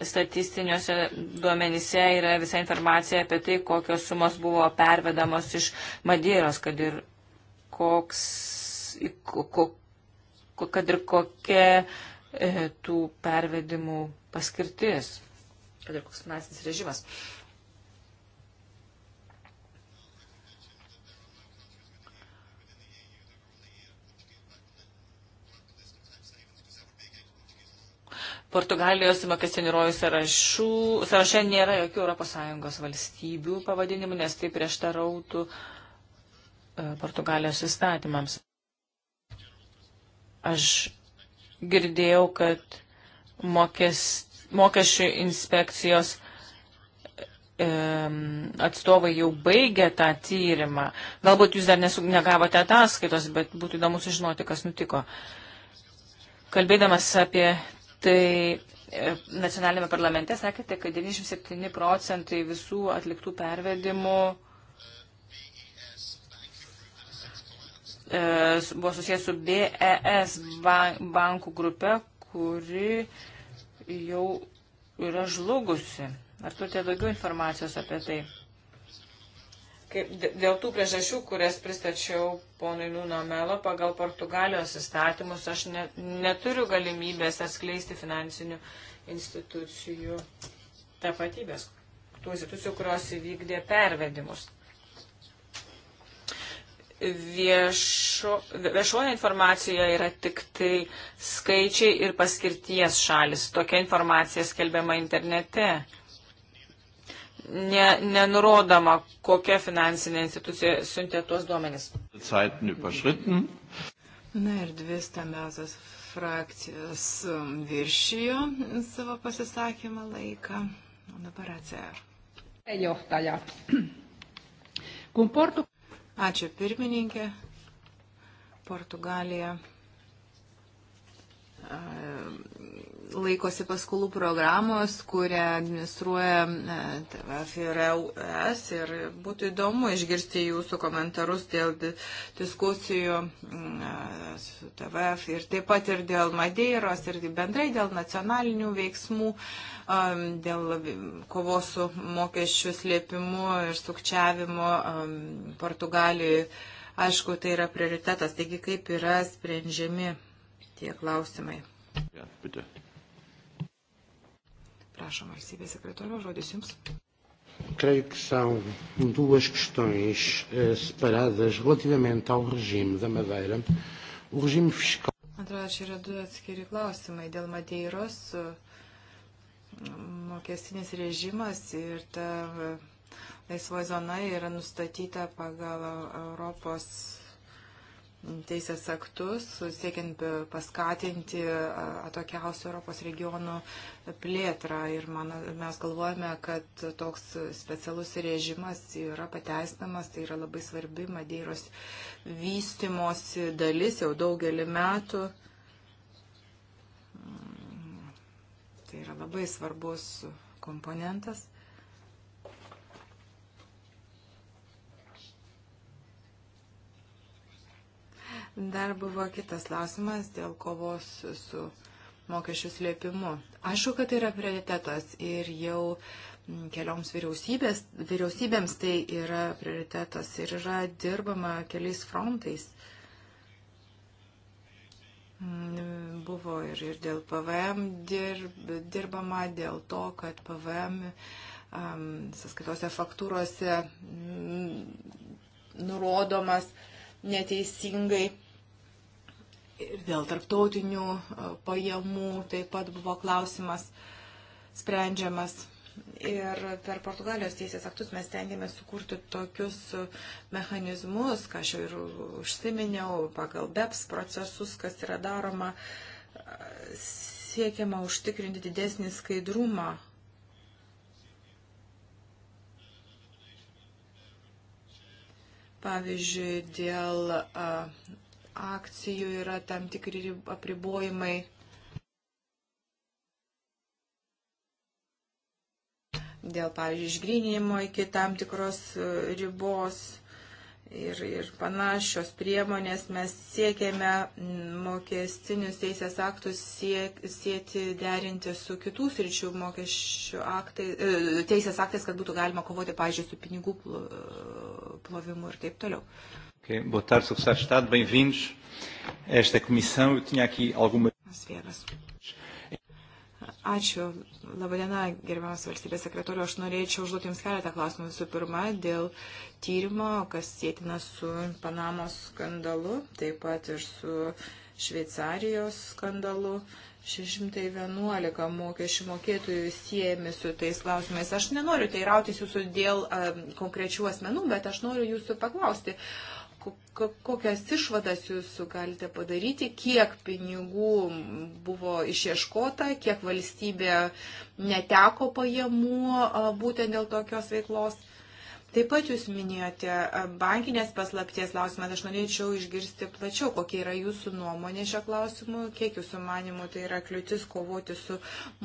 statistiniuose duomenyse yra visa informacija apie tai, kokios sumos buvo pervedamos iš Madeiros, kad ir, koks, ko, ko, kad ir kokia e, tų pervedimų paskirtis, kad ir koks finansinis režimas. E, Portugalijos mokestinių rojų sąrašų, sąraše nėra jokių ES valstybių pavadinimų, nes tai prieštarautų e, Portugalijos įstatymams. Aš girdėjau, kad mokes, mokesčių inspekcijos e, atstovai jau baigė tą tyrimą. Galbūt jūs dar nesu, negavote ataskaitos, bet būtų įdomu sužinoti, kas nutiko. Kalbėdamas apie tai e, nacionalinėme parlamente sakėte, kad 97 procentai visų atliktų pervedimų e, buvo susijęs su BES bankų grupe, kuri jau yra žlugusi. Ar turite daugiau informacijos apie tai? dėl tų priežasčių, kurias pristačiau ponui Nuno Melo, pagal Portugalijos įstatymus aš ne, neturiu galimybės atskleisti finansinių institucijų tapatybės, tų institucijų, kurios įvykdė pervedimus. Viešo, viešoje informacijoje yra tik tai skaičiai ir paskirties šalis. Tokia informacija skelbiama internete ne, nenurodoma, kokia finansinė institucija siuntė tuos duomenis. Na ir dvi stambiausias frakcijos um, viršijo savo pasisakymą laiką. O dabar atsir. Johtaja. Kun Portu... Ačiū pirmininkė. Portugalija laikosi paskolų programos, kurią administruoja TVF ir EUS. Ir būtų įdomu išgirsti jūsų komentarus dėl diskusijų e, su TVF ir taip pat ir dėl Madeiros ir bendrai dėl nacionalinių veiksmų, dėl kovos su mokesčių slėpimu ir sukčiavimu Portugalijoje. Aišku, tai yra prioritetas, taigi kaip yra sprendžiami tie klausimai. Ja, bitte. Prašom, valstybės sekretorių, žodis jums. Creio que são duas questões eh, separadas relativamente ao regime da Madeira. O regime fiscal. Atrodo, čia yra du atskiri klausimai dėl Madeiros, mokestinis režimas ir ta e, laisvoji zona yra nustatyta pagal Europos teisės aktus, siekiant paskatinti atokiausių Europos regionų plėtrą. Ir man, mes galvojame, kad toks specialus režimas yra pateisinamas, tai yra labai svarbi Madeiros vystimosi dalis jau daugelį metų. Mm, tai yra labai svarbus komponentas. Dar buvo kitas klausimas dėl kovos su mokesčių slėpimu. Aišku, kad tai yra prioritetas ir jau mm, kelioms vyriausybėms tai yra prioritetas ir yra dirbama keliais frontais. Mm, buvo ir, ir dėl PVM dirb, dirbama, dėl to, kad PVM um, sąskaitose faktūrose mm, nurodomas neteisingai ir dėl tarptautinių e, pajamų taip pat buvo klausimas sprendžiamas. Ir per Portugalijos teisės aktus mes tengiamės sukurti tokius e, mechanizmus, ką aš jau ir užsiminiau, pagal BEPS procesus, kas yra daroma, e, siekiama užtikrinti didesnį skaidrumą pavyzdžiui, dėl akcijų yra tam tikri apribojimai. Dėl, pavyzdžiui, išgrinimo iki tam tikros e, ribos ir, ir panašios priemonės mes siekėme mokestinius teisės aktus siek, sieti derinti su kitų sričių mokesčių aktai, e, teisės aktais, kad būtų galima kovoti, pažiūrėjau, su pinigų plovimu ir taip toliau. Okay. Boa tarde, Sr. Secretário de Estado. Bem-vindos a esta comissão. Eu tinha aqui algumas. Ačiū. Labadiena, gerbiamas valstybės sekretoriu. Aš norėčiau užduoti Jums keletą klausimų. Visų pirma, dėl tyrimo, kas sėtina su Panamos skandalu, taip pat ir su Šveicarijos skandalu. Uh, 611 mokesčių mokėtojų siejami su tais klausimais. Aš nenoriu tai rautis jūsų dėl um, konkrečių asmenų, bet aš noriu jūsų paklausti, kokias išvadas jūs galite padaryti, kiek pinigų buvo išieškota, kiek valstybė neteko pajamų būtent dėl tokios veiklos. Taip pat jūs minėjote bankinės paslapties klausimą, aš norėčiau išgirsti plačiau, kokia yra jūsų nuomonė šio klausimu, kiek jūsų manimų tai yra kliūtis kovoti su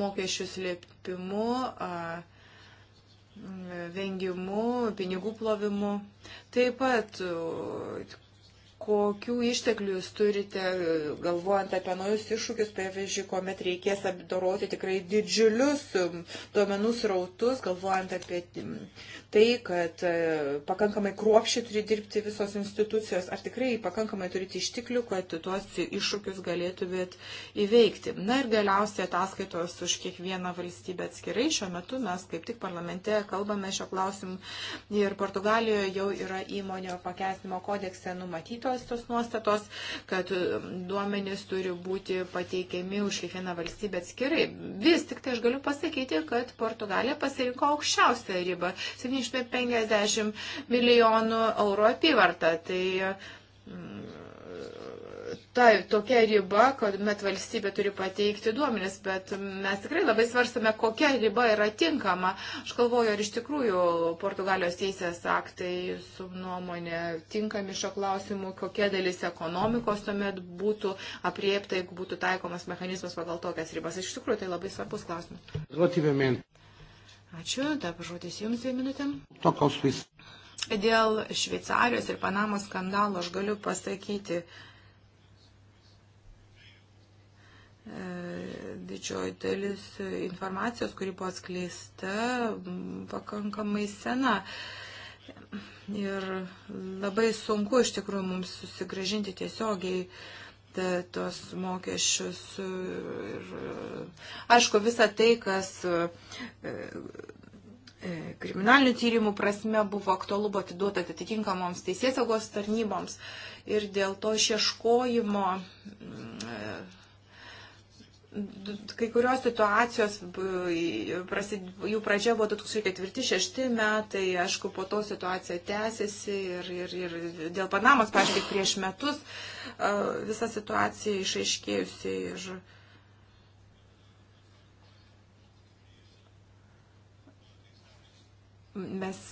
mokesčių slėpimu, vengimu, pinigų plovimu. Taip pat kokių išteklių jūs turite, galvojant apie naujus iššūkius, pavyzdžiui, kuomet reikės apdoroti tikrai didžiulius um, duomenų srautus, galvojant apie um, tai, kad e, pakankamai kruopšiai turi dirbti visos institucijos, ar tikrai pakankamai turite išteklių, kad tuos iššūkius galėtumėt įveikti. Na ir galiausiai ataskaitos už kiekvieną valstybę atskirai. Šiuo metu mes kaip tik parlamente kalbame šio klausimu ir Portugalijoje jau yra įmonio pakesnimo kodekse numatyto aiškios tos nuostatos, kad um, duomenys turi būti pateikiami už kiekvieną valstybę atskirai. Vis tik tai aš galiu pasakyti, kad Portugalija pasirinko aukščiausią ribą - 750 milijonų eurų apyvartą. Tai, mm, ta tokia riba, kuomet valstybė turi pateikti duomenis, bet mes tikrai labai svarstame, kokia riba yra tinkama. Aš galvoju, ar iš tikrųjų Portugalijos teisės aktai, su nuomonė, tinkami šio klausimu, kokia dalis ekonomikos tuomet būtų apriepta, jeigu būtų taikomas mechanizmas pagal tokias ribas. Iš tikrųjų, tai labai svarbus klausimas. Ačiū, dabar žodis Jums dvi minutėm. Dėl Šveicarijos ir Panamos skandalo aš galiu pasakyti, E, didžioji dalis informacijos, kuri buvo atskleista, pakankamai sena. Ir labai sunku iš tikrųjų mums susigražinti tiesiogiai tos mokesčius. Ir, aišku, visa tai, kas e, e, kriminalinių tyrimų prasme buvo aktualu, buvo atiduota atitinkamoms teisėsaugos tarnyboms. Ir dėl to išieškojimo Kai kurios situacijos, jų pradžia buvo 2004-2006 metai, aišku, po to situacija tęsiasi ir, ir, ir dėl Panamos, pažiūrėk, prieš metus visa situacija išaiškėjusi ir mes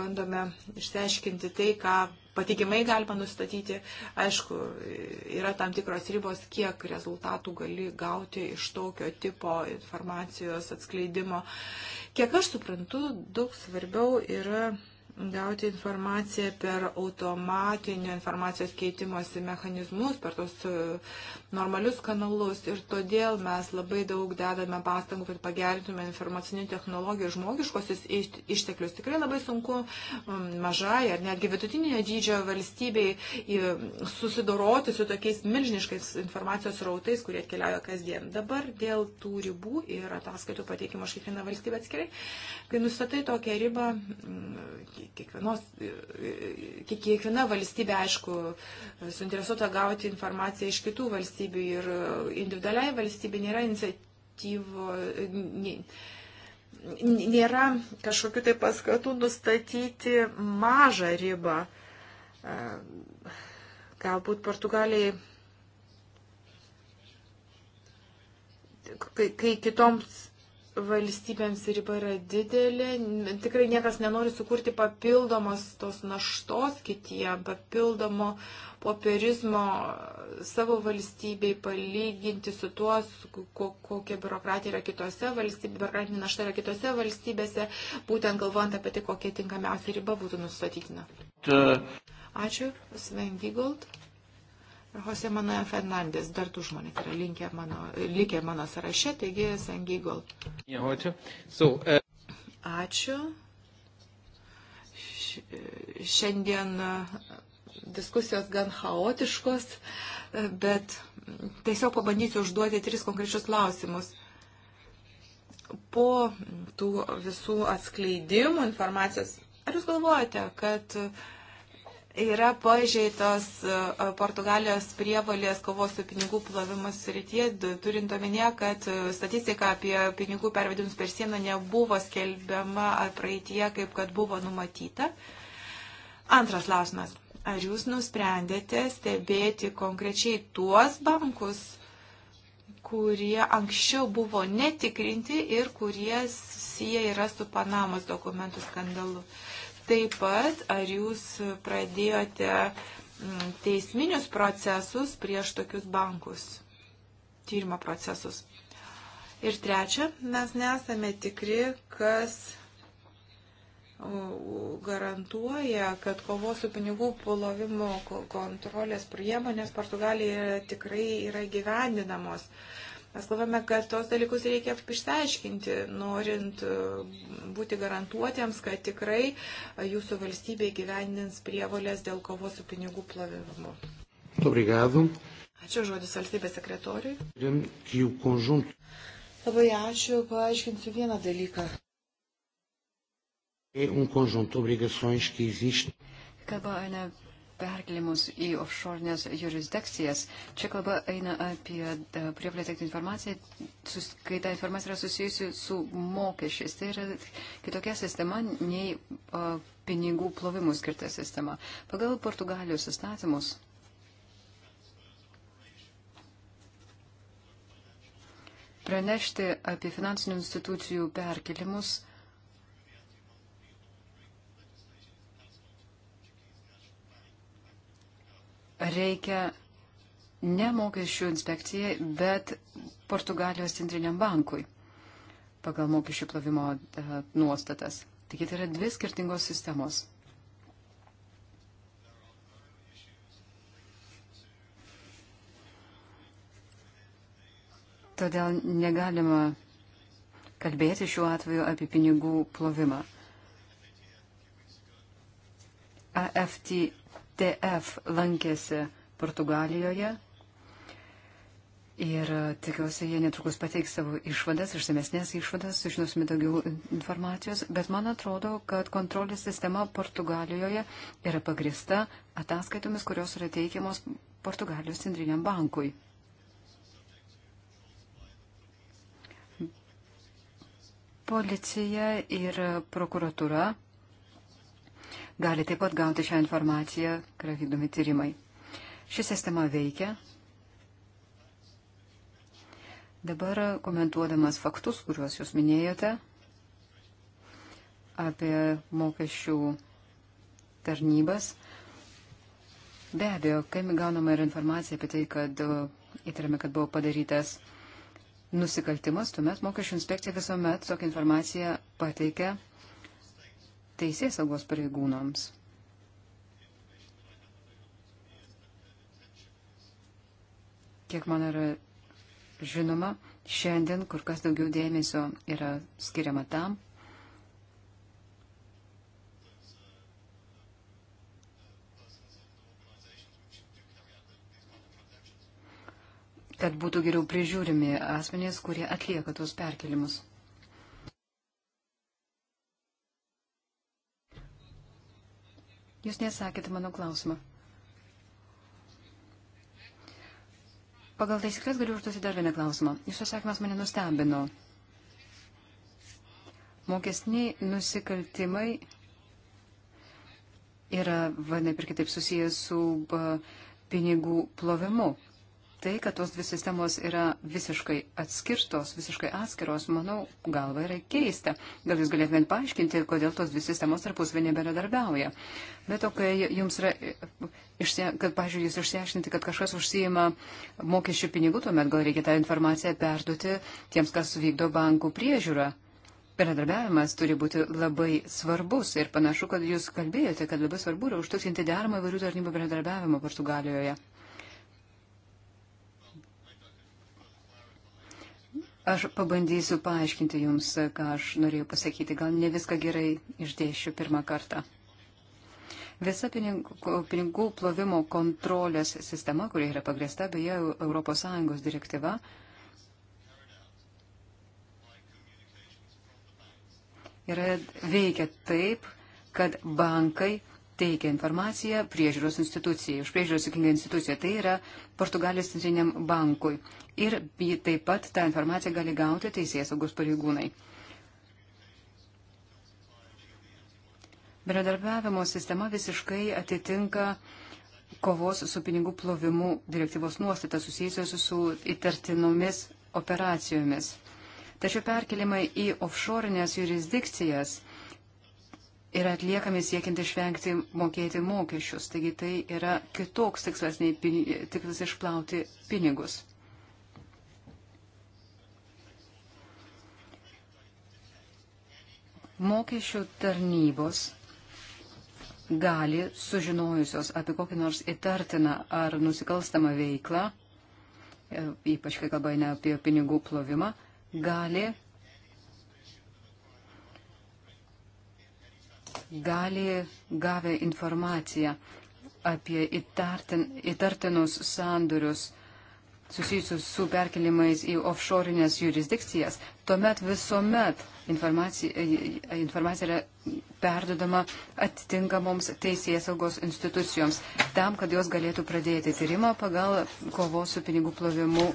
bandome išsiaiškinti tai, ką patikimai galima nustatyti. Aišku, yra tam tikros ribos, kiek rezultatų gali gauti iš tokio tipo informacijos atskleidimo. Kiek aš suprantu, daug svarbiau yra gauti informaciją per automatinio informacijos keitimosi mechanizmus, per tos e, normalius kanalus. Ir todėl mes labai daug dedame pastangų, kad pagerintume informacinių technologijų žmogiškosius išteklius. Tikrai labai sunku mažai ar netgi vidutinio dydžio valstybei susidoroti su tokiais milžiniškais informacijos rautais, kurie atkeliauja kasdien. Dabar dėl tų ribų ir ataskaitų pateikimo už kiekvieną valstybę atskirai, kai nustatai tokią ribą, kiekvienos, e, e, kiekviena valstybė, aišku, suinteresuota gauti informaciją iš kitų valstybių ir individualiai valstybė nėra iniciatyvo. Nė, nėra kažkokiu tai paskatų nustatyti mažą ribą. E, galbūt Portugaliai, kai, kai kitoms valstybėms riba yra didelė, tikrai niekas nenori sukurti papildomos tos naštos kitie, papildomo popierizmo savo valstybei palyginti su tuo, kokia biurokratija yra kitose valstybėse, biurokratinė našta yra kitose valstybėse, būtent galvojant apie tai, kokia tinkamiausia riba būtų nustatytina. Ačiū, Sven Gigold. Jose Manuel Fernandės, dar du žmonės yra linkę mano, likę mano sąraše, taigi Sangygol. Äh, Ačiū. Šiandien e, diskusijos gan chaotiškos, e, bet tiesiog pabandysiu užduoti tris konkrečius klausimus po tų visų atskleidimų informacijos, ar jūs galvojate, kad yra pažeitos e, Portugalijos prievalės kovos su pinigų plovimas srityje, turint omenyje, kad e, statistika apie pinigų pervedimus per sieną nebuvo skelbiama praeitie, kaip kad buvo numatyta. Antras klausimas. Ar jūs nusprendėte stebėti konkrečiai tuos bankus, kurie anksčiau buvo netikrinti ir kurie sieja yra su Panamos dokumentų skandalu? Uh, Taip pat, ar jūs pradėjote mm, teisminius procesus prieš tokius bankus, tyrimo procesus. Ir trečia, mes nesame tikri, kas garantuoja, kad kovos su pinigų plovimo kontrolės priemonės Portugalijoje tikrai yra gyvendinamos. Mes kalbame, kad tos dalykus reikia išsiaiškinti, norint e, būti garantuotiems, kad tikrai e, jūsų valstybė gyvendins prievolės dėl kovos su pinigų plovimu. Obrigado. Ačiū žodis valstybės sekretoriui. Labai ačiū, paaiškinsiu vieną dalyką. Um Kalba eina perkelimus į offshore'nės jurisdikcijas. Čia kalba eina apie e, prievalę teikti informaciją, sus, kai ta informacija yra susijusi su mokesčiais. Tai yra kitokia sistema nei a, e, pinigų plovimų skirta sistema. Pagal Portugalijos įstatymus. Pranešti apie finansinių institucijų perkelimus reikia ne mokesčių inspekcijai, bet Portugalijos centriniam bankui pagal mokesčių plovimo e, nuostatas. Taigi tai yra dvi skirtingos sistemos. Todėl negalima kalbėti šiuo atveju apie pinigų plovimą. AFT TF lankėsi Portugalijoje ir e, tikiuosi, jie netrukus pateiks savo išvadas, išsamesnės išvadas, sužinosime daugiau informacijos, bet man atrodo, kad kontrolės sistema Portugalijoje yra pagrista ataskaitomis, kurios yra teikiamos Portugalijos centriniam bankui. Policija ir prokuratūra gali taip pat gauti šią informaciją, kai yra vykdomi tyrimai. Ši sistema veikia. Dabar komentuodamas faktus, kuriuos jūs minėjote apie mokesčių tarnybas, Be abejo, kai gaunama ir informacija apie tai, kad e, įtariame, kad buvo padarytas nusikaltimas, tuomet mokesčių inspekcija visuomet tokią informaciją pateikia teisės saugos pareigūnoms. Kiek man yra žinoma, šiandien kur kas daugiau dėmesio yra skiriama tam, kad būtų geriau prižiūrimi asmenys, kurie atlieka tuos perkelimus. Jūs nesakėte mano klausimą. Pagal taisyklės galiu užduoti dar vieną klausimą. Jūsų atsakymas mane nustebino. Mokesniai nusikaltimai yra, va, ne ir kitaip susijęs su pinigų plovimu tai, kad tos dvi sistemos yra visiškai atskirtos, visiškai atskiros, manau, galva yra keista. Gal jūs galėtumėt paaiškinti, kodėl tos dvi sistemos tarpusavį neberedarbiauja. Bet o kai jums yra, kad, pažiūrėjau, jūs išsiaiškinti, kad kažkas užsijima mokesčių pinigų, tuomet gal reikia tą informaciją perduoti tiems, kas vykdo bankų priežiūrą. Bendradarbiavimas turi būti labai svarbus ir panašu, kad jūs kalbėjote, kad labai svarbu yra užtikrinti deramą įvairių tarnybų bendradarbiavimą Portugalijoje. Aš pabandysiu paaiškinti Jums, ką aš norėjau pasakyti. Gal ne viską gerai išdėšiu pirmą kartą. Visa pinigų, pinigų plovimo kontrolės sistema, kuri yra pagrėsta beje ES direktyva, yra veikia taip, kad bankai teikia informaciją priežiūros institucijai, už priežiūros sėkmingą instituciją, tai yra Portugalijos centriniam bankui. Ir taip pat tą informaciją gali gauti teisės saugos pareigūnai. Bendradarbiavimo sistema visiškai atitinka kovos su pinigų plovimu direktyvos nuostatas susijusios su įtartinomis operacijomis. Tačiau perkelimai į offshorinės jurisdikcijas – yra atliekami siekiant išvengti mokėti mokesčius. Taigi tai yra kitoks tikslas nei tikslas išplauti pinigus. Mokesčių tarnybos gali, sužinojusios apie kokį nors įtartiną ar nusikalstamą veiklą, e, ypač kai kalba eina apie pinigų plovimą, gali gali gavę informaciją apie įtartin, įtartinus sandorius susijusius su perkelimais į offshore'inės jurisdikcijas, tuomet visuomet informacija, e, informacija yra perdodama atitinkamoms teisės saugos institucijoms, tam, kad jos galėtų pradėti tyrimą pagal kovos su pinigų plovimu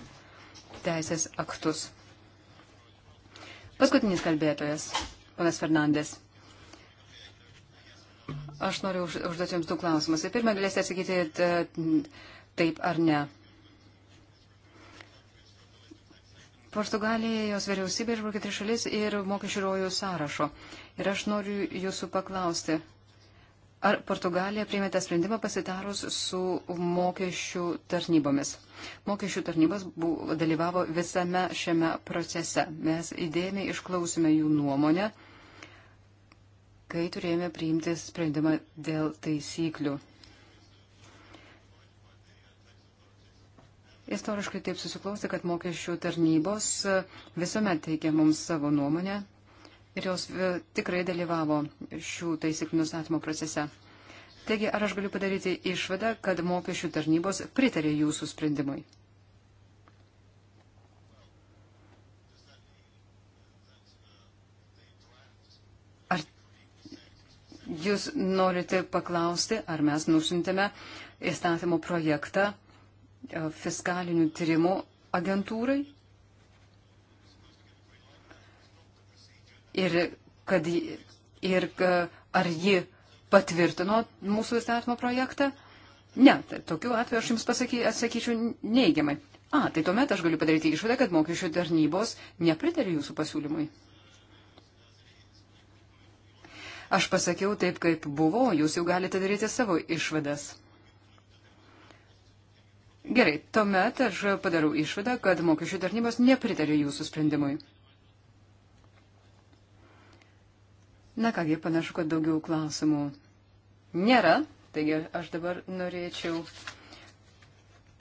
teisės aktus. Paskutinis kalbėtojas, ponas Fernandės. Aš noriu užduoti Jums du klausimus. Ir pirmą galėsite atsakyti e, taip ar ne. Portugalijos vyriausybė išbraukė tris šalis ir mokesčių rojų sąrašo. Ir aš noriu Jūsų paklausti, ar Portugalija priėmė tą sprendimą pasitarus su mokesčių tarnybomis. Mokesčių tarnybos buvo, dalyvavo visame šiame procese. Mes įdėmiai išklausime jų nuomonę kai turėjome priimti sprendimą dėl taisyklių. Istoriškai taip susiklausti, kad mokesčių tarnybos e, visuomet teikia mums savo nuomonę ir jos e, tikrai dalyvavo šių taisyklių nustatymo procese. Taigi, ar aš galiu padaryti išvadą, kad mokesčių tarnybos pritarė jūsų sprendimui? Jūs norite paklausti, ar mes nusintėme įstatymo projektą e, fiskalinių tyrimų agentūrai? Ir, kad, ir e, ar ji patvirtino mūsų įstatymo projektą? Ne, tai tokiu atveju aš jums pasaky, atsakyčiau neigiamai. A, tai tuomet aš galiu padaryti išvadą, kad mokesčių tarnybos nepritarė jūsų pasiūlymui. Aš pasakiau taip, kaip buvo, jūs jau galite daryti savo išvadas. Gerai, tuomet aš padarau išvadą, kad mokesčių tarnybos nepritarė jūsų sprendimui. Na kągi, panašu, kad daugiau klausimų nėra. Taigi aš dabar norėčiau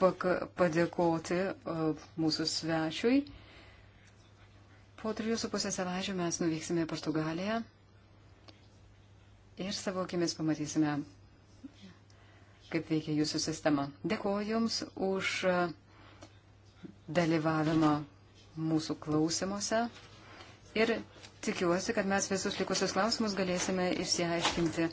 padėkoti mūsų svečiui. Po trijų su pusę savaičių mes nuvyksime į Portugaliją ir savo akimis pamatysime, kaip veikia jūsų sistema. Dėkuoju Jums už dalyvavimą mūsų klausimuose ir tikiuosi, kad mes visus likusius klausimus galėsime išsiaiškinti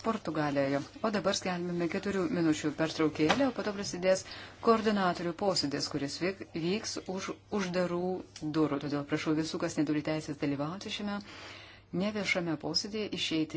Portugalijoje. O dabar skelbime keturių minučių pertraukėlę, o po to prasidės koordinatorių posėdis, kuris vyks už uždarų durų. Todėl prašau visų, kas neturi teisės dalyvauti šiame neviešame posėdėje, išeiti.